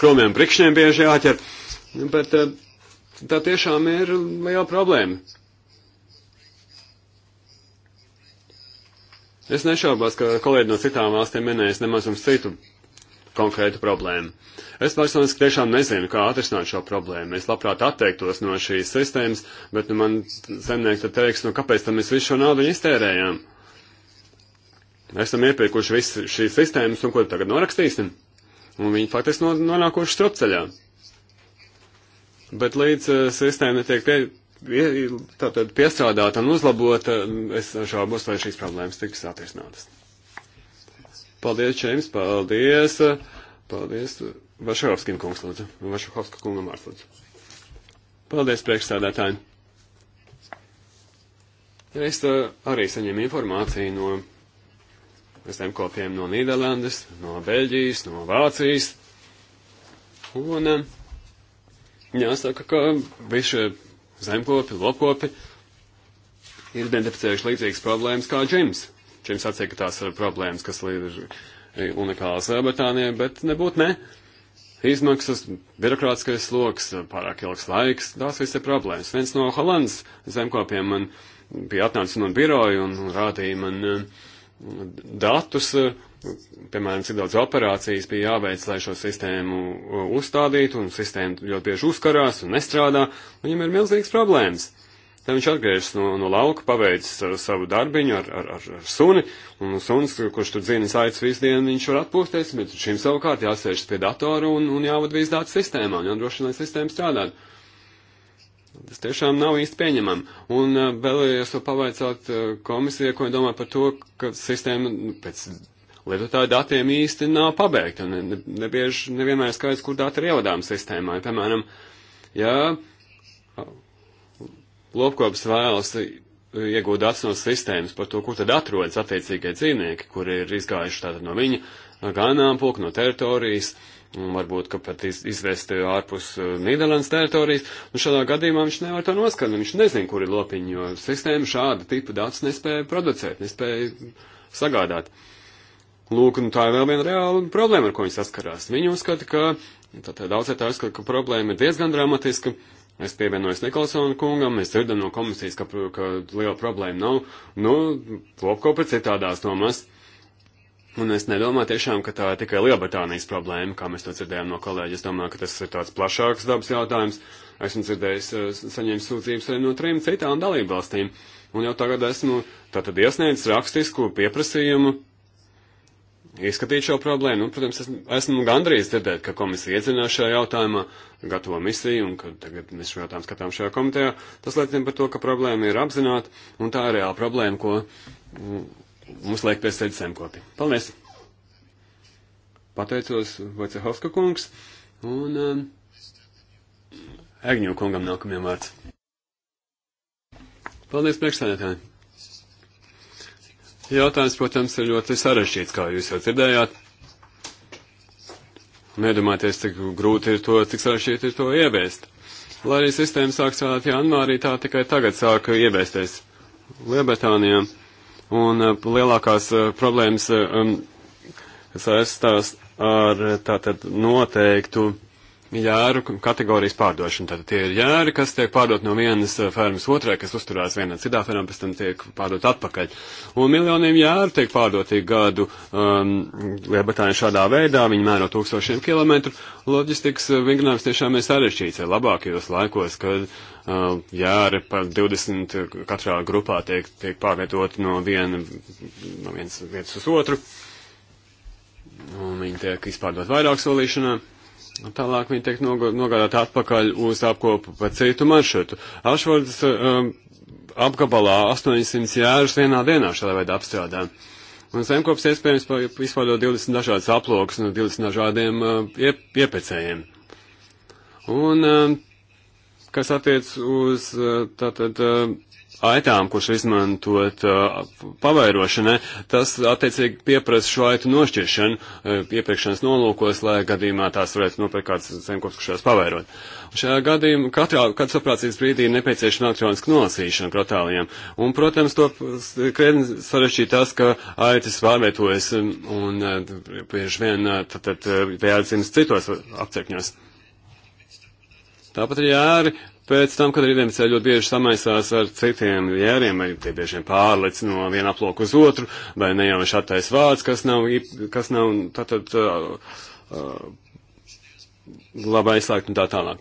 kromiem prikšniem bieži jāķer. Bet eh, tā tiešām ir liela problēma. Es nešaubos, ka kolēģi no citām valstīm minēs nemaz un citu konkrētu problēmu. Es personīgi tiešām nezinu, kā atrisināt šo problēmu. Es labprāt atteiktos no šīs sistēmas, bet nu, man zemnieki tad teiks, nu kāpēc tam mēs visu šo naudu iztērējām? Esam iepirkuši visu šīs sistēmas, un ko tagad norakstīsim? Un viņi faktiski no, nonākuši strupceļā. Bet līdz uh, sistēma tiek pie, pie, tātad piestrādāta un uzlabota, es šaubos, vai šīs problēmas tiks atrisinātas. Paldies, Čēms, paldies. Paldies Vašarovskim kungs, lūdzu. Vašarovska kungam ārslūdzu. Paldies priekšstādātājiem. Es eh, arī saņēmu informāciju no visiem kopiem no Nīderlandes, no Beļģijas, no Vācijas. Un eh, jāsaka, ka visi šie zemkopi, lopkopi ir identificējuši līdzīgas problēmas kā džims. Šīm sacīja, ka tās ir problēmas, kas līdz ir unikālas Lielbritānijai, bet nebūtu ne. Izmaksas, birokrātiskais sloks, pārāk ilgs laiks, tās viss ir problēmas. Viens no Holandas zemkopiem man bija atnācis no biroja un rādīja man eh, datus, eh, piemēram, cik daudz operācijas bija jāveic, lai šo sistēmu eh, uzstādītu, un sistēma ļoti bieži uzkarās un nestrādā, viņam ir milzīgas problēmas. Tad viņš atgriežas no, no lauka, paveicis uh, savu darbiņu ar, ar, ar, ar suni, un suns, kurš tur dzīves aicis visu dienu, viņš var atpūsties, bet šim savukārt jāsēžas pie datora un, un jāvada visu datu sistēmā, un jānodrošina, lai sistēma strādātu. Tas tiešām nav īsti pieņemam. Un uh, vēlējos vēl pavaicāt uh, komisijai, ko viņi domā par to, ka sistēma nu, pēc lietotāju datiem īsti nav pabeigta. Nebieži, ne, ne nevienmēr skaidrs, kur dati ir ievadām sistēmā. Ja, piemēram, ja lopkops vēlas iegūt datus no sistēmas par to, kur tad atrodas attiecīgie dzīvnieki, kuri ir izgājuši tātad no viņa ganāmpulka, no teritorijas, un varbūt, ka pat iz, izvest ārpus uh, Nīderlandes teritorijas, un nu, šādā gadījumā viņš nevar to noskatīt, viņš nezina, kur ir lopiņi, jo sistēma šāda tipa datus nespēja producēt, nespēja sagādāt. Lūk, nu tā ir vēl viena reāla problēma, ar ko viņi saskarās. Viņi uzskata, ka, tātad daudzietāji uzskata, ka problēma ir diezgan dramatiska, Es pievienojos Nikolsona kungam, mēs dzirdam no komisijas, ka, ka liela problēma nav. Nu, lopkopa citādās domas. Un es nedomāju tiešām, ka tā ir tikai Lielbritānijas problēma, kā mēs to dzirdējām no kolēģa. Es domāju, ka tas ir tāds plašāks dabas jautājums. Esmu dzirdējis, eh, saņēmis sūdzības arī no trim citām dalībvalstīm. Un jau tagad esmu tātad iesniedzis rakstisku pieprasījumu izskatīt šo problēmu. Un, nu, protams, es, esmu gandrīz dzirdēt, ka komisija iedzinās šajā jautājumā, gatavo misiju, un ka tagad mēs šo jautājumu skatām šajā komitejā. Tas liecina par to, ka problēma ir apzināta, un tā ir reāla problēma, ko mm, mums liek pie sevis semkoti. Paldies! Pateicos Vojcehovska kungs, un um, Egņu kungam nākamajam vārds. Paldies priekšsēdētājiem! Jautājums, protams, ir ļoti sarežģīts, kā jūs jau dzirdējāt. Nedomājieties, cik grūti ir to, cik sarežģīti ir to ieviest. Lai arī sistēma sāk strādāt janvārī, tā tikai tagad sāk ieviesties Lielbritānijā. Un eh, lielākās eh, problēmas eh, um, saistās ar tātad noteiktu jēru kategorijas pārdošanu. Tātad tie ir jēri, kas tiek pārdot no vienas eh, fermas otrai, kas uzturās vienā citā fermā, pēc tam tiek pārdot atpakaļ. Un miljoniem jēru tiek pārdoti gadu um, liebatāji šādā veidā, viņi mēro tūkstošiem kilometru. Loģistikas eh, vingrinājums tiešām ir sarežģīts, ir labākajos laikos, kad uh, jēri par 20 katrā grupā tiek, tiek pārvietot no, viena, no vienas vietas uz otru. Un viņi tiek izpārdot vairāk solīšanā. Tālāk viņi tiek nogādāti atpakaļ uz apkopu pa citu maršrutu. Ašvardas um, apgabalā 800 jēras vienā dienā šādā veidā apstrādā. Un zemkops iespējams izpaudo 20 dažādas aploks no 20 dažādiem uh, iep, iepecējiem. Un, uh, kas attiec uz uh, tātad. Uh, aitām, kurš izmantot uh, pavairošanai, tas attiecīgi pieprasa šo aitu nošķiršanu uh, iepirkšanas nolūkos, lai gadījumā tās varētu nopirkt kāds zemkops, kurš tās pavairot. Un šajā gadījumā katrā, kad saprācības brīdī ir nepieciešama elektroniska nolasīšana krotāliem. Un, protams, to krietni sarežģīja tas, ka aitas pārvietojas un uh, bieži vien uh, tad, tad jāatzīmes uh, citos apcepņos. Tāpat arī ēri Pēc tam, kad rīdienicē ļoti bieži samaisās ar citiem jēriem, vai tie bieži vien pārlec no viena aploka uz otru, vai ne jau viņš attais vārds, kas nav, kas nav tātad uh, uh, labi aizslēgt un tā tālāk.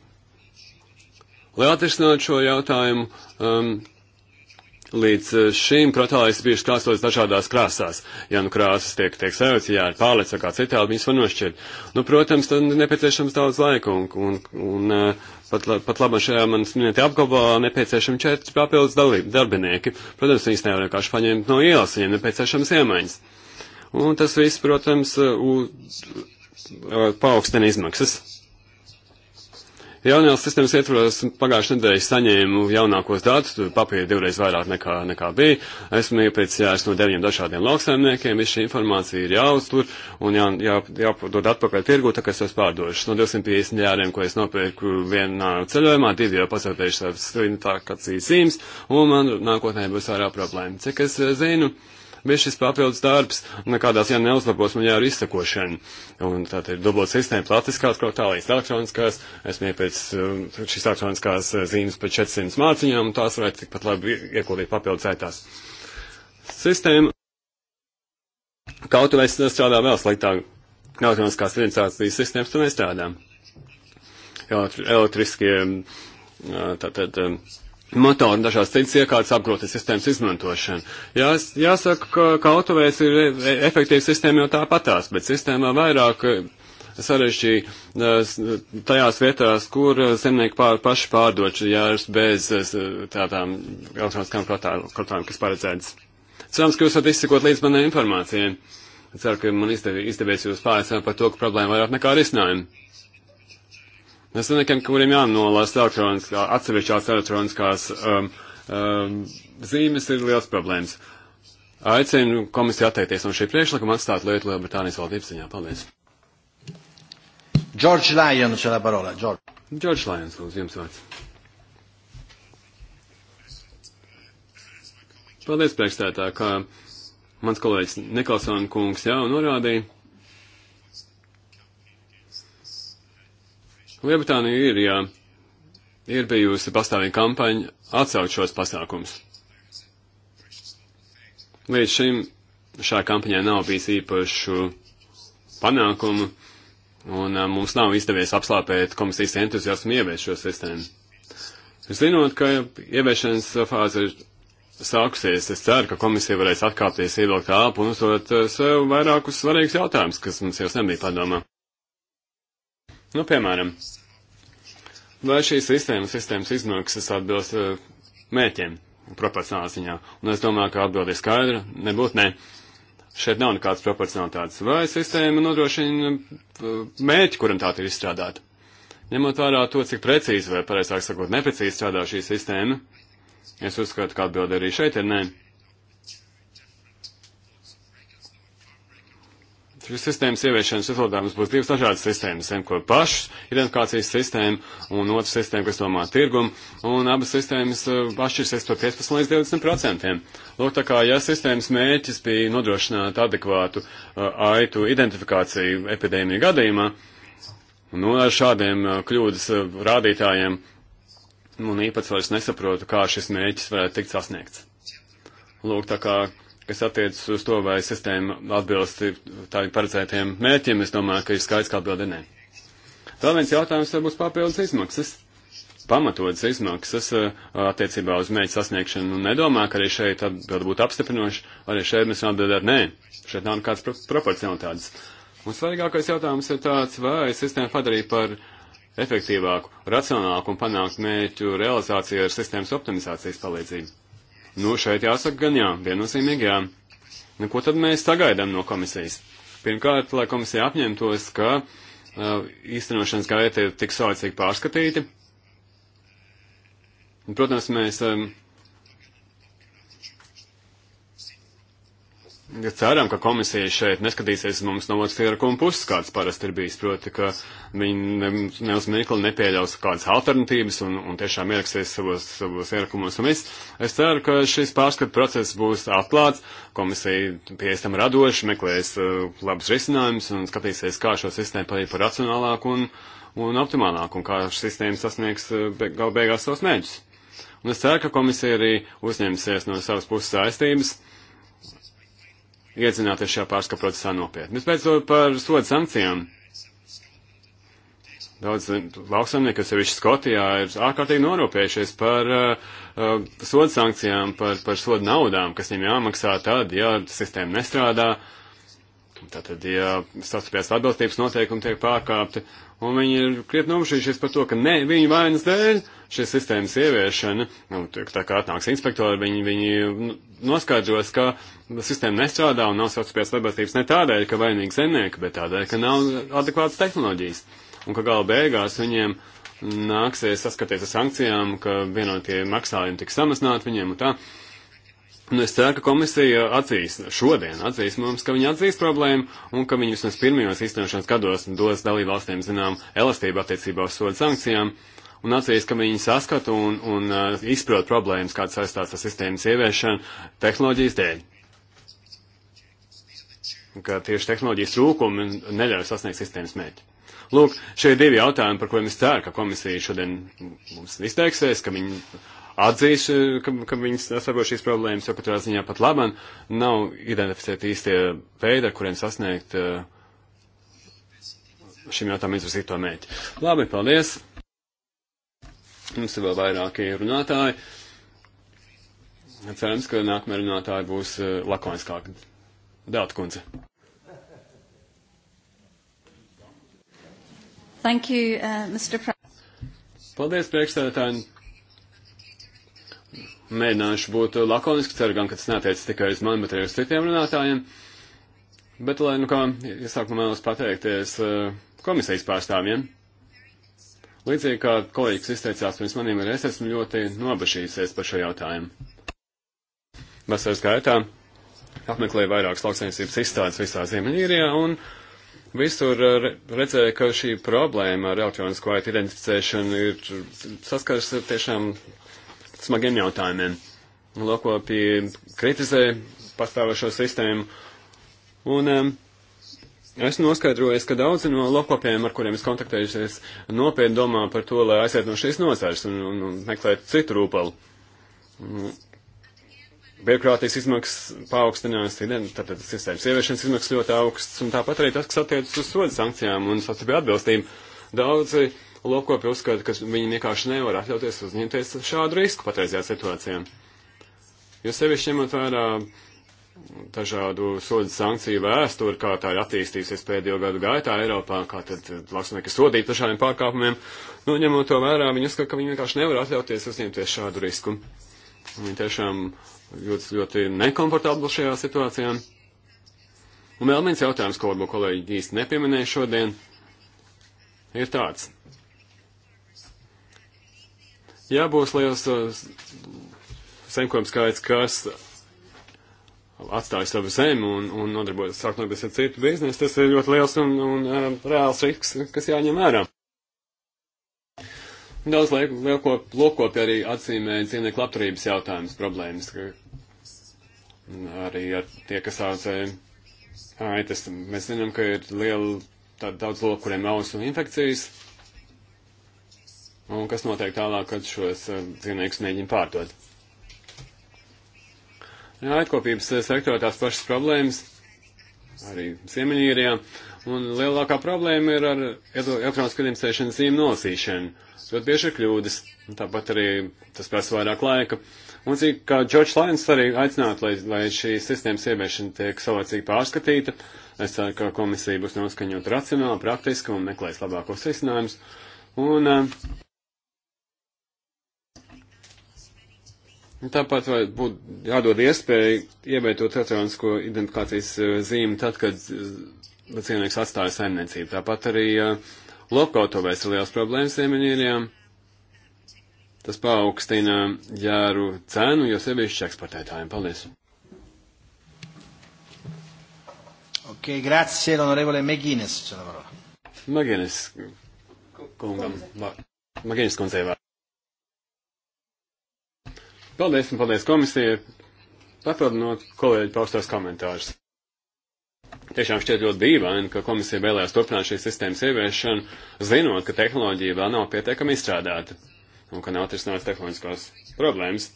Lai atrisinātu šo jautājumu, um, Līdz eh, šim protālis bieži krāsots dažādās krāsās. Ja nu krāsas tiek, tiek sajūts, ja ir pārlec vai kā citādi, viņas var nošķirt. Nu, protams, tad nepieciešams daudz laika, un, un, un eh, pat, la, pat labā šajā manas minētajā apgabalā nepieciešami četri papildus dalība, darbinieki. Protams, viņas nevar vienkārši paņemt no ielas, viņiem nepieciešams iemaņas. Un tas viss, protauks, protams, eh, u, paaugstina izmaksas. Jaunajās sistēmas ietvaros pagājušajā nedēļā saņēmu jaunākos datus, papīra divreiz vairāk nekā, nekā bija. Esmu iepriecinājies no deviņiem dažādiem lauksaimniekiem, viss šī informācija ir jāuztur un jā, jā, jāpadod atpakaļ tirgu, tā kā es tos pārdošu. No 250 jāriem, ko es nopirku vienā ceļojumā, divi jau pasūtījuši savas identifikācijas zīmes, un man nākotnē būs vairāk problēma. Cik es eh, zinu, uh, viss šis papildus darbs nekādās jā neuzlabos man jāra izsakošana. Un tā ir dublot sistēma, platiskās krotālijas, elektroniskās, es mie pēc um, šīs elektroniskās uh, zīmes pēc 400 māciņām, un tās varētu tikpat labi ieklodīt papildus ētās. Sistēma kaut vai strādā vēl sliktāk. Elektroniskās identifikācijas sistēmas tur nestrādā. Elektriskie um, uh, tātad. Tā, um, tā, motoru un dažās citas iekārtas apgrotas sistēmas izmantošanu. Jās, jāsaka, ka, ka autovēs ir e, e, efektīva sistēma jau tāpatās, bet sistēmā vairāk e, sarežģīja tajās vietās, kur zemnieki pār, paši pārdod jārus bez tādām elektroniskām kartām, kas paredzētas. Cerams, ka jūs varat izsekot līdz manai informācijai. Ceru, ka man izdevies jūs pārliecināt par to, ka problēma vairāk nekā risinājuma. Nesaniekiem, kuriem jānolast elektroniskā, atsevišķās elektroniskās um, um, zīmes, ir liels problēmas. Aicinu komisiju atteikties no šī priekšlikuma, atstāt lietu Lielbritānijas valdības ziņā. Paldies. George Lyon, šādā parolē. George. George Lyon, lūdzu, jums vārds. Paldies, priekšstētā, ka mans kolēģis Nikolson kungs jau norādīja. Lielbritānija ir, jā, ir bijusi pastāvīga kampaņa atcelt šos pasākumus. Līdz šim šā kampaņā nav bijis īpašu panākumu, un a, mums nav izdevies apslāpēt komisijas entuziasmu ieviest šo sistēmu. Zinot, ka ieviešanas fāze ir sākusies, es ceru, ka komisija varēs atkāpties, ievilkt āpu un uzdot sev vairākus svarīgus jautājumus, kas mums jau sen bija padomā. Nu, piemēram, vai šī sistēma, sistēmas izmaksas atbilst uh, mērķiem proporcionālā ziņā? Un es domāju, ka atbildi ir skaidra, nebūtu ne. Šeit nav nekādas proporcionalitātes. Vai sistēma nodrošina eh, mērķi, kuram tā ir izstrādāta? Ņemot vērā to, cik precīzi vai, pareizāk sakot, neprecīzi strādā šī sistēma, es uzskatu, ka atbildi arī šeit ir nē. Ne Šis sistēmas ieviešanas izlūdājums būs divas dažādas sistēmas. Emko pašas identifikācijas sistēma un otra sistēma, kas domā tirgumu, un abas sistēmas eh, atšķirsies par 15 līdz 20 procentiem. Lūk, tā kā, ja sistēmas mērķis bija nodrošināt adekvātu uh, aitu identifikāciju epidēmiju gadījumā, nu, ar šādiem uh, kļūdas uh, rādītājiem, nu, un īpats vairs nesaprotu, kā šis mērķis varētu tikt sasniegts. Lūk, tā kā kas attiecas uz to, vai sistēma atbilst tādiem paredzētiem mērķiem, es domāju, ka ir skaidrs, kā atbilde nē. Vēl viens jautājums, vai būs papildus izmaksas? Pamatotas izmaksas uh, attiecībā uz mērķu sasniegšanu. Nedomā, ka arī šeit atbildi būtu apstiprinoši, arī šeit mēs atbildētu nē. Šeit nav nekāds pro proporcionalitātes. Un svarīgākais jautājums ir tāds, vai sistēma padarīja par efektīvāku, racionālāku un panākt mērķu realizāciju ar sistēmas optimizācijas palīdzību. Nu, šeit jāsaka gan jā, viennozīmīgi jā. Nu, ko tad mēs sagaidām no komisijas? Pirmkārt, lai komisija apņemtos, ka uh, īstenošanas gaita ir tik saulēcīgi pārskatīta. Un, protams, mēs um, Ja ceram, ka komisija šeit neskatīsies mums no otras ierakuma puses, kāds parasti ir bijis, proti, ka viņi ne, ne uz mirkli nepieļaus kādas alternatīvas un, un tiešām ieraksties savos, savos ierakumos un viss. Es ceru, ka šis pārskatu process būs atklāts, komisija pieestam radoši, meklēs uh, labus risinājumus un skatīsies, kā šo sistēmu padarīt par racionālāku un, un optimālāku un kā sistēma sasniegs uh, be, galu beigās savus mēģus. Un es ceru, ka komisija arī uzņemsies no savas puses saistības. Uh, iedzināties šajā pārskatu procesā nopietni. Vispēcot par sodu sankcijām. Daudz lauksaimnieku, kas sevišķi Skotijā, ir ārkārtīgi norūpējušies par uh, uh sodu sankcijām, par, par sodu naudām, kas viņiem jāmaksā tad, ja sistēma nestrādā. Uh, Tātad, ja sastapjās atbilstības noteikumi tiek pārkāpti, un viņi ir krietni nomušījušies par to, ka ne viņu vainas dēļ šī sistēmas ieviešana, nu, tā kā atnāks inspektori, viņi, viņi noskaidros, ka sistēma nestrādā un nav sastapjās atbilstības ne tādēļ, ka vainīgi zemnieki, bet tādēļ, ka nav adekvātas tehnoloģijas. Un ka gala beigās viņiem nāksies saskaties ar sankcijām, ka vienotie maksājumi tiks samazināti viņiem un tā. Uh, Un es ceru, ka komisija atzīs šodien, atzīs mums, ka viņi atzīs problēmu un ka viņi vismaz pirmajos izstāšanas gados dos dalību valstīm zinām elastību attiecībā uz sodu sankcijām un atzīs, ka viņi saskata un, un uh, izprot problēmas, kādas saistās ar sistēmas ieviešanu tehnoloģijas dēļ. Ka tieši tehnoloģijas trūkumi neļauj sasniegt sistēmas mērķi. Lūk, šie divi jautājumi, par kuriem es ceru, ka komisija šodien mums izteiksies, ka viņi atzīs, eh, ka, ka viņas nesarbo šīs problēmas, jo katrā ziņā pat labam nav identificēti īstie veidi, ar kuriem sasniegt eh, šim jautājumam izvirzīto mērķi. Labi, paldies! Mums ir vēl vairāki runātāji. Cerams, ka nākamie runātāji būs eh, lakoniskāki. Dāta kundze. Thank you, uh, Mr. Pre Paldies, priekšstādātāji. Mēģināšu būt lakoniski, ceru gan, ka tas neatiec tikai uz mani, bet arī uz citiem runātājiem. Bet, lai nu kā, iesākumā vēlos pateikties eh, komisijas pārstāvjiem. Līdzīgi kā kolēģis izteicās pirms maniem, arī es esmu ļoti nobašījusies par šo jautājumu. Vasaras gaitā apmeklēju vairākas lauksaimniecības izstādes visā Ziemeļīrijā un visur eh, re redzēju, ka šī problēma ar elektronisko aitu identificēšanu ir saskars ar tiešām smagiem jautājumiem. Lokopji kritizē pastāvošo sistēmu, un um, esmu noskaidrojis, ka daudzi no lokopiem, ar kuriem es kontaktējušies, nopietni domā par to, lai aiziet no šīs nozares un, un, un meklētu citu rūpalu. Nu, Birokrātijas izmaksas paaugstinās, tātad sistēmas ieviešanas izmaksas ļoti augsts, un tāpat arī tas, kas attiecas uz sodu sankcijām un sociālo atbilstību. Daudzi uh, Lokopi uzskata, ka viņi vienkārši nevar atļauties uzņemties šādu risku patreizajā situācijā. Jo sevišķi ņemot vērā dažādu sodu sankciju vēsturi, kā tā ir attīstījusies pēdējo gadu gaitā Eiropā, kā tad lauksnieki sodīt par šādiem pārkāpumiem, nu, ņemot to vērā, viņi uzskata, ka viņi vienkārši nevar atļauties uzņemties šādu risku. Viņi tiešām jūtas ļoti nekomfortabli šajā situācijā. Un vēl viens jautājums, ko varbūt kolēģi īsti nepieminēja šodien, ir tāds. Ja būs liels zemkopiem uh, skaits, kas atstāja savu zemi un, un nodarbojas sāk nodarboties ar citu biznesu, tas ir ļoti liels un, un, un uh, reāls risks, kas jāņem vērā. Daudz lielkopi lielkop arī atzīmē dzīvnieku labturības jautājumus problēmas. Arī ar tie, kas audzē aitas, mēs zinām, ka ir liela, tāda daudz loku, kuriem ausu infekcijas, un kas notiek tālāk, kad šos eh, dzīvniekus mēģina pārdot. Jā, atkopības eh, sektorā tās pašas problēmas, arī Ziemeļīrijā, un lielākā problēma ir ar elektroniskā identificēšanas zīmju nolasīšanu. Ļoti bieži ir kļūdas, tāpat arī tas prasa vairāk laika. Un cik kā Džordžs Lains arī aicinātu, lai, lai šī sistēmas ieviešana tiek saulēcīgi pārskatīta, es ceru, ka komisija būs noskaņota racionāli, praktiski un meklēs labākos risinājumus. Un, uh, Tāpat būtu jādod iespēja ievietot elektronisko identifikācijas eh, zīmi tad, kad eh, cienīgs atstāja saimniecību. Tāpat arī eh, lopkautovēs ir liels problēmas ieminīrijām. Tas paaugstina jēru cenu, jo sevišķi eksportētājiem. Paldies! Ok, grazie, l'onorevole Megines. Megines kungam. Magīnis kundzei vārds. Paldies un paldies komisijai, papildinot kolēģi paustās komentārus. Tiešām šķiet ļoti dīvaini, ka komisija vēlējās turpināt šīs sistēmas ieviešanu, zinot, ka tehnoloģija vēl nav pietiekami izstrādāta un ka nav atrisināts tehnoloģiskās problēmas.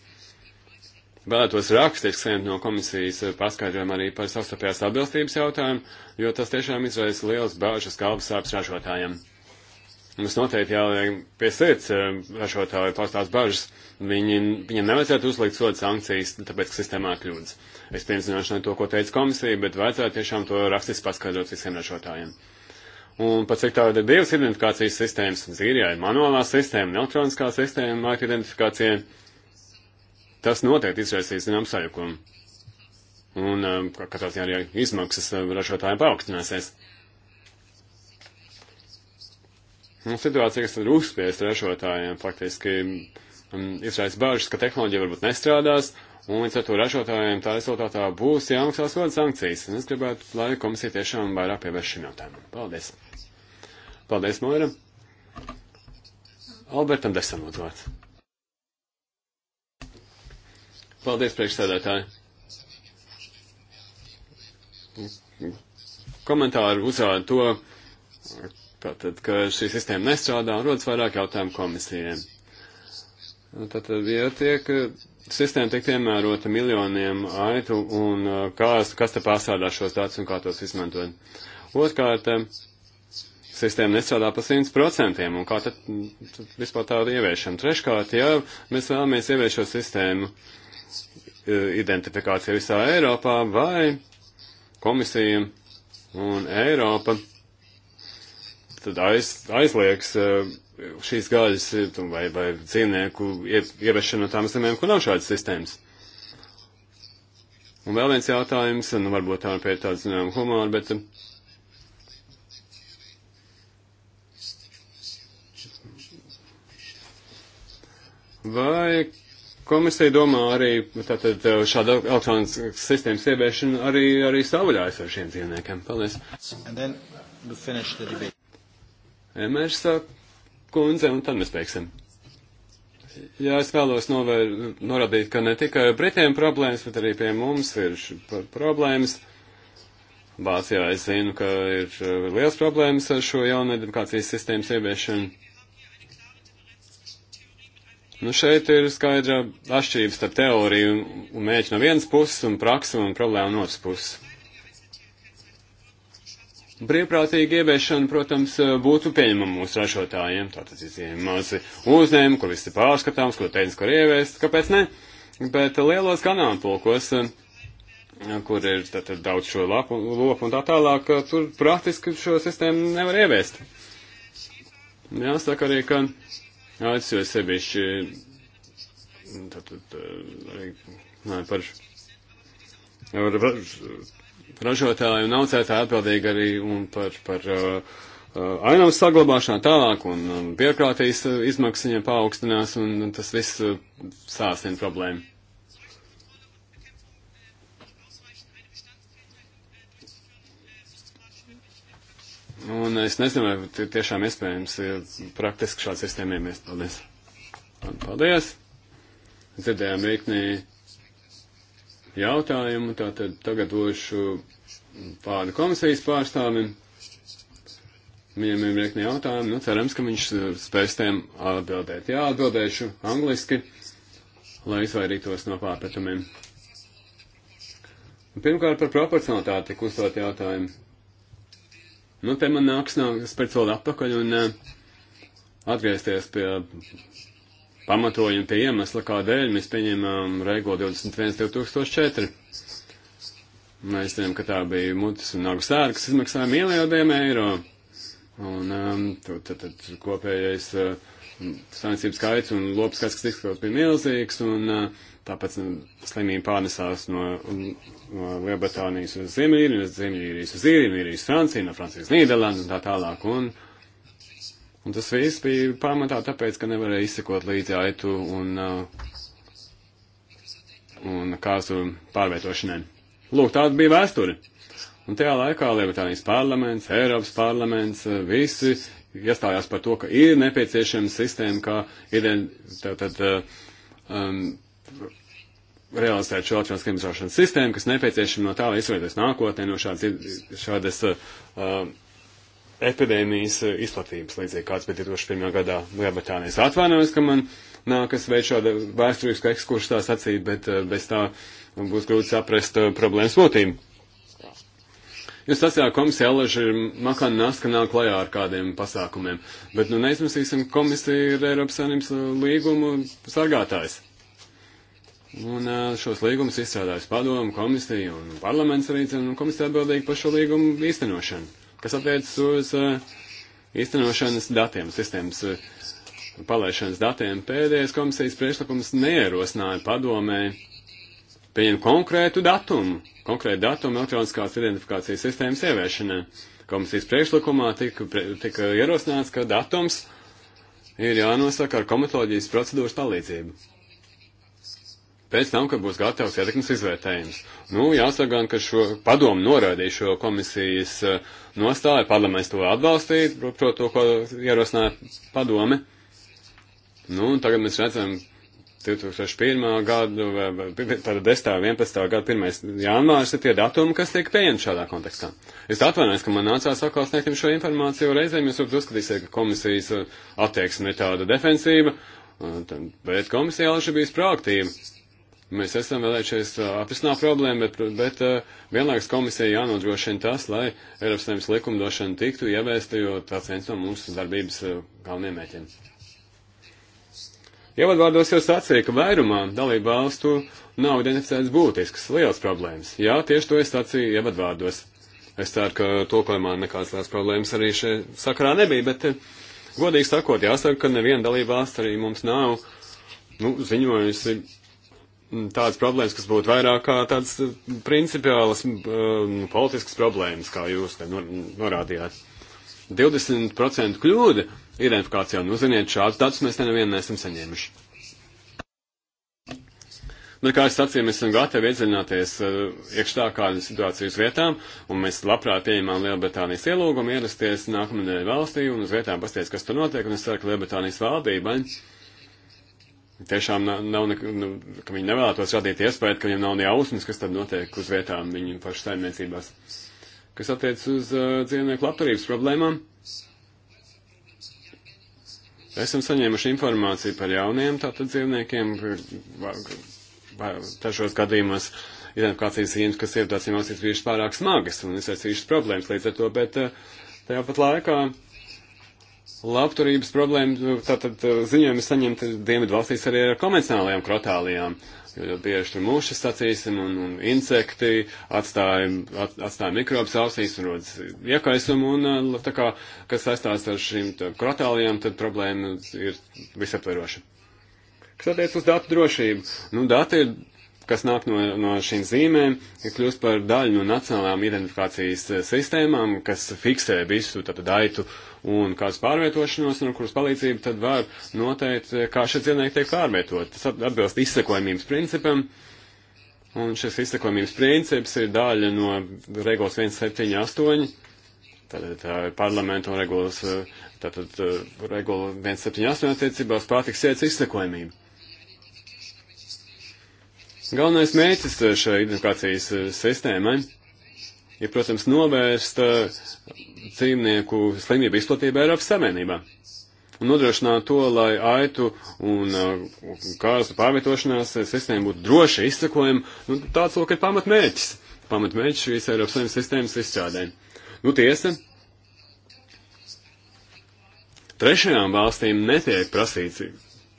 Vēlētos rakstiski saņemt no komisijas paskaidrojumu arī par savstarpējās atbilstības jautājumu, jo tas tiešām izraisa liels bāžas galvas sāpes ražotājiem. Mums noteikti jāliek pie sirds eh, ražotāju paustās bažas. Viņi, viņam nevajadzētu uzlikt sodu sankcijas, tāpēc, ka sistēmā kļūdas. Es piemzināšanai to, ko teica komisija, bet vajadzētu tiešām to rakstiski paskaidrot visiem ražotājiem. Un pat cik tāda ir divas identifikācijas sistēmas, un Zīrijā ir manuālā sistēma, elektroniskā sistēma, māja identifikācija, tas noteikti izraisīs zinām sajukumu. Un eh, katrā ziņā arī izmaksas eh, ražotājiem paaugstināsies. Nu, situācija, kas ir uzspiest ražotājiem, faktiski um, izraisa bažas, ka tehnoloģija varbūt nestrādās, un līdz ar to ražotājiem tā rezultātā būs jāmaksā soda sankcijas. Un es gribētu, lai komisija tiešām vairāk pievērš šim jautājumam. Paldies! Paldies, Moira! Albertam Desam lūdzu vārds. Paldies, priekšsēdētāji! Komentāri uzrāda to, Tātad, ka šī sistēma nestrādā un rodas vairāk jautājumu komisijiem. Nu, tātad, ja tiek sistēma tiek piemērota miljoniem aitu un uh, kas, kas te pārstrādā šos datus un kā tos izmantot. Otkārt, um, sistēma nestrādā pa 100% un kā tad vispār tādu ieviešam. Treškārt, ja mēs vēlamies ievieš šo sistēmu uh, identifikāciju visā Eiropā vai komisija un Eiropa tad aiz, aizliegs eh, šīs gaļas eh, vai, vai dzīvnieku ievešana no tām zemēm, kur nav šādas sistēmas. Un vēl viens jautājums, nu varbūt tā ir pie tāda zinām humora, bet. Eh, vai komisija domā arī tātad šāda elektroniskas sistēmas ieviešana arī, arī savvaļājas ar šiem dzīvniekiem? Paldies. Emers kundze, un tad mēs beigsim. Jā, es vēlos novēr, norādīt, ka ne tikai Britiem problēmas, bet arī pie mums ir problēmas. Vācijā es zinu, ka ir uh, liels problēmas ar šo jauno edukācijas sistēmas ieviešanu. Nu, šeit ir skaidra atšķirība starp teoriju un mēģinu no vienas puses un praksu un problēmu no otras puses. Brīvprātīga ieviešana, protams, eh, būtu pieņemama mūsu ražotājiem, tātad izņēma mazi uzņēmumi, kur viss ir pārskatāms, ko tehniski var ieviest, kāpēc ne? Bet lielos ganāmpulkos, eh, kur ir tātad daudz šo lapu, lopu un tā tālāk, eh, tur praktiski šo sistēmu nevar ieviest. Jāsaka arī, ka acis jau sevišķi, tātad arī, nē, par, par ražotāji un audzētāji atbildīgi arī un par, par uh, uh ainavas saglabāšanu tālāk un, un um, biekrātīs uh, izmaksas viņiem paaugstinās un tas viss uh, sāsnina problēmu. Un es nezinu, vai tiešām iespējams ir praktiski šāds sistēma iemiest. Paldies! Paldies! Dzirdējām virkni jautājumu. Tātad tagad došu pāri komisijas pārstāvim. Viņam ir virkni jautājumi. Nu, cerams, ka viņš spēs tiem atbildēt. Jā, atbildēšu angliski, lai izvairītos no pārpratumiem. Pirmkārt, par proporcionalitāti tik uzdot jautājumu. Nu, te man nāks nāks pēc vēl atpakaļ un uh, atgriezties pie pamatojumi pie iemesla, kādēļ mēs pieņēmām regulu 21.2004. Mēs zinām, ka tā bija mutes un nagu sēra, kas izmaksāja miljardiem eiro. Un um, tad, tad, tad kopējais uh, saimniecības skaits un lopas skaits, kas izskatot, bija milzīgs. Un uh, tāpēc nu, slimība pārnesās no, no Lielbritānijas uz Ziemeļīriju, no Ziemeļīrijas uz Īriju, no Īrijas Franciju, no Francijas Nīderlandes un tā tālāk. Un, uh, Un tas viss bija pamatā tāpēc, ka nevarēja izsekot līdzi aitu un, uh, un kāzu pārvietošanai. Lūk, tāda bija vēsture. Un tajā laikā Lietuvānijas parlaments, Eiropas parlaments, uh, visi iestājās par to, ka ir nepieciešama sistēma, kā ident, tad, tad, uh, um, realizēt šo elektroniskā izmantošanas sistēmu, kas nepieciešama no tā, lai izvairītos nākotnē no šādas, šādas uh, epidēmijas eh, izplatības, līdzīgi kāds bija 2001. gadā Lielbritānijas. Atvainojos, ka man nākas veikt šādu vēsturisku ekskursu tā sacīt, bet eh, bez tā būs grūti saprast eh, problēmas būtību. Jūs sacījāt, komisija Eleži ir makana nāks, ka nāk klajā ar kādiem pasākumiem, bet nu neizmasīsim, komisija ir Eiropas Sanības līgumu sargātājs. Un šos līgumus izstrādājas padomu, komisija un parlaments arī, un komisija atbildīga par šo līgumu īstenošanu kas attiecas uz uh, īstenošanas datiem, sistēmas uh, palaišanas datiem. Pēdējais komisijas priekšlikums neierosināja padomē pieņemt konkrētu datumu, konkrētu datumu elektroniskās identifikācijas sistēmas ieviešanai. Komisijas priekšlikumā tika, tika ierosināts, ka datums ir jānosaka ar komitoloģijas procedūras palīdzību pēc tam, kad būs gatavs ietekmes izvērtējums. Nu, jāsaka gan, ka šo padomu norādīja šo komisijas eh, nostāju, parlaments to atbalstīja, prot to, ko ierosināja padome. Nu, un tagad mēs redzam 2001. gadu, vai tad 10. 11. gadu 1. janvārs ir tie datumi, kas tiek pieņemti šādā kontekstā. Es atvainojos, ka man nācās atkal sniegt jums šo informāciju, reizēm jūs varbūt uzskatīsiet, ka komisijas eh, attieksme ir tāda defensīva, eh, bet komisija jau šī bijis proaktīva. Mēs esam vēlējušies atrisināt problēmu, bet, bet vienlaikus komisija jānodrošina tas, lai Eiropas Savienības likumdošana tiktu ievēsta, jo tāds viens no mūsu darbības galveniem mēķiem. Ievadvārdos jau sacīja, ka vairumā dalību valstu nav identificētas būtiskas lielas problēmas. Jā, tieši to es sacīju ievadvārdos. Es ceru, ka tulkojumā nekādas lielas problēmas arī šeit sakarā nebija, bet godīgi sakot, jāsaka, ka neviena dalība valsts arī mums nav nu, ziņojusi Mm, tādas problēmas, kas būtu vairāk kā tādas uh, principiālas um, politiskas problēmas, kā jūs te nor norādījāt. 20% kļūda identifikācijā, nu, ziniet, šādus datus mēs nevienu neesam saņēmuši. Nu, kā es sacīju, mēs esam gatavi iedziļināties uh, iekšā kādu situāciju uz vietām, un mēs labprāt pieņemām Lielbritānijas ielūgumu ierasties nākamnedēļ valstī un uz vietām pasties, kas tur notiek, un es ceru, ka Lielbritānijas valdībai. Ja? tiešām nav, ne, nu, ka viņi nevēlētos radīt iespēju, ka viņiem nav ne jausmas, kas tad notiek uz vietām viņu pašu saimniecībās. Kas attiec uz uh, dzīvnieku labturības problēmām? Esam saņēmuši informāciju par jauniem tātad dzīvniekiem, tašos gadījumos identifikācijas zīmes, kas ir tāds, jau ir bijušas pārāk smagas un izraisījušas problēmas līdz ar to, bet uh, tajā pat laikā uh, labturības problēma, nu, tātad eh, ziņojumi saņemti Dienvidu valstīs arī ar konvencionālajām krotālijām, jo bieži tur mušas, sacīsim, un, un insekti atstāja, at, atstāja mikrobus ausīs un rodas iekaisumu, un eh, tā kā, kas saistās ar šīm krotālijām, tad problēma ir visaptveroša. Kas attiec uz datu drošību? Nu, dati ir kas nāk no, no šīm zīmēm, kļūst par daļu no nacionālām identifikācijas eh, sistēmām, kas fiksē visu tātad aitu un kādas pārvietošanos, un ar kuras palīdzību tad var noteikt, eh, kā šie dzīvnieki tiek pārvietot. Tas atbilst izsekojamības principam, un šis izsekojamības princips ir daļa no regulas 178, tātad tā eh, parlamentu regulas, tātad regula 178 attiecībā uz pārtiks sēdes izsekojamību. Galvenais mērķis eh, šai identifikācijas eh, sistēmai ir, protams, novērst eh, dzīvnieku slimību izplatību Eiropas Savienībā un nodrošināt to, lai aitu un kārstu pārvietošanās sistēma būtu droši izsakojama. Nu, tāds lūk ir pamatmērķis. Pamatmērķis šīs Eiropas Savienības sistēmas izstrādē. Nu, tiesa, trešajām valstīm netiek prasīts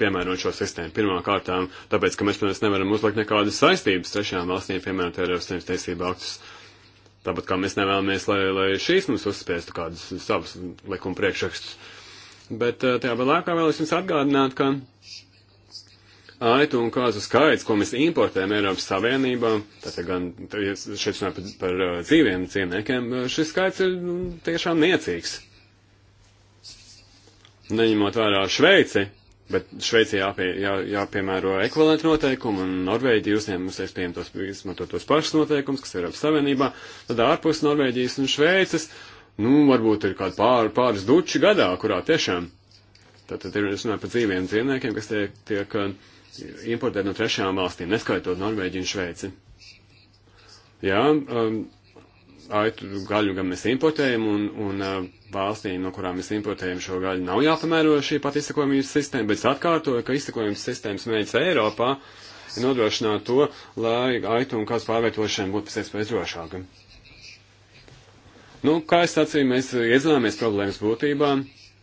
piemērot šo sistēmu. Pirmā kārtām, tāpēc, ka mēs, protams, nevaram uzlikt nekādas saistības trešajām valstīm, piemērot Eiropas Savienības tiesību aktus. Tāpat kā mēs nevēlamies, lai, lai šīs mums uzspiestu kādus savus likuma priekšrakstus. Bet eh, tajā vēl laikā vēlos jums atgādināt, ka aitu un kāzu skaits, ko mēs importējam Eiropas Savienībā, tātad gan šeit runā par, par eh, dzīviem dzīvniekiem, eh, šis skaits ir nu, tiešām niecīgs. Neņemot vērā Šveici, Bet Šveicē jāpie, jā, jāpiemēro ekvivalenta noteikumi, un Norvēģija uzņēmusies pieņemt tos, izmantot tos pašus noteikumus, kas ir Eiropas Savienībā. Tad ārpus Norvēģijas un Šveices, nu, varbūt ir kādi pār, pāris duči gadā, kurā tiešām. Tātad ir runājot par dzīviem dzīvniekiem, kas tiek, tiek uh, importēti no trešajām valstīm, neskaitot Norvēģiju un Šveici. Jā, um, aitu gaļu gan mēs importējam, un, un valstīm, no kurām mēs importējam šo gaļu, nav jāpamēro šī pat izsakojumības sistēma, bet es atkārtoju, ka izsakojums sistēmas mērķis Eiropā ir nodrošināt to, lai aitu un kāds pārvietošana būtu pēc iespējas drošāka. Nu, kā es sacīju, mēs iedzināmies problēmas būtībā,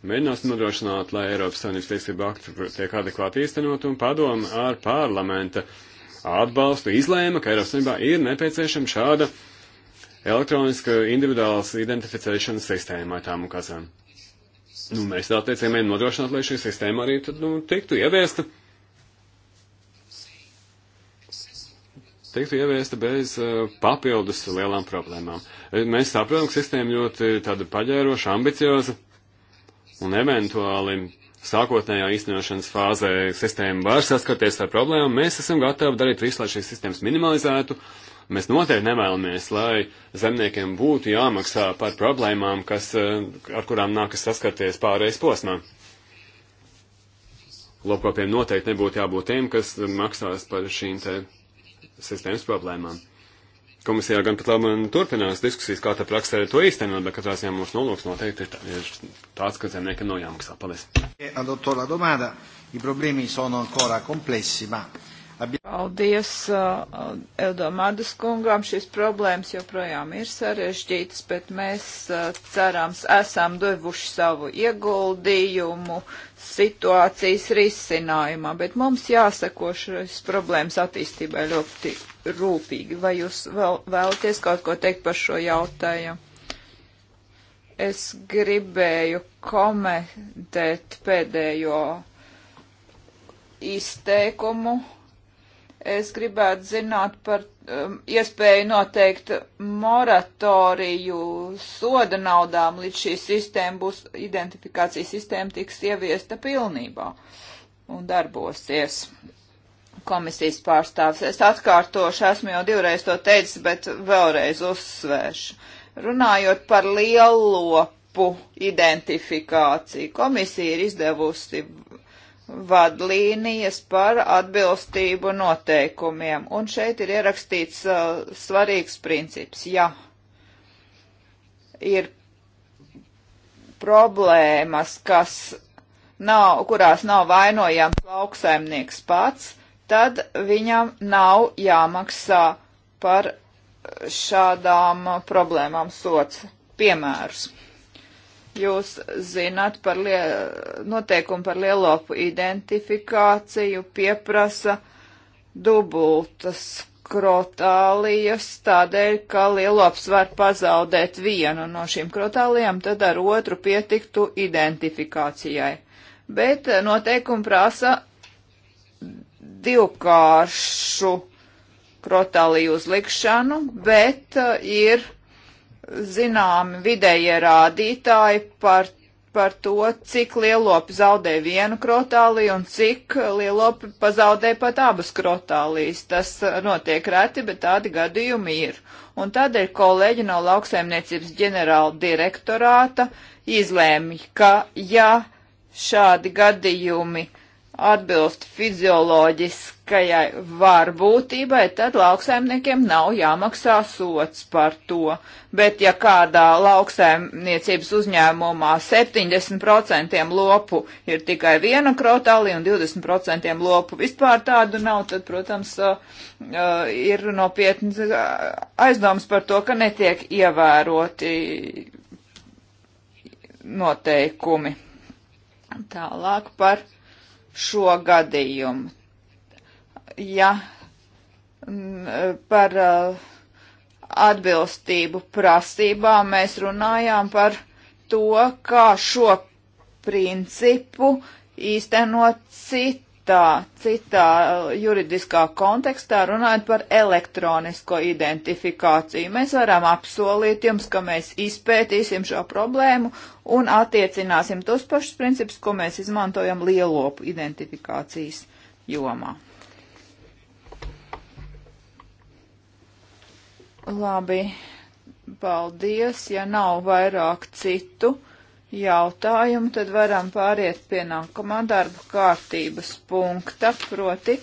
mēģināsim nodrošināt, lai Eiropas Savienības tiesība aktu tiek adekvāti īstenot un padomu ar parlamenta atbalstu izlēma, ka Eiropas Savienībā ir nepieciešama šāda elektroniska individuālas identificēšanas sistēma ar tām kazām. Nu, mēs tā teicām, nodrošināt, lai šī sistēma arī tad, nu, tiktu ieviesta. tiktu ieviesta bez uh, papildus lielām problēmām. E, mēs saprotam, ka sistēma ļoti tāda paģēroša, ambicioza, un eventuāli sākotnējā īstenošanas fāzē sistēma var saskarties ar problēmām. Mēs esam gatavi darīt visu, lai šīs sistēmas minimalizētu Mēs noteikti nevēlamies, lai zemniekiem būtu jāmaksā par problēmām, kas, eh, ar kurām nākas saskarties pārējais posmā. Lopkopiem noteikti nebūtu jābūt tiem, kas maksās par šīm te sistēmas problēmām. Komisijā gan pat labi turpinās diskusijas, kā tā praksē to īstenot, bet katrā ziņā mūsu nolūks noteikti ir, tā, ir tāds, ka zemniekam nav jāmaksā. Paldies. Eh, Adotto la domanda, i problemi sono ancora complessi, ma Paldies uh, uh Eldomādas kungām. Šīs problēmas joprojām ir sarežģītas, bet mēs uh, cerams esam devuši savu ieguldījumu situācijas risinājumā, bet mums jāseko šīs problēmas attīstībai ļoti rūpīgi. Vai jūs vēl, vēlaties kaut ko teikt par šo jautājumu? Es gribēju komentēt pēdējo izteikumu Es gribētu zināt par um, iespēju noteikt moratoriju soda naudām, līdz šī sistēma būs, identifikācijas sistēma tiks ieviesta pilnībā un darbosies. Komisijas pārstāvs. Es atkārtošu, esmu jau divreiz to teicis, bet vēlreiz uzsvēršu. Runājot par lielopu identifikāciju, komisija ir izdevusi vadlīnijas par atbilstību noteikumiem. Un šeit ir ierakstīts uh, svarīgs princips. Ja ir problēmas, kas nav, kurās nav vainojams lauksaimnieks pats, tad viņam nav jāmaksā par šādām problēmām sots piemērus. Jūs zināt par noteikumu par lielopu identifikāciju, pieprasa dubultas krotālijas, tādēļ, ka lielops var pazaudēt vienu no šīm krotālijām, tad ar otru pietiktu identifikācijai. Bet noteikumi prasa divkāršu krotāliju uzlikšanu, bet uh, ir zināmi vidējie rādītāji par, par to, cik lielopi zaudē vienu krotāliju un cik lielopi pazaudē pat abas krotālijas. Tas uh, notiek reti, bet tādi gadījumi ir. Un tādēļ kolēģi no lauksaimniecības ģenerāla direktorāta izlēma, ka ja šādi gadījumi uh, atbilst fizioloģiskajai varbūtībai, tad lauksaimniekiem nav jāmaksā sots par to. Bet ja kādā lauksaimniecības uzņēmumā 70% lopu ir tikai viena krotāli un 20% lopu vispār tādu nav, tad, protams, uh, uh, ir nopietni uh, aizdoms par to, ka netiek ievēroti noteikumi. Tālāk par šo gadījumu. Ja par uh, atbilstību prasībām mēs runājām par to, kā šo principu īstenot cit citā, citā uh, juridiskā kontekstā runājot par elektronisko identifikāciju. Mēs varam apsolīt jums, ka mēs izpētīsim šo problēmu un attiecināsim tos pašus principus, ko mēs izmantojam lielopu identifikācijas jomā. Labi, paldies, ja nav vairāk citu jautājumu, tad varam pāriet pie nākamā darba kārtības punkta, proti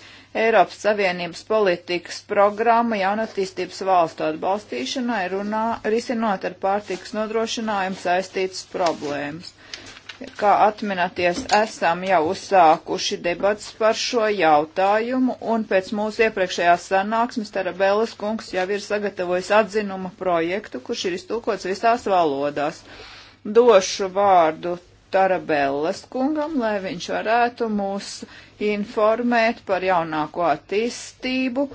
Eiropas Savienības politikas programma jaunatīstības valstu atbalstīšanai runā, risinot ar pārtikas nodrošinājumu saistītas problēmas. Kā atminaties, esam jau uzsākuši debats par šo jautājumu, un pēc mūsu iepriekšējās sanāksmes Tarabellas kungs jau ir sagatavojis atzinuma projektu, kurš ir iztūkots visās valodās. Uh, došu vārdu Tarabellas kungam, lai viņš varētu mūs informēt par jaunāko attīstību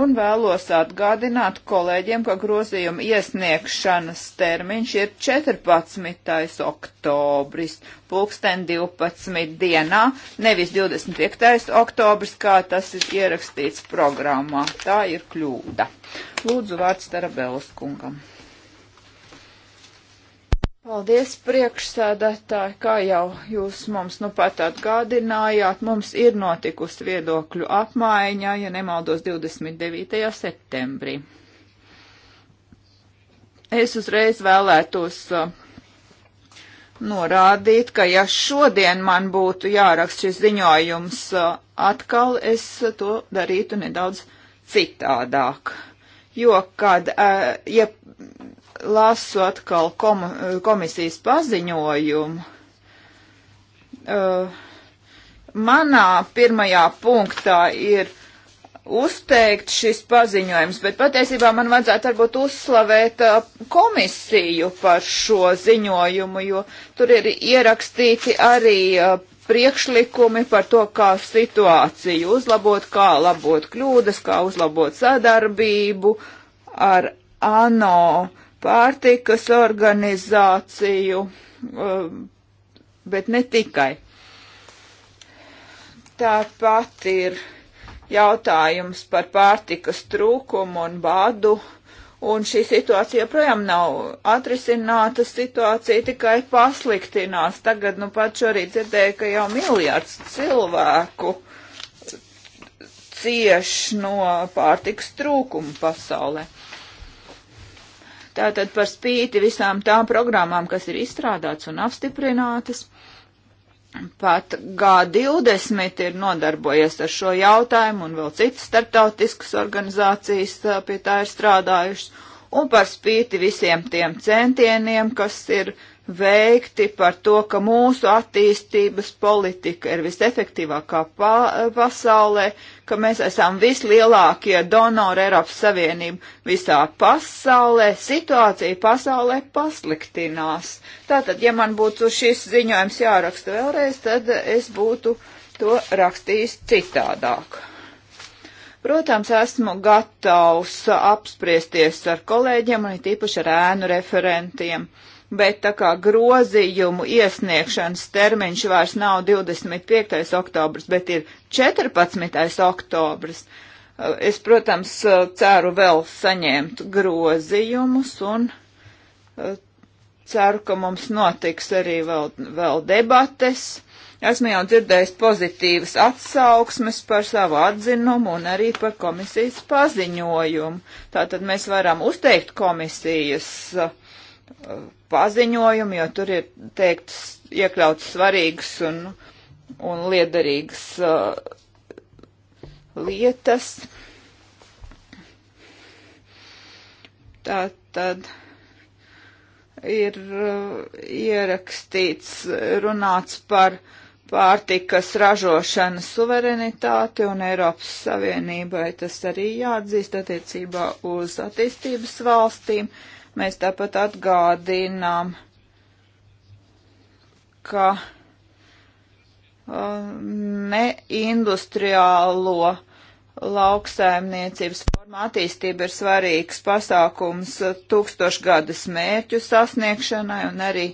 un vēlos atgādināt kolēģiem, ka grozījuma iesniegšanas termiņš ir 14. oktobris, pulksten 12 dienā, nevis 25. oktobris, kā tas ir ierakstīts programmā. Tā ir kļūda. Lūdzu vārds Tarabellas kungam. Paldies, priekšsēdētāji, kā jau jūs mums nu pat atgādinājāt, mums ir notikusi viedokļu apmaiņa, ja nemaldos, 29. septembrī. Es uzreiz vēlētos uh, norādīt, ka ja šodien man būtu jāraksta šis ziņojums uh, atkal, es to darītu nedaudz citādāk. Jo, kad, uh, ja lasu atkal kom komisijas paziņojumu. Uh, manā pirmajā punktā ir uzteikt šis paziņojums, bet patiesībā man vajadzētu varbūt uzslavēt uh, komisiju par šo ziņojumu, jo tur ir ierakstīti arī uh, priekšlikumi par to, kā situāciju uzlabot, kā labot kļūdas, kā uzlabot sadarbību ar ANO pārtikas organizāciju, um, bet ne tikai. Tāpat ir jautājums par pārtikas trūkumu un bādu, un šī situācija joprojām nav atrisināta, situācija tikai pasliktinās. Tagad, nu pat šorīt dzirdēju, ka jau miljards cilvēku cieš no pārtikas trūkuma pasaulē. Tātad par spīti visām tām programmām, kas ir izstrādātas un apstiprinātas, pat G20 ir nodarbojies ar šo jautājumu un vēl citas startautiskas organizācijas pie tā ir strādājušas. Un par spīti visiem tiem centieniem, kas ir uh, veikti par to, ka mūsu attīstības politika ir visefektīvākā pa pasaulē, ka mēs esam vislielākie donori Eiropas Savienību visā pasaulē. Situācija pasaulē pasliktinās. Tātad, ja man būtu šis ziņojums jāraksta vēlreiz, tad es būtu to rakstījis citādāk. Protams, esmu gatavs apspriesties ar kolēģiem un it īpaši ar ēnu referentiem bet tā kā grozījumu iesniegšanas termiņš vairs nav 25. oktobrs, bet ir 14. oktobrs. Eh, es, protams, eh, ceru vēl saņemt grozījumus un eh, ceru, ka mums notiks arī vēl, vēl debates. Esmu jau dzirdējis pozitīvas atsauksmes par savu atzinumu un arī par komisijas paziņojumu. Tātad mēs varam uzteikt komisijas paziņojumu, jo tur ir teikts iekļauts svarīgas un, un liederīgas uh, lietas. Tā tad ir uh, ierakstīts, runāts par pārtikas ražošanas suverenitāti un Eiropas Savienībai tas arī jāatzīst attiecībā uz attīstības valstīm. Uh, Mēs tāpat atgādinām, ka uh, neindustriālo lauksaimniecības forma attīstība ir svarīgs pasākums tūkstošgadas mērķu sasniegšanai un arī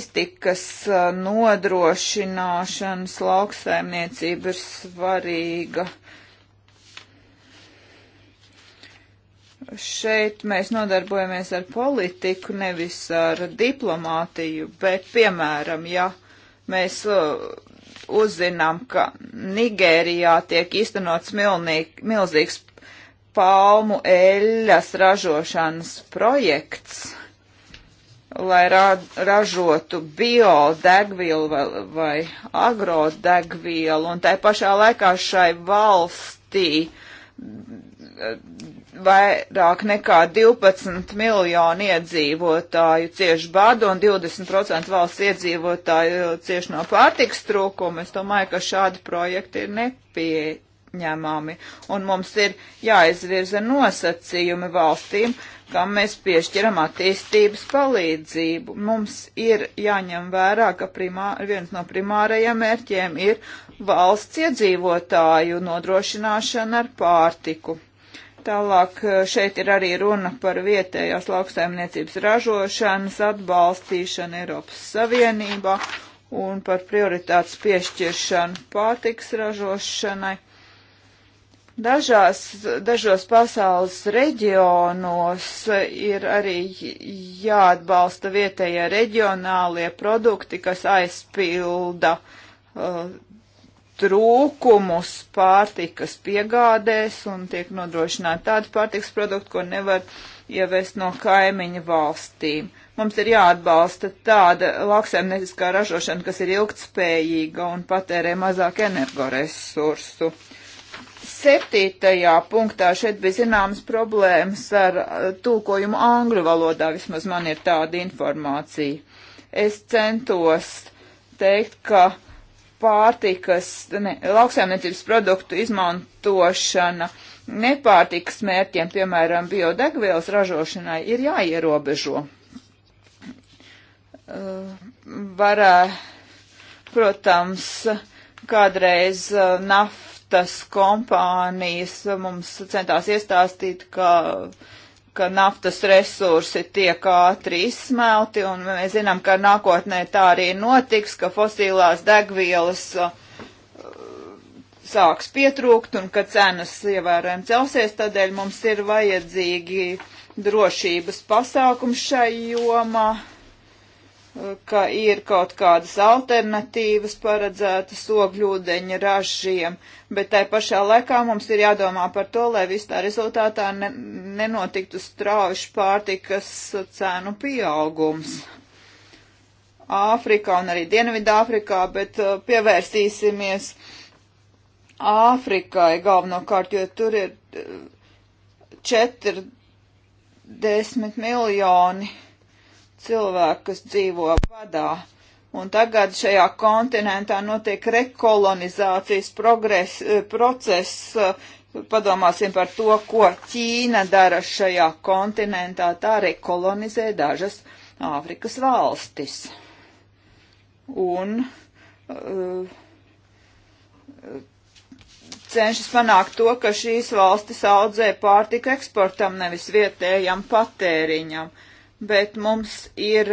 iztikas uh, nodrošināšanas lauksaimniecība ir svarīga Šeit mēs nodarbojamies ar politiku, nevis ar diplomātiju, bet, piemēram, ja mēs uh, uzzinām, ka Nigērijā tiek iztenots milnīgi, milzīgs palmu eļas ražošanas projekts, lai ra ražotu biodegvielu vai, vai agrodegvielu, un tai pašā laikā šai valstī vairāk nekā 12 miljoni iedzīvotāju cieši badu un 20% valsts iedzīvotāju cieši no pārtiks trūkuma. Es domāju, ka šādi projekti ir nepieņemami. Un mums ir jāizvirza nosacījumi valstīm, kam mēs piešķiram attīstības palīdzību. Mums ir jāņem vērā, ka primā, viens no primārajiem mērķiem ir valsts iedzīvotāju nodrošināšana ar pārtiku Tālāk eh, šeit ir arī runa par vietējās lauksaimniecības ražošanas atbalstīšanu Eiropas Savienībā un par prioritātes piešķiršanu pārtiks ražošanai. Dažās, dažos pasaules reģionos ir arī jāatbalsta vietējie reģionālie produkti, kas aizpilda uh, trūkumus pārtikas piegādēs un tiek nodrošināti tādi pārtikas produkti, ko nevar ievest no kaimiņa valstīm. Mums ir jāatbalsta tāda lauksaimnieciskā ražošana, kas ir ilgtspējīga un patērē mazāk energoresursu. Septītajā punktā šeit bija zināmas problēmas ar uh, tulkojumu angļu valodā, vismaz man ir tāda informācija. Es centos teikt, ka uh, pārtikas, ne, lauksaimniecības produktu izmantošana nepārtikas mērķiem, piemēram, biodegvielas ražošanai, ir jāierobežo. Uh, varē, protams, kādreiz uh, naftas kompānijas mums centās iestāstīt, ka uh, ka naftas resursi tiek ātri izsmelti, un mēs zinām, ka nākotnē tā arī notiks, ka fosīlās degvielas uh, sāks pietrūkt un ka cenas ievērojami celsies, tādēļ mums ir vajadzīgi drošības pasākums šai jomā ka ir kaut kādas alternatīvas paredzētas ogļūdeņa ražiem, bet tai pašā laikā mums ir jādomā par to, lai viss tā rezultātā ne, nenotiktu strauši pārtikas cēnu pieaugums. Āfrikā un arī Dienvidāfrikā, bet uh, pievērsīsimies Āfrikai galvenokārt, jo tur ir 40 uh, miljoni cilvēki, kas dzīvo vadā. Un tagad šajā kontinentā notiek rekolonizācijas progress, eh, process. Eh, padomāsim par to, ko Ķīna dara šajā kontinentā. Tā rekolonizē dažas Āfrikas valstis. Un uh, cenšas panākt to, ka šīs valstis audzē pārtika eksportam, nevis vietējam patēriņam. Uh, bet mums ir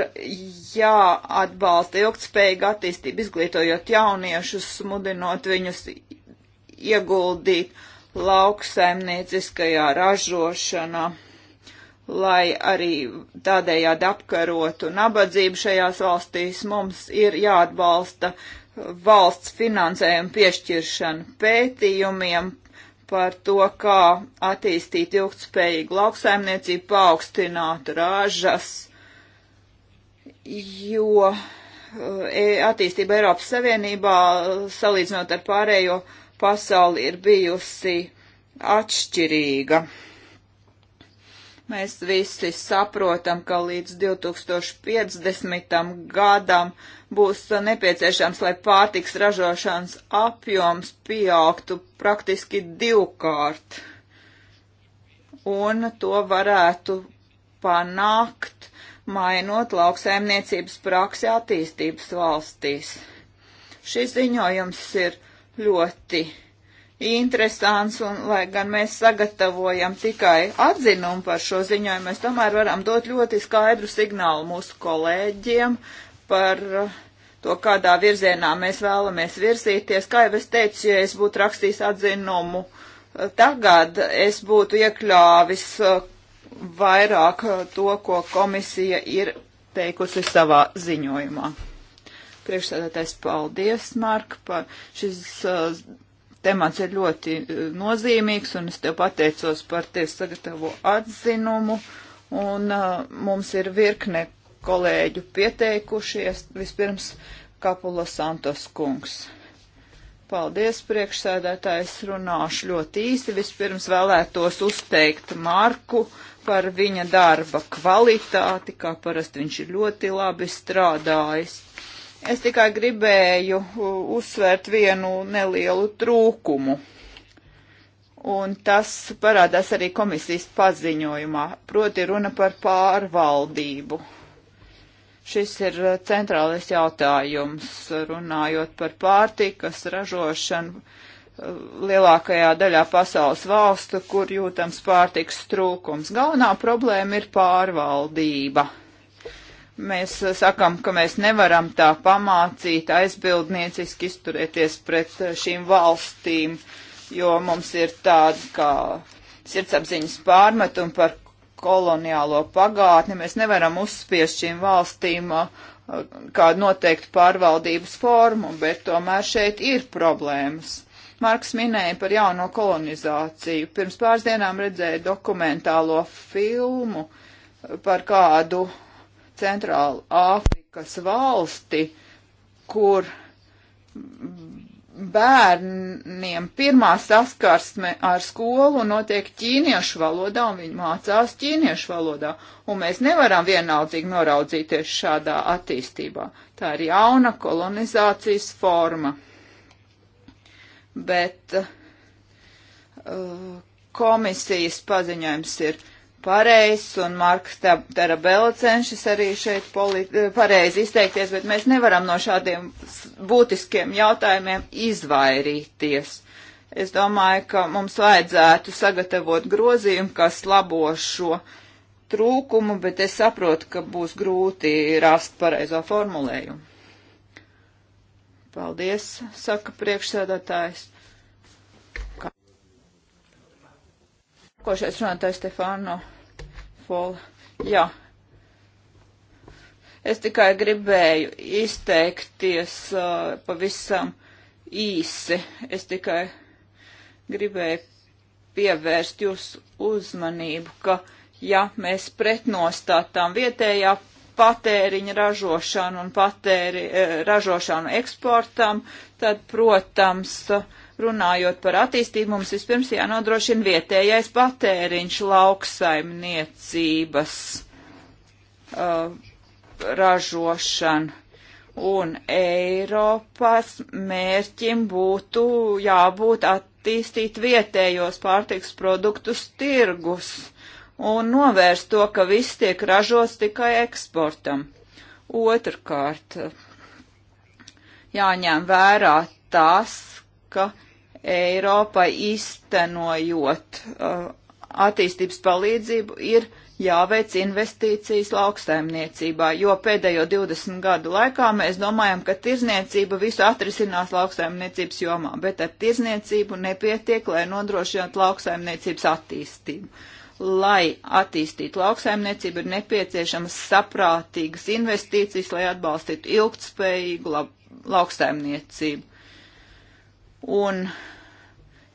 jāatbalsta ilgtspējīga attīstība, izglītojot jauniešus, mudinot viņus ieguldīt lauksaimnieciskajā ražošanā, lai arī tādējādi apkarotu nabadzību šajās valstīs. Mums ir jāatbalsta valsts finansējuma piešķiršana pētījumiem par to, kā attīstīt ilgtspējīgu lauksaimniecību, paaugstināt ražas, jo eh, e, attīstība Eiropas Savienībā, salīdzinot ar pārējo pasauli, ir bijusi atšķirīga. Mēs visi saprotam, ka līdz 2050. gadam būs nepieciešams, lai pārtiks ražošanas apjoms pieaugtu praktiski divkārt. Un to varētu panākt, mainot lauksaimniecības praksi attīstības valstīs. Šis ziņojums ir ļoti interesants, un lai gan mēs sagatavojam tikai atzinumu par šo ziņojumu, mēs tomēr varam dot ļoti skaidru signālu mūsu kolēģiem par uh, to, kādā virzienā mēs vēlamies virzīties. Kā jau es teicu, ja es būtu rakstījis atzinumu uh, tagad, es būtu iekļāvis uh, vairāk to, ko komisija ir teikusi savā ziņojumā. Priekšsēdētais paldies, Mark, par šis uh, temats ir ļoti e, nozīmīgs, un es tev pateicos par tev sagatavo atzinumu, un uh, mums ir virkne kolēģu pieteikušies. Vispirms Kapula Santos kungs. Paldies, priekšsēdētājs, runāšu ļoti īsi. Vispirms vēlētos uzteikt Marku par viņa darba kvalitāti, kā parasti viņš ir ļoti labi strādājis Es tikai gribēju uzsvērt vienu nelielu trūkumu. Un tas parādās arī komisijas paziņojumā, proti runa par pārvaldību. Šis ir uh, centrālais jautājums, runājot par pārtikas ražošanu uh, lielākajā daļā pasaules valstu, kur jūtams pārtikas trūkums. Galvenā problēma ir pārvaldība Mēs eh, sakam, ka mēs nevaram tā pamācīt, aizbildnieciski izturēties pret eh, šīm valstīm, jo mums ir tāda kā sirdsapziņas pārmetuma par koloniālo pagātni. Mēs nevaram uzspiest šīm valstīm eh, kādu noteiktu pārvaldības formu, bet tomēr šeit ir problēmas. Marks minēja par jauno kolonizāciju. Pirms pāris dienām redzēju dokumentālo filmu par kādu Centrāla Āfrikas valsti, kur bērniem pirmā saskarsme ar skolu notiek ķīniešu valodā, un viņi mācās ķīniešu valodā, un mēs nevaram vienaldzīgi noraudzīties šādā attīstībā. Tā ir jauna kolonizācijas forma. Bet uh, komisijas paziņojums ir pareizs, un Marks Tarabela cenšas arī šeit eh, pareizi izteikties, bet mēs nevaram no šādiem būtiskiem jautājumiem izvairīties. Es domāju, ka mums vajadzētu sagatavot grozījumu, kas labo šo trūkumu, bet es saprotu, ka būs grūti rast pareizo formulējumu. Paldies, saka priekšsēdētājs. Nākošais runātājs Stefano. Fall. Jā. Es tikai gribēju izteikties uh, pavisam īsi. Es tikai gribēju pievērst jūsu uzmanību, ka ja mēs pretnostatām vietējā patēriņa ražošanu un patēri, eh, ražošanu eksportam, tad, protams, uh, runājot par attīstību, mums vispirms jānodrošina vietējais patēriņš lauksaimniecības uh, ražošana. Un Eiropas mērķim būtu jābūt attīstīt vietējos pārtiks produktus tirgus un novērst to, ka viss tiek ražots tikai eksportam. Otrkārt, jāņem vērā tas, ka Eiropai iztenojot uh, attīstības palīdzību ir jāveic investīcijas lauksaimniecībā, jo pēdējo 20 gadu laikā mēs domājam, ka tirzniecība visu atrisinās lauksaimniecības jomā, bet ar tirzniecību nepietiek, lai nodrošinātu lauksaimniecības attīstību. Lai attīstītu lauksaimniecību, ir nepieciešamas saprātīgas investīcijas, lai atbalstītu ilgtspējīgu lauksaimniecību un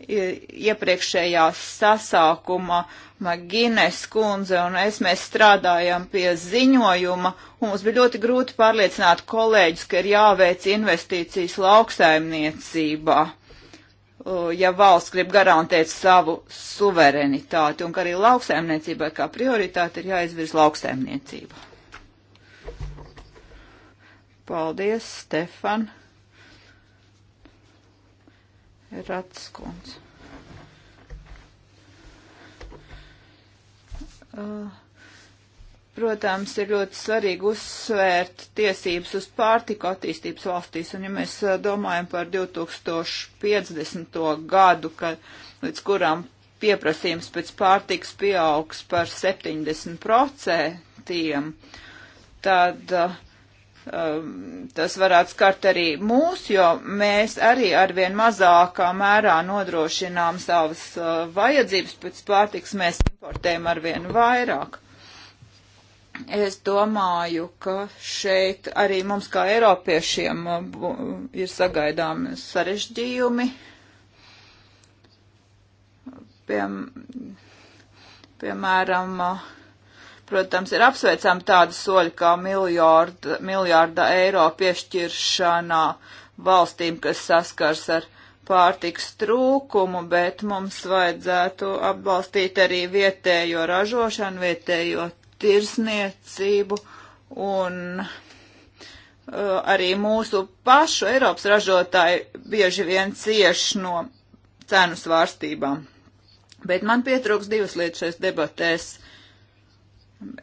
iepriekšējā sasākuma Magines kundze un es, mēs strādājam pie ziņojuma, un mums bija ļoti grūti pārliecināt kolēģis, ka ir jāveic investīcijas lauksaimniecībā, ja valsts grib garantēt savu suverenitāti, un ka arī lauksaimniecībai kā prioritāte ir jāizvirz lauksaimniecība. Paldies, Stefan! Ratskunds. Uh, protams, ir ļoti svarīgi uzsvērt tiesības uz pārtiku attīstības valstīs, un ja mēs uh, domājam par 2050. gadu, ka, līdz kuram pieprasījums pēc pārtikas pieaugs par 70%, tad uh, Um, tas varētu skart arī mūs, jo mēs arī arvien mazākā mērā nodrošinām savas uh, vajadzības pēc pārtiks, mēs importējam arvien vairāk. Es domāju, ka šeit arī mums kā Eiropiešiem uh, ir sagaidām sarežģījumi. Piem, piemēram, uh, Protams, ir apsveicam tādu soļu kā miljārda, miljārda eiro piešķiršanā valstīm, kas saskars ar pārtiks trūkumu, bet mums vajadzētu atbalstīt arī vietējo ražošanu, vietējo tirsniecību un uh, arī mūsu pašu Eiropas ražotāji bieži vien cieš no cenu svārstībām. Bet man pietrūks divas lietas šais debatēs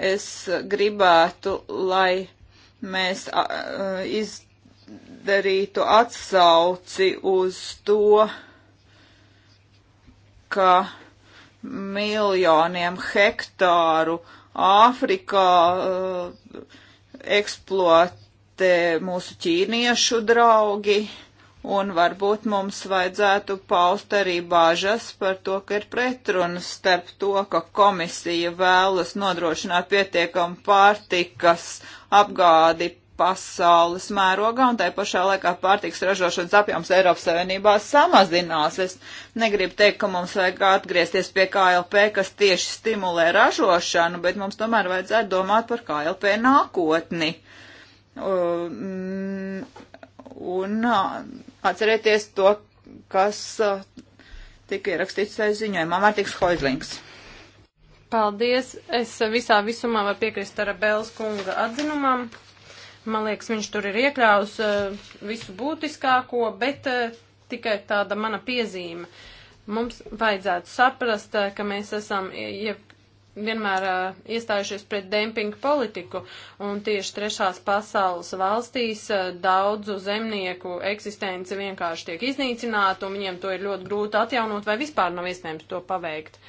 Es gribētu, lai mēs izdarītu atsauci uz to, ka miljoniem hektāru Āfrikā uh, eksploatē mūsu ķīniešu draugi. Uh, un varbūt mums vajadzētu paust arī bāžas par to, ka ir pretrunas starp to, ka komisija vēlas nodrošināt pietiekamu pārtikas apgādi pasaules mērogā, un tai pašā laikā pārtiks ražošanas apjoms Eiropas Savienībā samazinās. Es negribu teikt, ka mums vajag atgriezties pie KLP, kas tieši stimulē ražošanu, bet mums tomēr vajadzētu domāt par KLP nākotni. Um, un uh, atcerieties to, kas eh, tika ierakstīts tajā ziņojumā. Mārtiks Hoidlings. Paldies. Es visā visumā varu piekrist Arabēlas kunga atzinumam. Man liekas, viņš tur ir iekļāvis eh, visu būtiskāko, bet eh, tikai tāda mana piezīme. Mums vajadzētu saprast, ka mēs esam vienmēr uh, iestājušies pret dempingu politiku, un tieši trešās pasaules valstīs uh, daudzu zemnieku eksistence vienkārši tiek iznīcināta, un viņiem to ir ļoti grūti atjaunot, vai vispār nav iespējams to paveikt.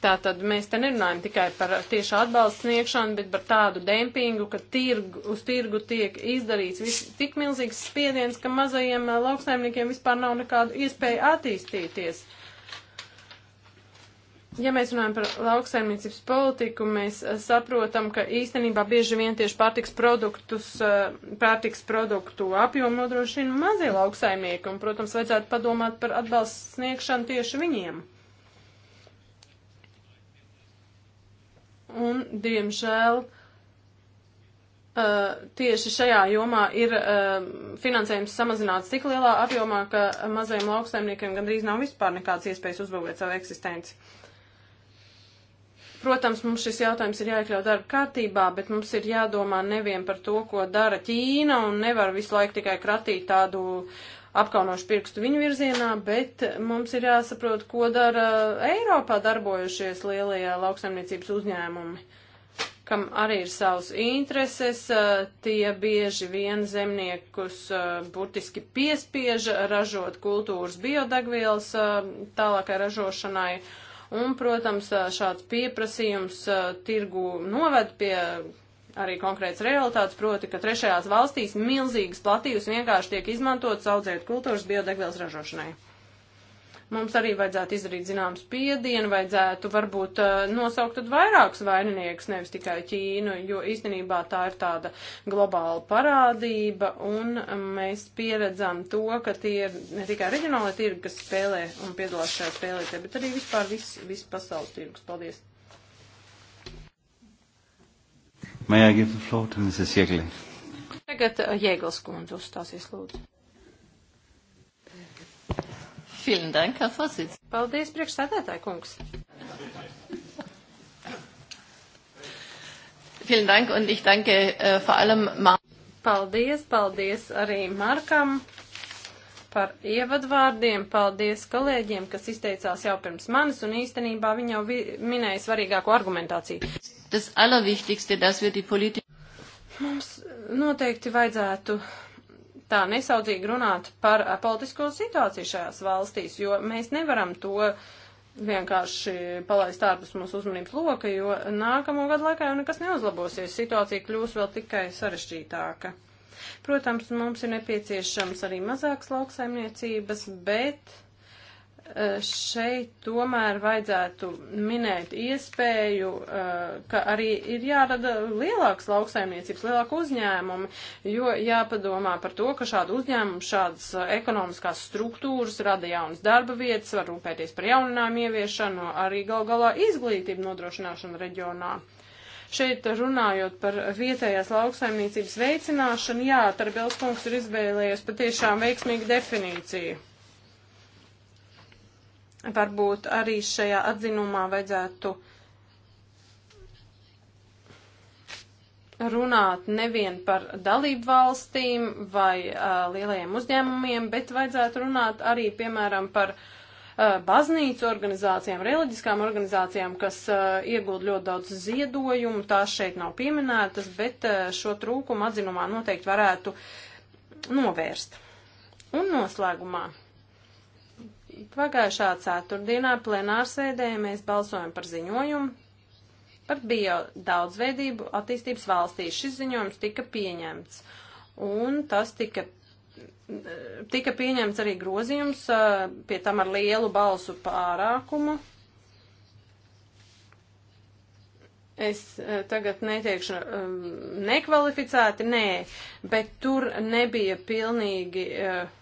Tātad mēs te nerunājam tikai par tieši atbalstu sniegšanu, bet par tādu dempingu, ka tirgu, uz tirgu tiek izdarīts vis, tik milzīgs spiediens, ka mazajiem uh, lauksaimniekiem vispār nav nekādu iespēju attīstīties. Uh, Ja mēs runājam par lauksaimniecības politiku, mēs eh, saprotam, ka īstenībā bieži vien tieši pārtiks, produktus, eh, pārtiks produktu apjomu nodrošina mazie lauksaimnieki, un, protams, vajadzētu padomāt par atbalstu sniegšanu tieši viņiem. Un, diemžēl, eh, tieši šajā jomā ir finansējums samazināts tik lielā apjomā, ka mazajiem lauksaimniekiem gandrīz nav vispār nekādas iespējas uzbūvēt savu eksistenci. Protams, mums šis jautājums ir jāiekļaut darba kārtībā, bet mums ir jādomā nevien par to, ko dara Ķīna, un nevar visu laiku tikai kratīt tādu apkaunošu pirkstu viņu virzienā, bet mums ir jāsaprot, ko dara Eiropā darbojušies lielie lauksaimniecības uzņēmumi kam arī ir savas intereses, tie bieži vien zemniekus eh, burtiski piespiež ražot kultūras biodegvielas eh, tālākai ražošanai. Uh, Un, protams, šāds pieprasījums tirgu noved pie arī konkrēts realitātes, proti, ka trešajās valstīs milzīgas platības vienkārši tiek izmantotas audzēt kultūras biodegvielas ražošanai. Mums arī vajadzētu izdarīt zināms piedienu, vajadzētu varbūt uh, nosaukt tad vairākus vaininiekus, nevis tikai Ķīnu, jo īstenībā tā ir tāda globāla parādība, un um, mēs pieredzam to, ka tie ir ne tikai reģionālai tirgi, kas spēlē un piedalās šajā spēlītē, bet arī vispār viss vis pasaules tirgus. Paldies! May I give the floor to Mrs. Jēgle? Tagad uh, Jēglas kundze uzstāsies lūdzu. Vielen Dank, Herr Fosits. Paldies, priekšsēdētāji kungs. Vielen Dank und ich danke uh, vor allem Mark. Paldies, paldies arī Markam par ievadvārdiem. Paldies kolēģiem, kas izteicās jau pirms manis un īstenībā viņi jau minēja svarīgāko argumentāciju. Tas allerwichtigste, dass wir die politik. Mums noteikti vajadzētu tā nesaudzīgi runāt par eh, politisko situāciju šajās valstīs, jo mēs nevaram to vienkārši palaist ārpus mūsu uzmanības loka, jo nākamo gadu laikā jau nekas neuzlabosies, situācija kļūs vēl tikai sarežģītāka. Protams, mums ir nepieciešams arī mazāks lauksaimniecības, bet Eh, šeit tomēr vajadzētu minēt iespēju, eh, ka arī ir jārada lielāks lauksaimniecības, lielāka uzņēmumi, jo jāpadomā par to, ka šāda uzņēmuma, šādas eh, ekonomiskās struktūras rada jaunas darba vietas, var rūpēties par jauninājumu ieviešanu, arī gal galā izglītību nodrošināšanu reģionā. Šeit runājot par vietējās lauksaimniecības veicināšanu, jā, Tarbelskungs ir izvēlējies patiešām veiksmīgu definīciju Varbūt arī šajā atzinumā vajadzētu runāt nevien par dalību valstīm vai uh, lielajiem uzņēmumiem, bet vajadzētu runāt arī, piemēram, par uh, baznīcu organizācijām, reliģiskām organizācijām, kas uh, iegūda ļoti daudz ziedojumu, tās šeit nav pieminētas, bet uh, šo trūkumu atzinumā noteikti varētu novērst. Un noslēgumā Pagājušā ceturtdienā plenārsēdē mēs balsojam par ziņojumu par bio daudzveidību attīstības valstīs. Šis ziņojums tika pieņemts. Un tas tika, tika pieņemts arī grozījums, pie tam ar lielu balsu pārākumu. Es tagad neteikšu nekvalificēti, nē, bet tur nebija pilnīgi. Uh,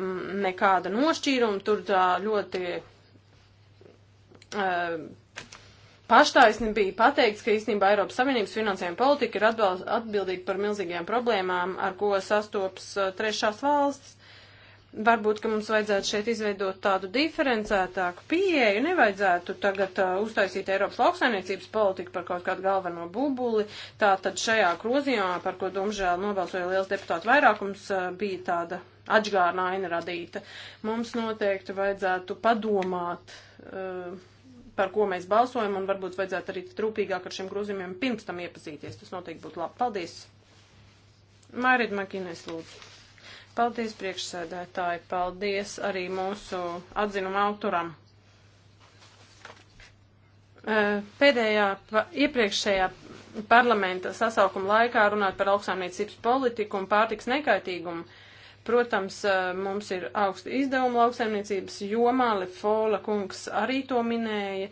nekāda nošķīruma, tur tā ļoti uh, paštaisni bija pateikts, ka īstenībā Eiropas Savienības finansējuma politika ir atbildīga par milzīgajām problēmām, ar ko sastopas uh, trešās valstis. Varbūt, ka mums vajadzētu šeit izveidot tādu diferencētāku pieeju, nevajadzētu tagad uh, uztaisīt Eiropas lauksainiecības politiku par kaut kādu galveno būbuli. Tātad šajā grozījumā, par ko, domžēl, nobalsoja liels deputātu vairākums, uh, bija tāda atžgārna aina radīta. Mums noteikti vajadzētu padomāt, eh, par ko mēs balsojam, un varbūt vajadzētu arī trūpīgāk ar šiem grozījumiem pirms tam iepazīties. Tas noteikti būtu labi. Paldies! Mairid Makinēs lūdzu. Paldies priekšsēdētāji, paldies arī mūsu atzinuma autoram. Eh, pēdējā, iepriekšējā parlamenta sasaukuma laikā runāt par augstsāmniecības politiku un pārtiks nekaitīgumu Protams, mums ir augsti izdevumi lauksaimniecības jomā, Lefola kungs arī to minēja,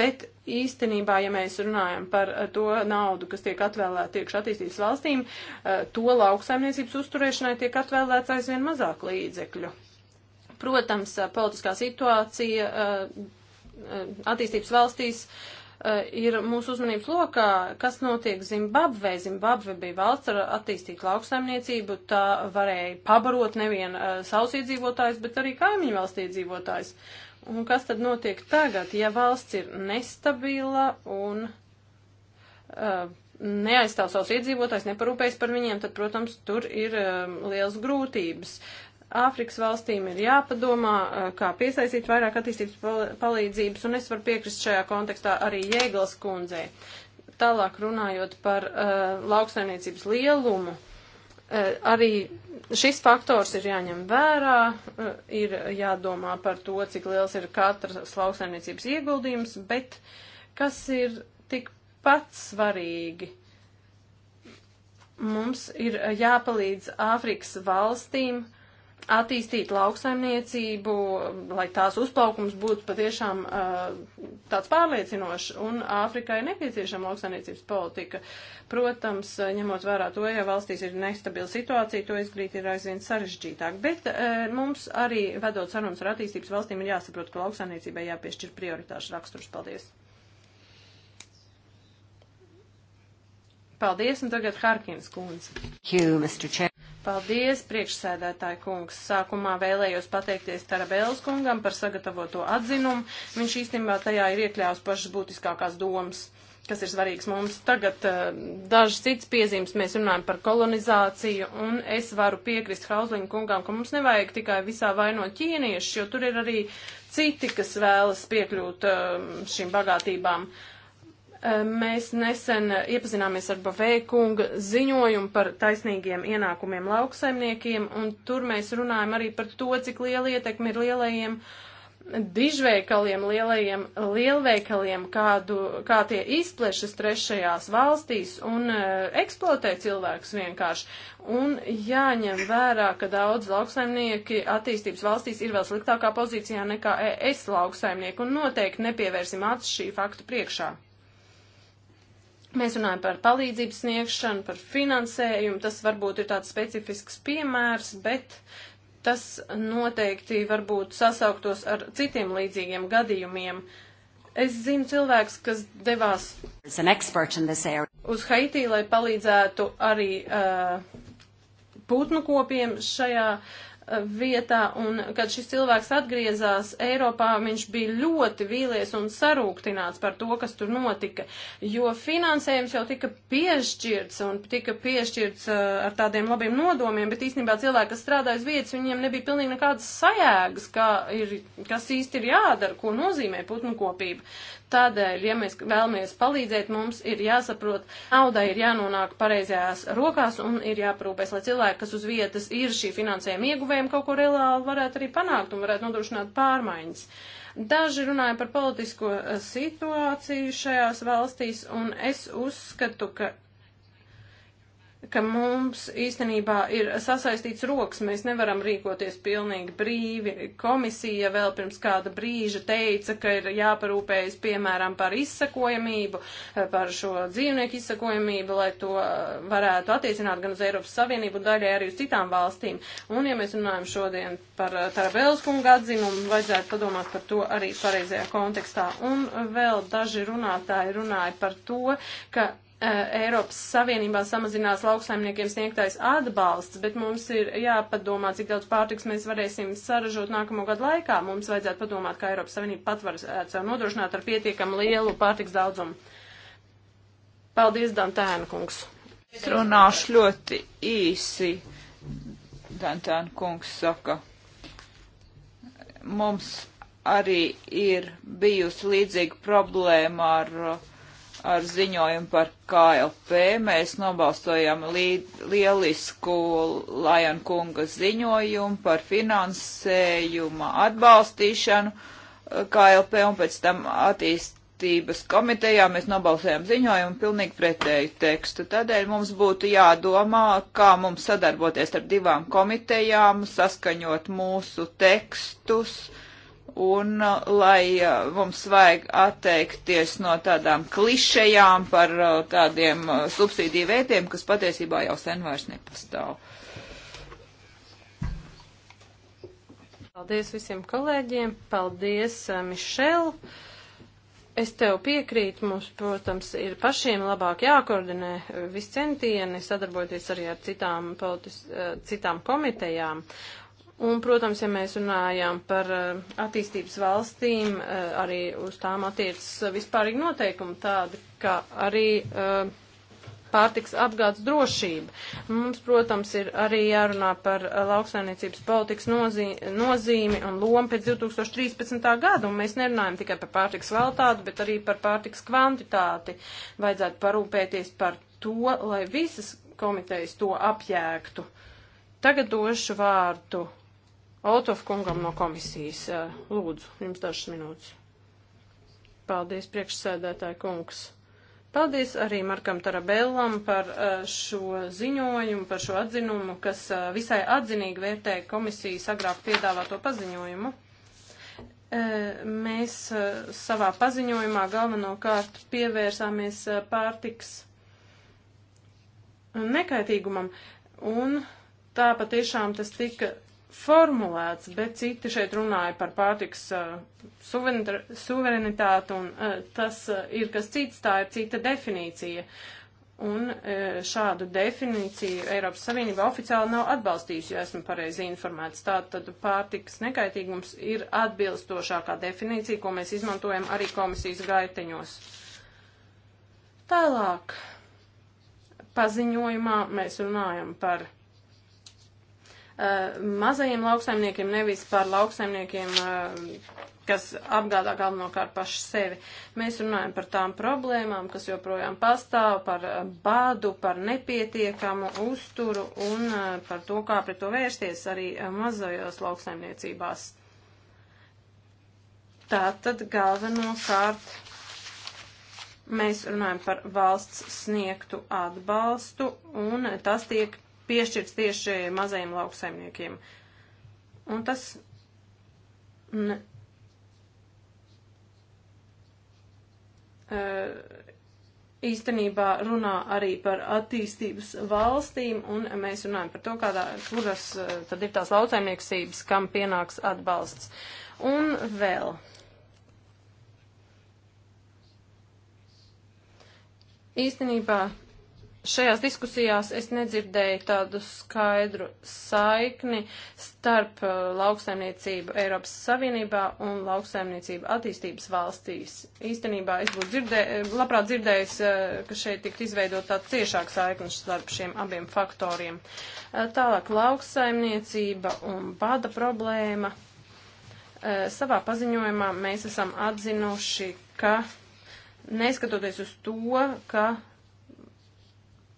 bet īstenībā, ja mēs runājam par to naudu, kas tiek atvēlēta tiekš attīstības valstīm, to lauksaimniecības uzturēšanai tiek atvēlēts aizvien mazāk līdzekļu. Protams, politiskā situācija attīstības valstīs uh, Eh, ir mūsu uzmanības lokā, kas notiek Zimbabvē. Zimbabve bija valsts ar attīstītu lauksaimniecību, tā varēja pabarot nevien eh, savus iedzīvotājus, bet arī kaimiņu valsts iedzīvotājus. Un kas tad notiek tagad, ja valsts ir nestabila un uh, neaizstāv savus iedzīvotājus, neparūpējas par viņiem, tad, protams, tur ir um, liels grūtības. Āfrikas valstīm ir jāpadomā, eh, kā piesaistīt vairāk attīstības palīdzības, un es varu piekrist šajā kontekstā arī Jēglas kundzei. Tālāk runājot par uh, lauksaimniecības lielumu, uh, arī šis faktors ir jāņem vērā, uh, ir jādomā par to, cik liels ir katras lauksaimniecības ieguldījums, bet kas ir tikpat svarīgi mums ir jāpalīdz Āfrikas valstīm uh, attīstīt lauksaimniecību, lai tās uzplaukums būtu patiešām uh, tāds pārliecinošs, un Āfrikai nepieciešama lauksaimniecības politika. Protams, uh, ņemot vērā to, ja valstīs ir nestabila situācija, to izgrīt ir aizvien sarežģītāk, bet uh, mums arī vedot sarunas ar attīstības valstīm ir jāsaprot, ka lauksaimniecībai jāpiešķir prioritāšu raksturs. Paldies! Paldies, un tagad Harkins kundze. Paldies, priekšsēdētāji kungs. Sākumā vēlējos pateikties Tarabēlas kungam par sagatavoto atzinumu. Viņš īstenībā tajā ir iekļāvis pašas būtiskākās domas, kas ir svarīgas mums. Tagad eh, dažas cits piezīmes mēs runājam par kolonizāciju, un es varu piekrist Hausliņa kungam, ka mums nevajag tikai visā vainot ķīniešus, jo tur ir arī citi, kas vēlas piekļūt eh, šīm bagātībām. Uh, Mēs nesen iepazināmies ar Bavēkunga ziņojumu par taisnīgiem ienākumiem lauksaimniekiem, un tur mēs runājam arī par to, cik liela ietekme ir lielajiem dižveikaliem, lielajiem lielveikaliem, kādu, kā tie izplešas trešajās valstīs un uh, eksploatē cilvēkus vienkārši. Un jāņem vērā, ka daudz lauksaimnieki attīstības valstīs ir vēl sliktākā pozīcijā nekā es lauksaimnieku, un noteikti nepievērsim acis šī faktu priekšā. Mēs runājam par palīdzības sniegšanu, par finansējumu, tas varbūt ir tāds specifisks piemērs, bet tas noteikti varbūt sasauktos ar citiem līdzīgiem gadījumiem. Es zinu cilvēks, kas devās uz Haitī, lai palīdzētu arī uh, putnu kopiem šajā vietā, un kad šis cilvēks atgriezās Eiropā, viņš bija ļoti vīlies un sarūktināts par to, kas tur notika, jo finansējums jau tika piešķirts un tika piešķirts uh, ar tādiem labiem nodomiem, bet īstenībā cilvēki, kas strādāja uz vietas, viņiem nebija pilnīgi nekādas sajēgas, kā ir, kas īsti ir jādara, ko nozīmē putnu kopība. Tādēļ, ja mēs vēlamies palīdzēt, mums ir jāsaprot, naudai ir jānonāk pareizajās rokās un ir jāprūpēs, lai cilvēki, kas uz vietas ir šī finansējuma ieguvēja, ieguvējiem kaut ko reāli varētu arī panākt un varētu nodrošināt pārmaiņas. Daži runāja par politisko eh, situāciju šajās valstīs, un es uzskatu, ka ka mums īstenībā ir sasaistīts rokas, mēs nevaram rīkoties pilnīgi brīvi. Komisija vēl pirms kāda brīža teica, ka ir jāparūpējas piemēram par izsakojamību, par šo dzīvnieku izsakojamību, lai to uh, varētu attiecināt gan uz Eiropas Savienību, daļai arī uz citām valstīm. Un ja mēs runājam šodien par uh, Tarabēlas kunga atzinumu, vajadzētu padomāt par to arī pareizajā kontekstā. Un vēl daži runātāji runāja par to, ka Eh, Eiropas Savienībā samazinās lauksaimniekiem sniegtais atbalsts, bet mums ir jāpadomā, cik daudz pārtiks mēs varēsim saražot nākamo gadu laikā. Mums vajadzētu padomāt, kā Eiropas Savienība pat var eh, sev nodrošināt ar pietiekam lielu pārtiks daudzumu. Paldies, Dantēna kungs. Es runāšu ļoti īsi, Dantēna kungs saka. Mums arī ir bijusi līdzīga problēma ar uh, ar ziņojumu par KLP. Mēs nobalstojam lielisku Lajan kunga ziņojumu par finansējuma atbalstīšanu eh, KLP un pēc tam attīstības komitejā mēs nobalsojam ziņojumu pilnīgi pretēju tekstu. Tādēļ mums būtu jādomā, kā mums sadarboties ar divām komitejām, saskaņot mūsu tekstus un uh, lai uh, mums vajag atteikties no tādām klišejām par uh, tādiem subsīdiju veidiem, kas patiesībā jau sen vairs nepastāv. Paldies visiem kolēģiem, paldies Mišel. Es tev piekrītu, mums, protams, ir pašiem labāk jākoordinē viss centieni, sadarbojoties arī ar citām, politis, citām komitejām. Un, protams, ja mēs runājam par eh, attīstības valstīm, eh, arī uz tām attiecas eh, vispārīgi noteikumi tādi, kā arī pārtiks apgādes drošība. Mums, protams, ir arī jārunā par lauksainiecības politikas nozī nozīmi un lomu pēc 2013. gada, un mēs nerunājam tikai par pārtiks kvalitāti, bet arī par pārtiks kvantitāti. Vajadzētu parūpēties par to, lai visas komitejas to apjēgtu. Tagad došu vārdu Autof kungam no komisijas. Eh, lūdzu, jums dažas minūtes. Paldies, priekšsēdētāji kungs. Paldies arī Markam Tarabellam par eh, šo ziņojumu, par šo atzinumu, kas eh, visai atzinīgi vērtē komisijas agrāk piedāvāto paziņojumu mēs savā paziņojumā galvenokārt pievērsāmies pārtiks nekaitīgumam, un tā patiešām tas tika formulēts, bet citi šeit runāja par pārtiks uh, suverenitāti, un uh, tas uh, ir kas cits, tā ir cita definīcija. Un uh, šādu definīciju Eiropas Savienība oficiāli nav atbalstījusi, jo esmu pareizi informēts. Tātad pārtiks nekaitīgums ir atbilstošākā definīcija, ko mēs izmantojam arī komisijas gaiteņos. Tālāk paziņojumā mēs runājam par Eh, mazajiem lauksaimniekiem, nevis par lauksaimniekiem, eh, kas apgādā galvenokārt paši sevi. Mēs runājam par tām problēmām, kas joprojām pastāv, par eh, bādu, par nepietiekamu uzturu un par to, kā pret to vērsties arī mazajos lauksaimniecībās. Tātad galvenokārt mēs runājam par valsts sniegtu atbalstu, un tas tiek piešķirts tieši mazajiem lauksaimniekiem. Un tas. Ne, īstenībā runā arī par attīstības valstīm, un mēs runājam par to, kādā, kuras e, tad ir tās lauksaimniecības, kam pienāks atbalsts. Un vēl. Īstenībā šajās diskusijās es nedzirdēju tādu skaidru saikni starp uh, lauksaimniecību Eiropas Savienībā un lauksaimniecību attīstības valstīs. Īstenībā es būtu dzirdē, labprāt dzirdējis, uh, ka šeit tiktu izveidot tāds ciešāks saiknis starp šiem abiem faktoriem. Uh, tālāk lauksaimniecība un bada problēma. Savā paziņojumā mēs esam atzinuši, ka neskatoties uz to, ka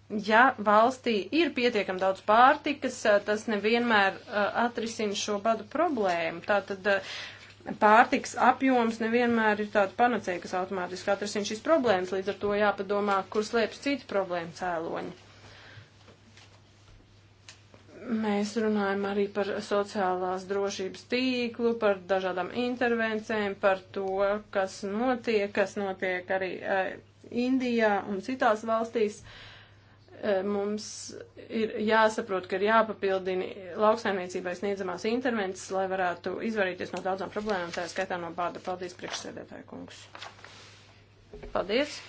ja valstī ir pietiekam daudz pārtikas, eh, tas nevienmēr eh, atrisina šo badu problēmu. Tātad eh, pārtikas apjoms nevienmēr ir tāda panacēja, kas automātiski atrisina šīs problēmas, līdz ar to jāpadomā, kur slēpjas citi problēma cēloņi. Mēs runājam arī par sociālās drošības tīklu, par dažādām intervencēm, par to, kas notiek, kas notiek arī Indijā un citās valstīs. Uh, Eh, mums ir jāsaprot, ka ir jāpapildina lauksaimniecībai sniedzamās intervences, lai varētu izvairīties no daudzām problēmām, tā skaitā no bāda. Paldies, priekšsēdētāji kungs. Paldies.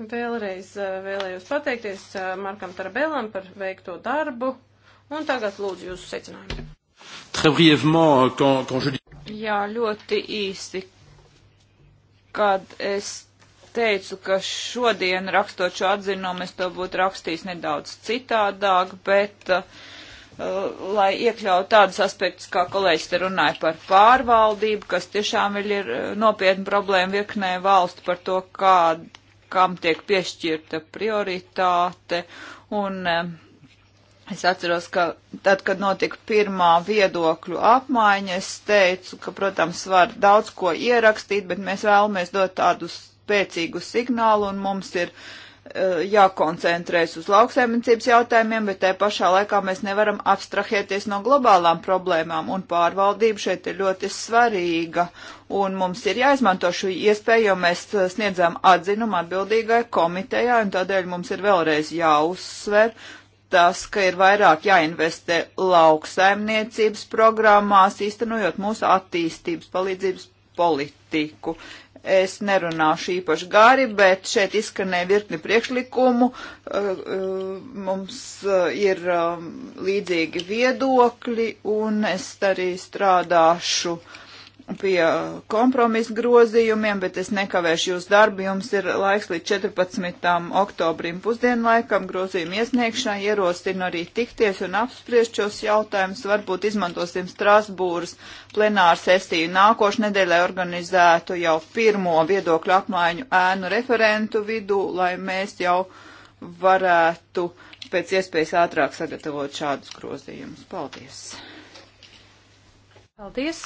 Vēlreiz eh, vēlējos pateikties eh, Markam Tarabēlam par veikto darbu, un tagad lūdzu jūsu secinājumu. Très brièvement, euh, quand, quand je dis... Jā, ļoti īsti, kad es teicu, ka šodien rakstot šo atzinumu es to būtu rakstījis nedaudz citādāk, bet uh, lai iekļautu tādus aspektus, kā kolēģis te runāja par pārvaldību, kas tiešām ir uh, nopietna problēma virknē valstu par to, kā, kam tiek piešķirta prioritāte. Un uh, es atceros, ka tad, kad notika pirmā viedokļu apmaiņa, es teicu, ka, protams, var daudz ko ierakstīt, bet mēs vēlamies dot tādus spēcīgu signālu un mums ir uh, jākoncentrēs uz lauksaimniecības jautājumiem, bet te pašā laikā mēs nevaram abstrahēties no globālām problēmām, un pārvaldība šeit ir ļoti svarīga, un mums ir jāizmanto šo iespēju, jo mēs eh, sniedzam atzinumu atbildīgai komitejai, un tādēļ mums ir vēlreiz jāuzsver, tas, ka ir vairāk jāinvestē lauksaimniecības programmās, īstenojot mūsu attīstības palīdzības politiku. Es nerunāšu īpaši gari, bet šeit izskanēja virkni priekšlikumu. Uh, uh, mums uh, ir um, līdzīgi viedokļi, un es arī strādāšu uh, pie uh, kompromisa grozījumiem, bet es nekavēšu jūs darbu. Jums ir laiks līdz 14. oktobrim pusdienlaikam grozījumu iesniegšanai. Ierosinu arī tikties un apspriest šos jautājumus. Varbūt izmantosim Strasbūras plenāru sesiju nākošu nedēļai organizētu jau pirmo viedokļu apmaiņu ēnu referentu vidū, lai mēs jau varētu pēc iespējas ātrāk sagatavot šādus grozījumus. Paldies! Paldies!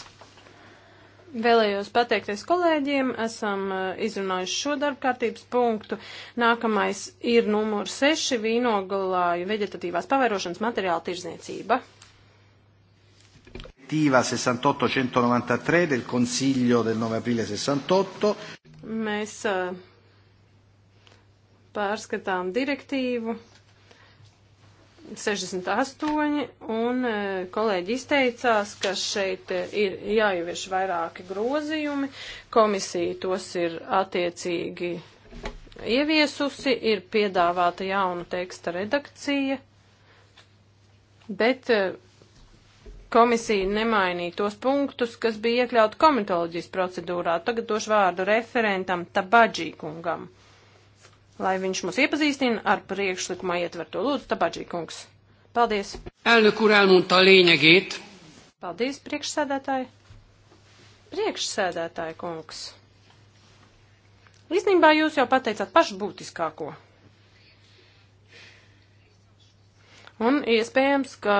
Vēlējos pateikties kolēģiem, esam eh, izrunājuši šo darbkārtības punktu. Nākamais ir numur 6 - vīnogulāju veģetatīvās pavērošanas materiāla tirzniecība. Tīvā 6893 del Consiglio del 9 aprile 68. Mēs eh, pārskatām direktīvu 68, un e, kolēģi izteicās, ka šeit e, ir jāievieš vairāki grozījumi, komisija tos ir attiecīgi ieviesusi, ir piedāvāta jauna teksta redakcija, bet e, komisija nemainīja tos punktus, kas bija iekļauti komitoloģijas procedūrā. Tagad došu vārdu referentam Tabadžī kungam lai viņš mūs iepazīstina ar priekšlikumā ietverto lūdzu tabadžī kungs. Paldies. Elnök úr elmondta a lényegét. Paldies, priekšsēdētāji. Priekšsēdētāji kungs. Īsnībā jūs jau pateicāt pašu būtiskāko. Un iespējams, ka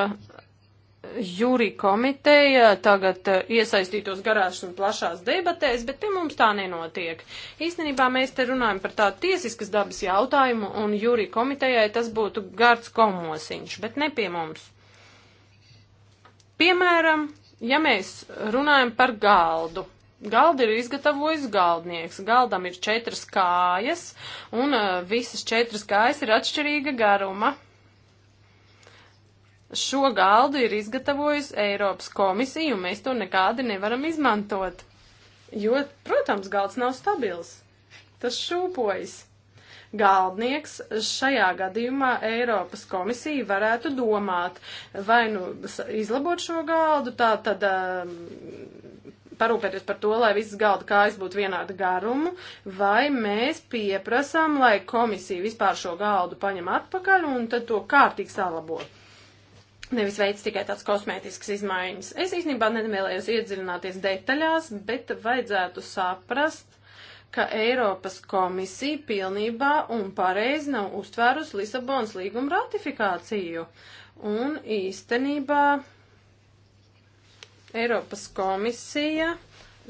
jūri komiteja tagad eh, iesaistītos garās un plašās debatēs, bet pie mums tā nenotiek. Īstenībā mēs te runājam par tādu tiesiskas dabas jautājumu, un jūri komitejai tas būtu gards komosiņš, bet ne pie mums. Piemēram, ja mēs runājam par galdu. Galdu ir izgatavojis galdnieks. Galdam ir četras kājas, un uh, visas četras kājas ir atšķirīga garuma. Šo galdu ir izgatavojusi Eiropas komisija, un mēs to nekādi nevaram izmantot. Jo, protams, galds nav stabils. Tas šūpojas. Galdnieks šajā gadījumā Eiropas komisija varētu domāt, vai nu izlabot šo galdu, tā tad um, parūpēties par to, lai visas galda kājas būtu vienāda garumu, vai mēs pieprasām, lai komisija vispār šo galdu paņem atpakaļ un tad to kārtīgi salabot nevis veids tikai tāds kosmētisks izmaiņas. Es īstenībā nevēlējos iedziļināties detaļās, bet vajadzētu saprast, ka Eiropas komisija pilnībā un pareizi nav uztvērusi Lisabonas līguma ratifikāciju. Un īstenībā Eiropas komisija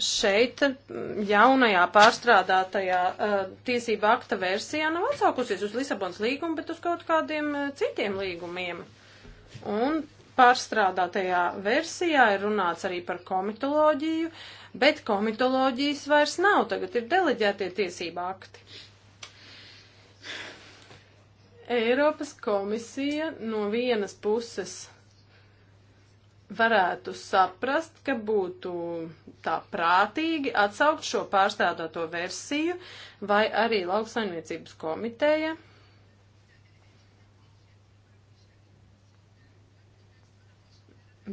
šeit mm, jaunajā pārstrādātajā uh, tiesība akta versijā nav atsaukusies uz Lisabonas līgumu, bet uz kaut kādiem uh, citiem līgumiem. Uh, Un pārstrādātajā versijā ir runāts arī par komitoloģiju, bet komitoloģijas vairs nav, tagad ir deleģētie tiesība akti. Eiropas komisija no vienas puses varētu saprast, ka būtu tā prātīgi atsaukt šo pārstrādāto versiju vai arī lauksaimniecības komiteja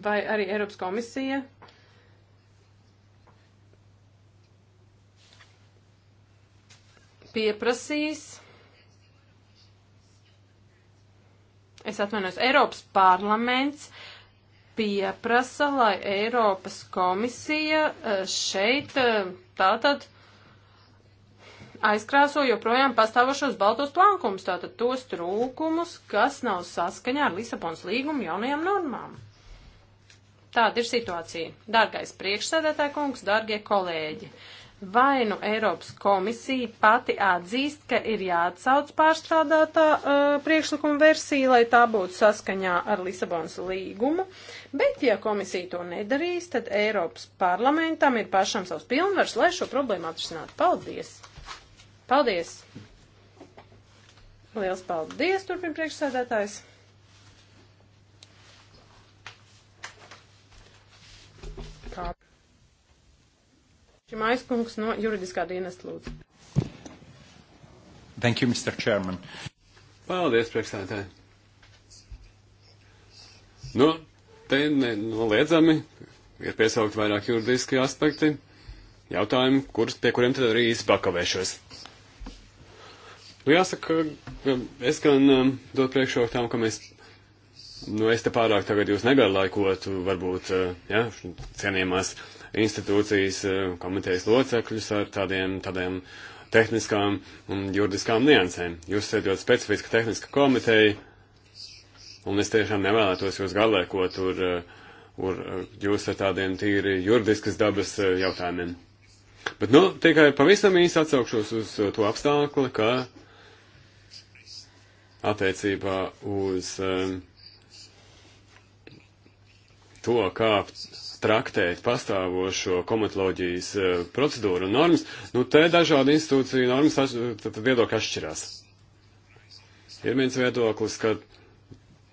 vai arī Eiropas komisija pieprasīs. Es atvainojos, Eiropas parlaments pieprasa, lai Eiropas komisija eh, šeit eh, tātad aizkrāso joprojām pastāvošos baltos plankumus, tātad tos trūkumus, kas nav saskaņā ar Lisabonas līgumu jaunajām normām. Tāda ir situācija. Dārgais priekšsēdētāj kungs, dārgie kolēģi. Vai nu Eiropas komisija pati atzīst, ka ir jāatsauc pārstrādātā uh, priekšlikuma versija, lai tā būtu saskaņā ar Lisabonas līgumu, bet ja komisija to nedarīs, tad Eiropas parlamentam ir pašam savs pilnvars, lai šo problēmu atrisinātu. Paldies! Paldies! Liels paldies, turpin priekšsēdētājs! Šimais kungs no juridiskā dienesta lūdzu. Thank you, Mr. Chairman. Paldies, priekšstādātāji. Nu, te nenoliedzami ir piesaukt vairāk juridiski aspekti, jautājumi, kur, pie kuriem tad arī īsti pakavēšos. Nu, jāsaka, es gan um, dotu priekšroku tam, ka mēs, nu, es te pārāk tagad jūs negarlaikotu, varbūt, uh, ja, cienījumās institūcijas eh, komitejas locekļus ar tādiem, tādiem tehniskām un juridiskām niansēm. Jūs esat ļoti specifiska tehniska komiteja, un es tiešām nevēlētos jūs galēkot tur, tur eh, eh, jūs ar tādiem tīri juridiskas dabas jautājumiem. Bet, nu, tikai pavisam īsi atsaukšos uz to apstākli, ka attiecībā uz um, to, kā traktēt pastāvošo komatoloģijas eh, procedūru un normas, nu te dažādi institūciju normas tad viedokļi atšķirās. Ir viens viedoklis, ka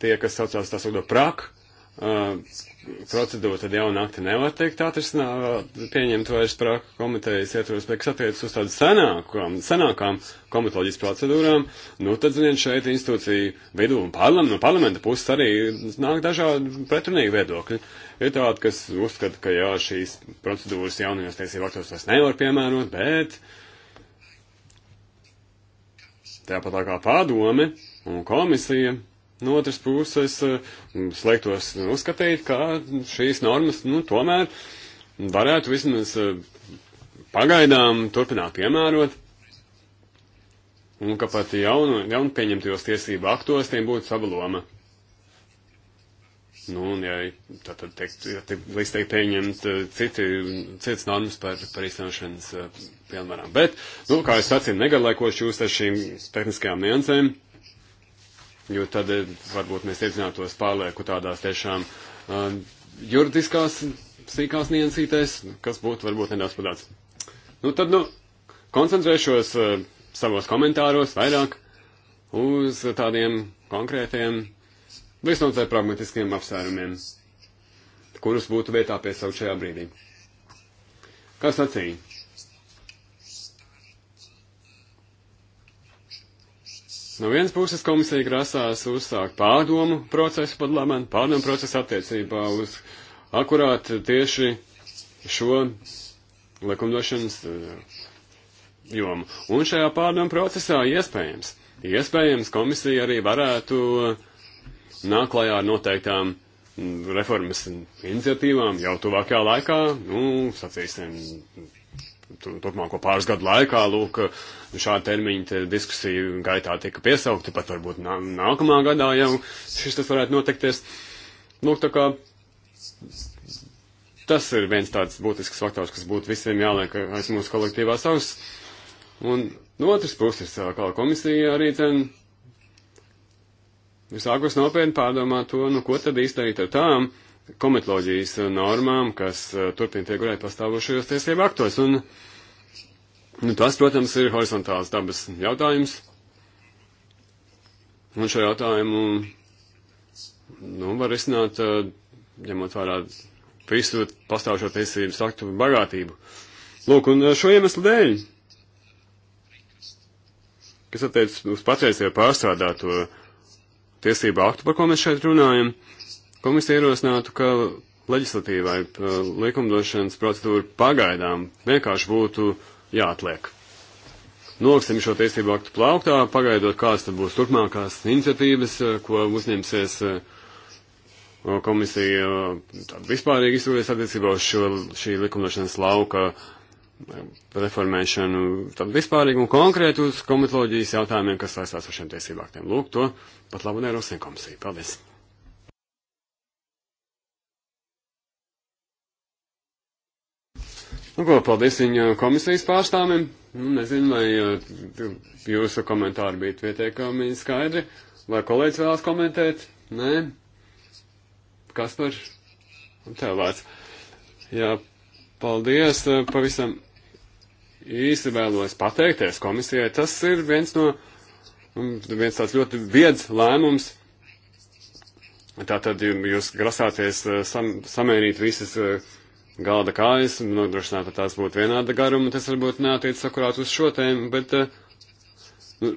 tie, kas saucās tā saucamā prak, eh, procedūra, tad jauna akta nevar teikt atrisināt, pieņemt vairs prāku komitejas ietvaros, bet kas attiecas uz tādu senākām, senākām komitoloģijas procedūrām, nu tad, ziniet, šeit institūcija vidū un parlam, no parlamenta puses arī nāk dažādi pretrunīgi viedokļi. Ir tādi, kas uzskata, ka jā, šīs procedūras jaunajos tiesību aktos vairs nevar piemērot, bet tāpat tā kā padome un komisija No otras puses, eh, slēgtos uzskatīt, ka šīs normas, nu, tomēr varētu vismaz eh, pagaidām turpināt piemērot, un ka pat jaunu, jaunu pieņemtajos tiesību aktos tiem būtu sava loma. Nu, un, ja tad, tad tiek, tiek, līdz tiek pieņemt eh, citi, cits normas par, par īstenošanas pilnvarām. Bet, nu, kā es sacīju, negarlaikoši jūs ar šīm tehniskajām niansēm jo tad eh, varbūt mēs iedzinātos pārlieku tādās tiešām uh, juridiskās sīkās niansītēs, kas būtu varbūt nedaudz padāts. Nu, tad, nu, koncentrēšos uh, savos komentāros vairāk uz tādiem konkrētiem, visnotaļ pragmatiskiem apsvērumiem, kurus būtu vietā piesaukt šajā brīdī. Kā sacīja? No vienas puses komisija grasās uzsākt pārdomu procesu parlamentu, pārdomu procesu attiecībā uz akurāt tieši šo likumdošanas eh, jomu. Un šajā pārdomu procesā iespējams, iespējams komisija arī varētu nāk klajā ar noteiktām mm, reformas iniciatīvām jau tuvākajā laikā, nu, sacīsim, turpmāko pāris gadu laikā, lūk, šādi termiņi te diskusiju gaitā tika piesaukti, pat varbūt nā, nākamā gadā jau šis tas varētu notikties. Lūk, tā kā tas ir viens tāds būtisks faktors, kas būtu visiem jāliek aiz mūsu kolektīvā savas. Un no otras puses, kā komisija arī ten ir sākus nopietni pārdomāt to, nu, ko tad izdarīt ar tām komitoloģijas normām, kas eh, turpina figurēt pastāvošajos tiesību aktos. Un, nu, tas, protams, ir horizontāls dabas jautājums. Un šo jautājumu nu, var risināt, eh, ņemot vērā visu pastāvošo tiesības aktu bagātību. Lūk, un eh, šo iemeslu dēļ, kas attiec uz patreizējo pārstrādāto tiesību aktu, par ko mēs šeit runājam, uh, Komisija ierosinātu, ka leģislatīvai uh, likumdošanas procedūra pagaidām vienkārši būtu jāatliek. Noliksim šo tiesību aktu plauktā, pagaidot, kādas tad būs turpmākās iniciatīvas, uh, ko uzņemsies uh, komisija vispārīgi izturēs attiecībā uz šo, šī likumdošanas lauka reformēšanu, tad vispārīgi un konkrēti uz komitoloģijas jautājumiem, kas saistās ar šiem tiesību aktiem. Lūk, to pat labu nerosina komisija. Paldies! Nu, ko, paldies viņa komisijas pārstāvim. Nu, nezinu, vai jūsu komentāri bija pietiekami skaidri. Vai kolēģis vēlas komentēt? Nē. Kas par tev vārds? Jā, paldies. Pavisam īsi vēlos pateikties komisijai. Tas ir viens no, nu, viens tāds ļoti viedz lēmums. Tātad jūs grasāties sam, samērīt visas galda kājas, nodrošināt, lai tās būtu vienāda garuma, tas varbūt neatiec sakurāt uz šo tēmu, bet eh, nu,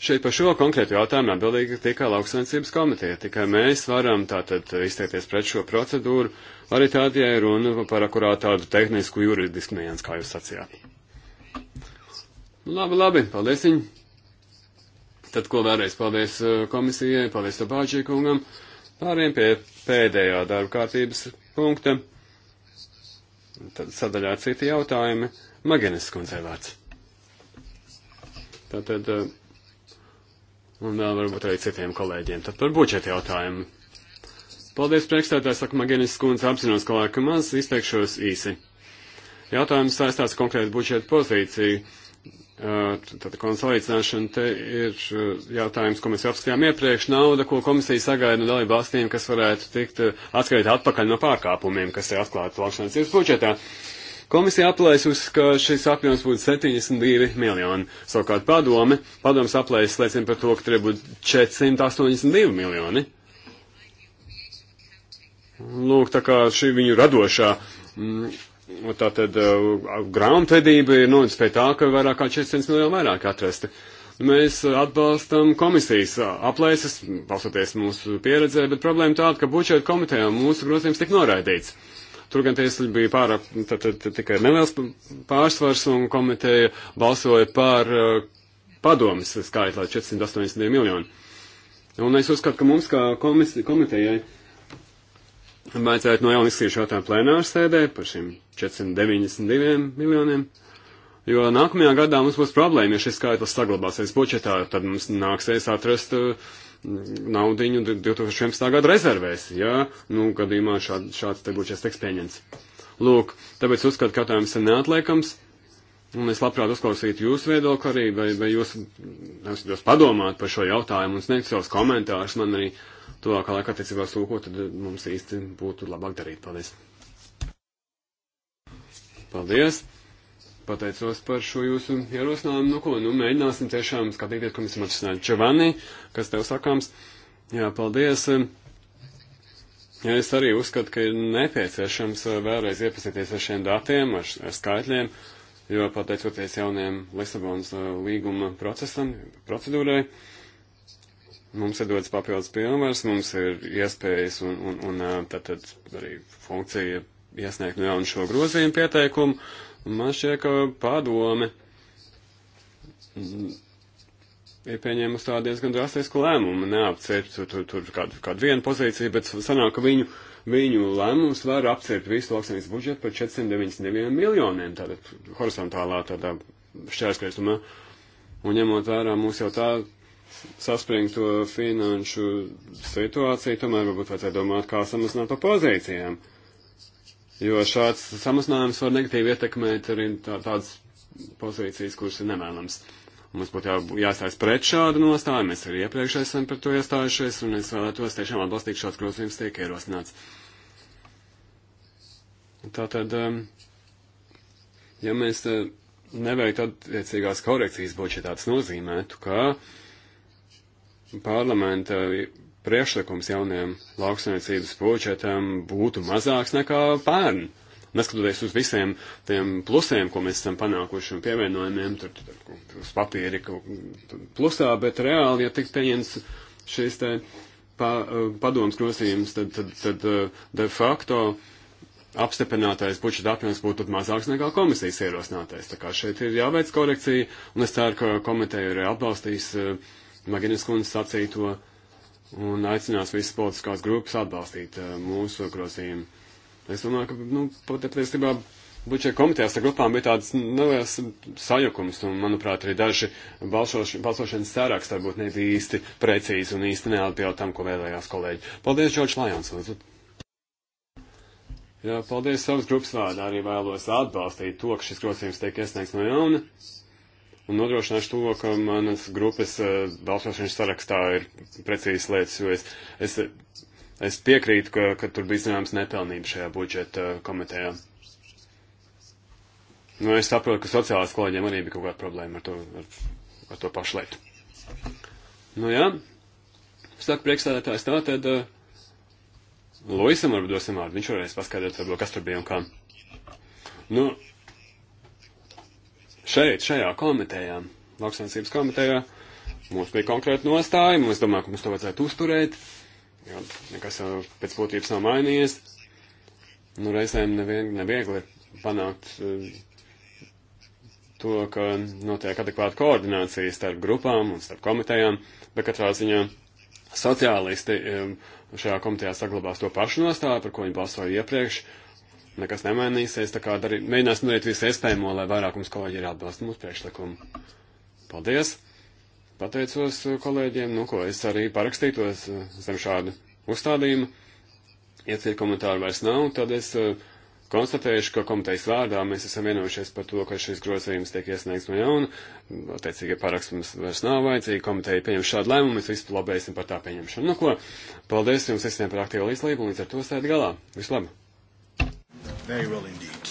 šeit par šo konkrētu jautājumu atbildīga tikai lauksaimniecības komiteja. Tikai mēs varam tātad izteikties pret šo procedūru, arī tādi, ja runa par akurāt tādu tehnisku juridisku nians, kā jūs sacījāt. Labi, labi, paldies viņu. Tad ko vēlreiz paldies eh, komisijai, paldies Tabāģī kungam. Pāriem pie pēdējā darba kārtības punkta. Tad sadaļā citi jautājumi. Magenes kundzei vārds. Tātad, eh, un vēl varbūt arī citiem kolēģiem. Tad par budžeta jautājumu. Paldies, priekšstādājs, saka Magenes kundze, apzinos, ka laika maz, izteikšos īsi. Jautājums saistās konkrēti budžeta pozīciju Tātad konsolīdzināšana te ir jautājums, ko mēs apskatījām iepriekš. Nauda, ko komisija sagaida no dalību valstīm, kas varētu tikt atskaita atpakaļ no pārkāpumiem, kas ir atklāti laukšanas iespējas budžetā. Komisija aplēsus, ka šis apjoms būtu 72 miljoni. Savukārt padome, padomas aplēsis liecina par to, ka tur būtu 482 miljoni. Lūk, tā kā šī viņu radošā. Mm, Tātad uh, grāmatvedība ir novedis pie tā, ka vairāk kā 400 miljonu vairāk atrasti. Mēs atbalstam komisijas aplēses, balstoties mūsu pieredzē, bet problēma tāda, ka budžeta komitejā mūsu grozījums tika noraidīts. Tur gan tiesa bija pārāk, tad, tad tikai neliels pārsvars un komiteja balsoja par uh, padomis skaitlā 480 miljonu. Un es uzskatu, ka mums kā komis, komitejai. Uh, vajadzētu no jauna izskatīt jautājumu plēnāru sēdē par šiem 492 miljoniem, jo nākamajā gadā mums būs problēma, ja šis skaitlis saglabāsies budžetā, tad mums nāksies atrast mm, naudiņu 2011. gada rezervēs, ja, nu, gadījumā šād, šāds te budžets tiks pieņemts. Lūk, tāpēc uzskatu, ka jautājums ir neatliekams, un es labprāt uzklausītu jūsu viedokli arī, vai, vai jūs, es jūs padomāt par šo jautājumu un sniegt savus komentārus man arī. Uh, tuvākā laikā attiecībā uz to, ko tad eh, mums īsti būtu labāk darīt. Paldies! Paldies! Pateicos par šo jūsu ierosinājumu. Nu, ko, nu, mēģināsim tiešām skatīties, ko mēs esam atrasinājuši. Čevani, kas tev sakāms? Jā, paldies! Ja es arī uzskatu, ka ir nepieciešams eh, vēlreiz iepazīties ar šiem datiem, ar, ar skaitļiem, jo pateicoties jauniem Lisabonas eh, līguma procesam, procedūrai, uh, Mums ir dots papildus pilnvars, mums ir iespējas un, un, un tātad arī funkcija iesniegt no nu jaunu šo grozījumu pieteikumu. Un man šķiet, ka padome ir pieņēmusi tādu diezgan drastisku lēmumu, neapcirt tur, tur, tur kādu, kādu vienu pozīciju, bet sanāk, ka viņu, viņu lēmums var apcirt visu lauksaimnes budžetu par 499 miljoniem, tātad horizontālā tādā šķērskrēstumā. Un ņemot vērā mūsu jau tā saspringto finanšu situāciju, tomēr varbūt vajadzētu domāt, kā samazināt pa pozīcijām. Jo šāds samazinājums var negatīvi ietekmēt arī tā, tādas pozīcijas, kuras ir nevēlams. Mums būtu jā, jāstājas pret šādu nostāju, mēs arī iepriekš esam par to iestājušies, un es vēlētos tiešām atbalstīt šāds grozījums tiek ierosināts. Tātad, um, ja mēs uh, neveiktu attiecīgās korekcijas, būtu šī tāds nozīmētu, ka parlamenta priekšlikums jaunajam lauksaimniecības budžetam būtu mazāks nekā pērn. Neskatoties uz visiem tiem plusiem, ko mēs esam panākuši un pievienojumiem, tur, tur, tur uz papīri plusā, bet reāli, ja tiks pieņems šis te pa, eh, padoms grozījums, tad, tad, tad eh, de facto apstiprinātais budžeta apjoms būtu mazāks nekā komisijas ierosinātais. Tā kā šeit ir jāveic korekcija, un es ceru, ka komiteja arī atbalstīs uh, Maginis kundze sacīto un aicinās visas politiskās grupas atbalstīt uh, mūsu grozījumu. Es domāju, ka, nu, patiesībā Bučē komitejās ar grupām bija tāds neliels sajukums, un, manuprāt, arī daži balsoš, balsošanas sērāks varbūt nebija īsti precīzi un īsti neatbild tam, ko vēlējās kolēģi. Paldies, Džordž Lajons, lūdzu. Jā, paldies savas grupas vārdā. Arī vēlos atbalstīt to, ka šis grozījums tiek iesniegts no jauna un nodrošināšu to, ka manas grupas eh, balsošanas sarakstā ir precīzas lietas, jo es, es, es piekrītu, ka, ka tur bija zināms nepelnība šajā budžeta eh, komitejā. Nu, es saprotu, ka sociālās kolēģiem arī bija kaut kāda problēma ar to, ar, ar to pašu lietu. Nu jā, saka priekšstādātājs, tā tad uh, eh, Loisam varbūt dosim vārdu, viņš varēs paskaidrot, varbūt, kas tur bija un kā. Nu, šeit, šajā komitejā, lauksaimniecības komitejā, mums bija konkrēta nostāja, un es domāju, ka mums to vajadzētu uzturēt, jo nekas jau pēc būtības nav mainījies. Nu, reizēm nevien, neviegli panākt eh, to, ka notiek adekvāta koordinācija starp grupām un starp komitejām, bet katrā ziņā sociālisti eh, šajā komitejā saglabās to pašu nostāju, par ko viņi balsoja iepriekš, nekas nemainīsies, tā kā darī, mēģināsim darīt visu iespējamo, lai vairākums kolēģi arī atbalsta mūsu priekšlikumu. Paldies! Pateicos uh, kolēģiem, nu ko, es arī parakstītos uh, zem šādu uzstādījumu. Ja citu komentāru vairs nav, tad es uh, konstatējuši, ka komitejas vārdā mēs esam vienojušies par to, ka šis grozījums tiek iesniegts no jauna. Attiecīgi paraksts mums vairs nav vajadzīgi, komiteja pieņem šādu lēmumu, mēs visu labēsim par tā pieņemšanu. Nu ko, paldies jums visiem par aktīvu līdzlību un līdz ar to sēd galā. Vislabāk! Very well indeed.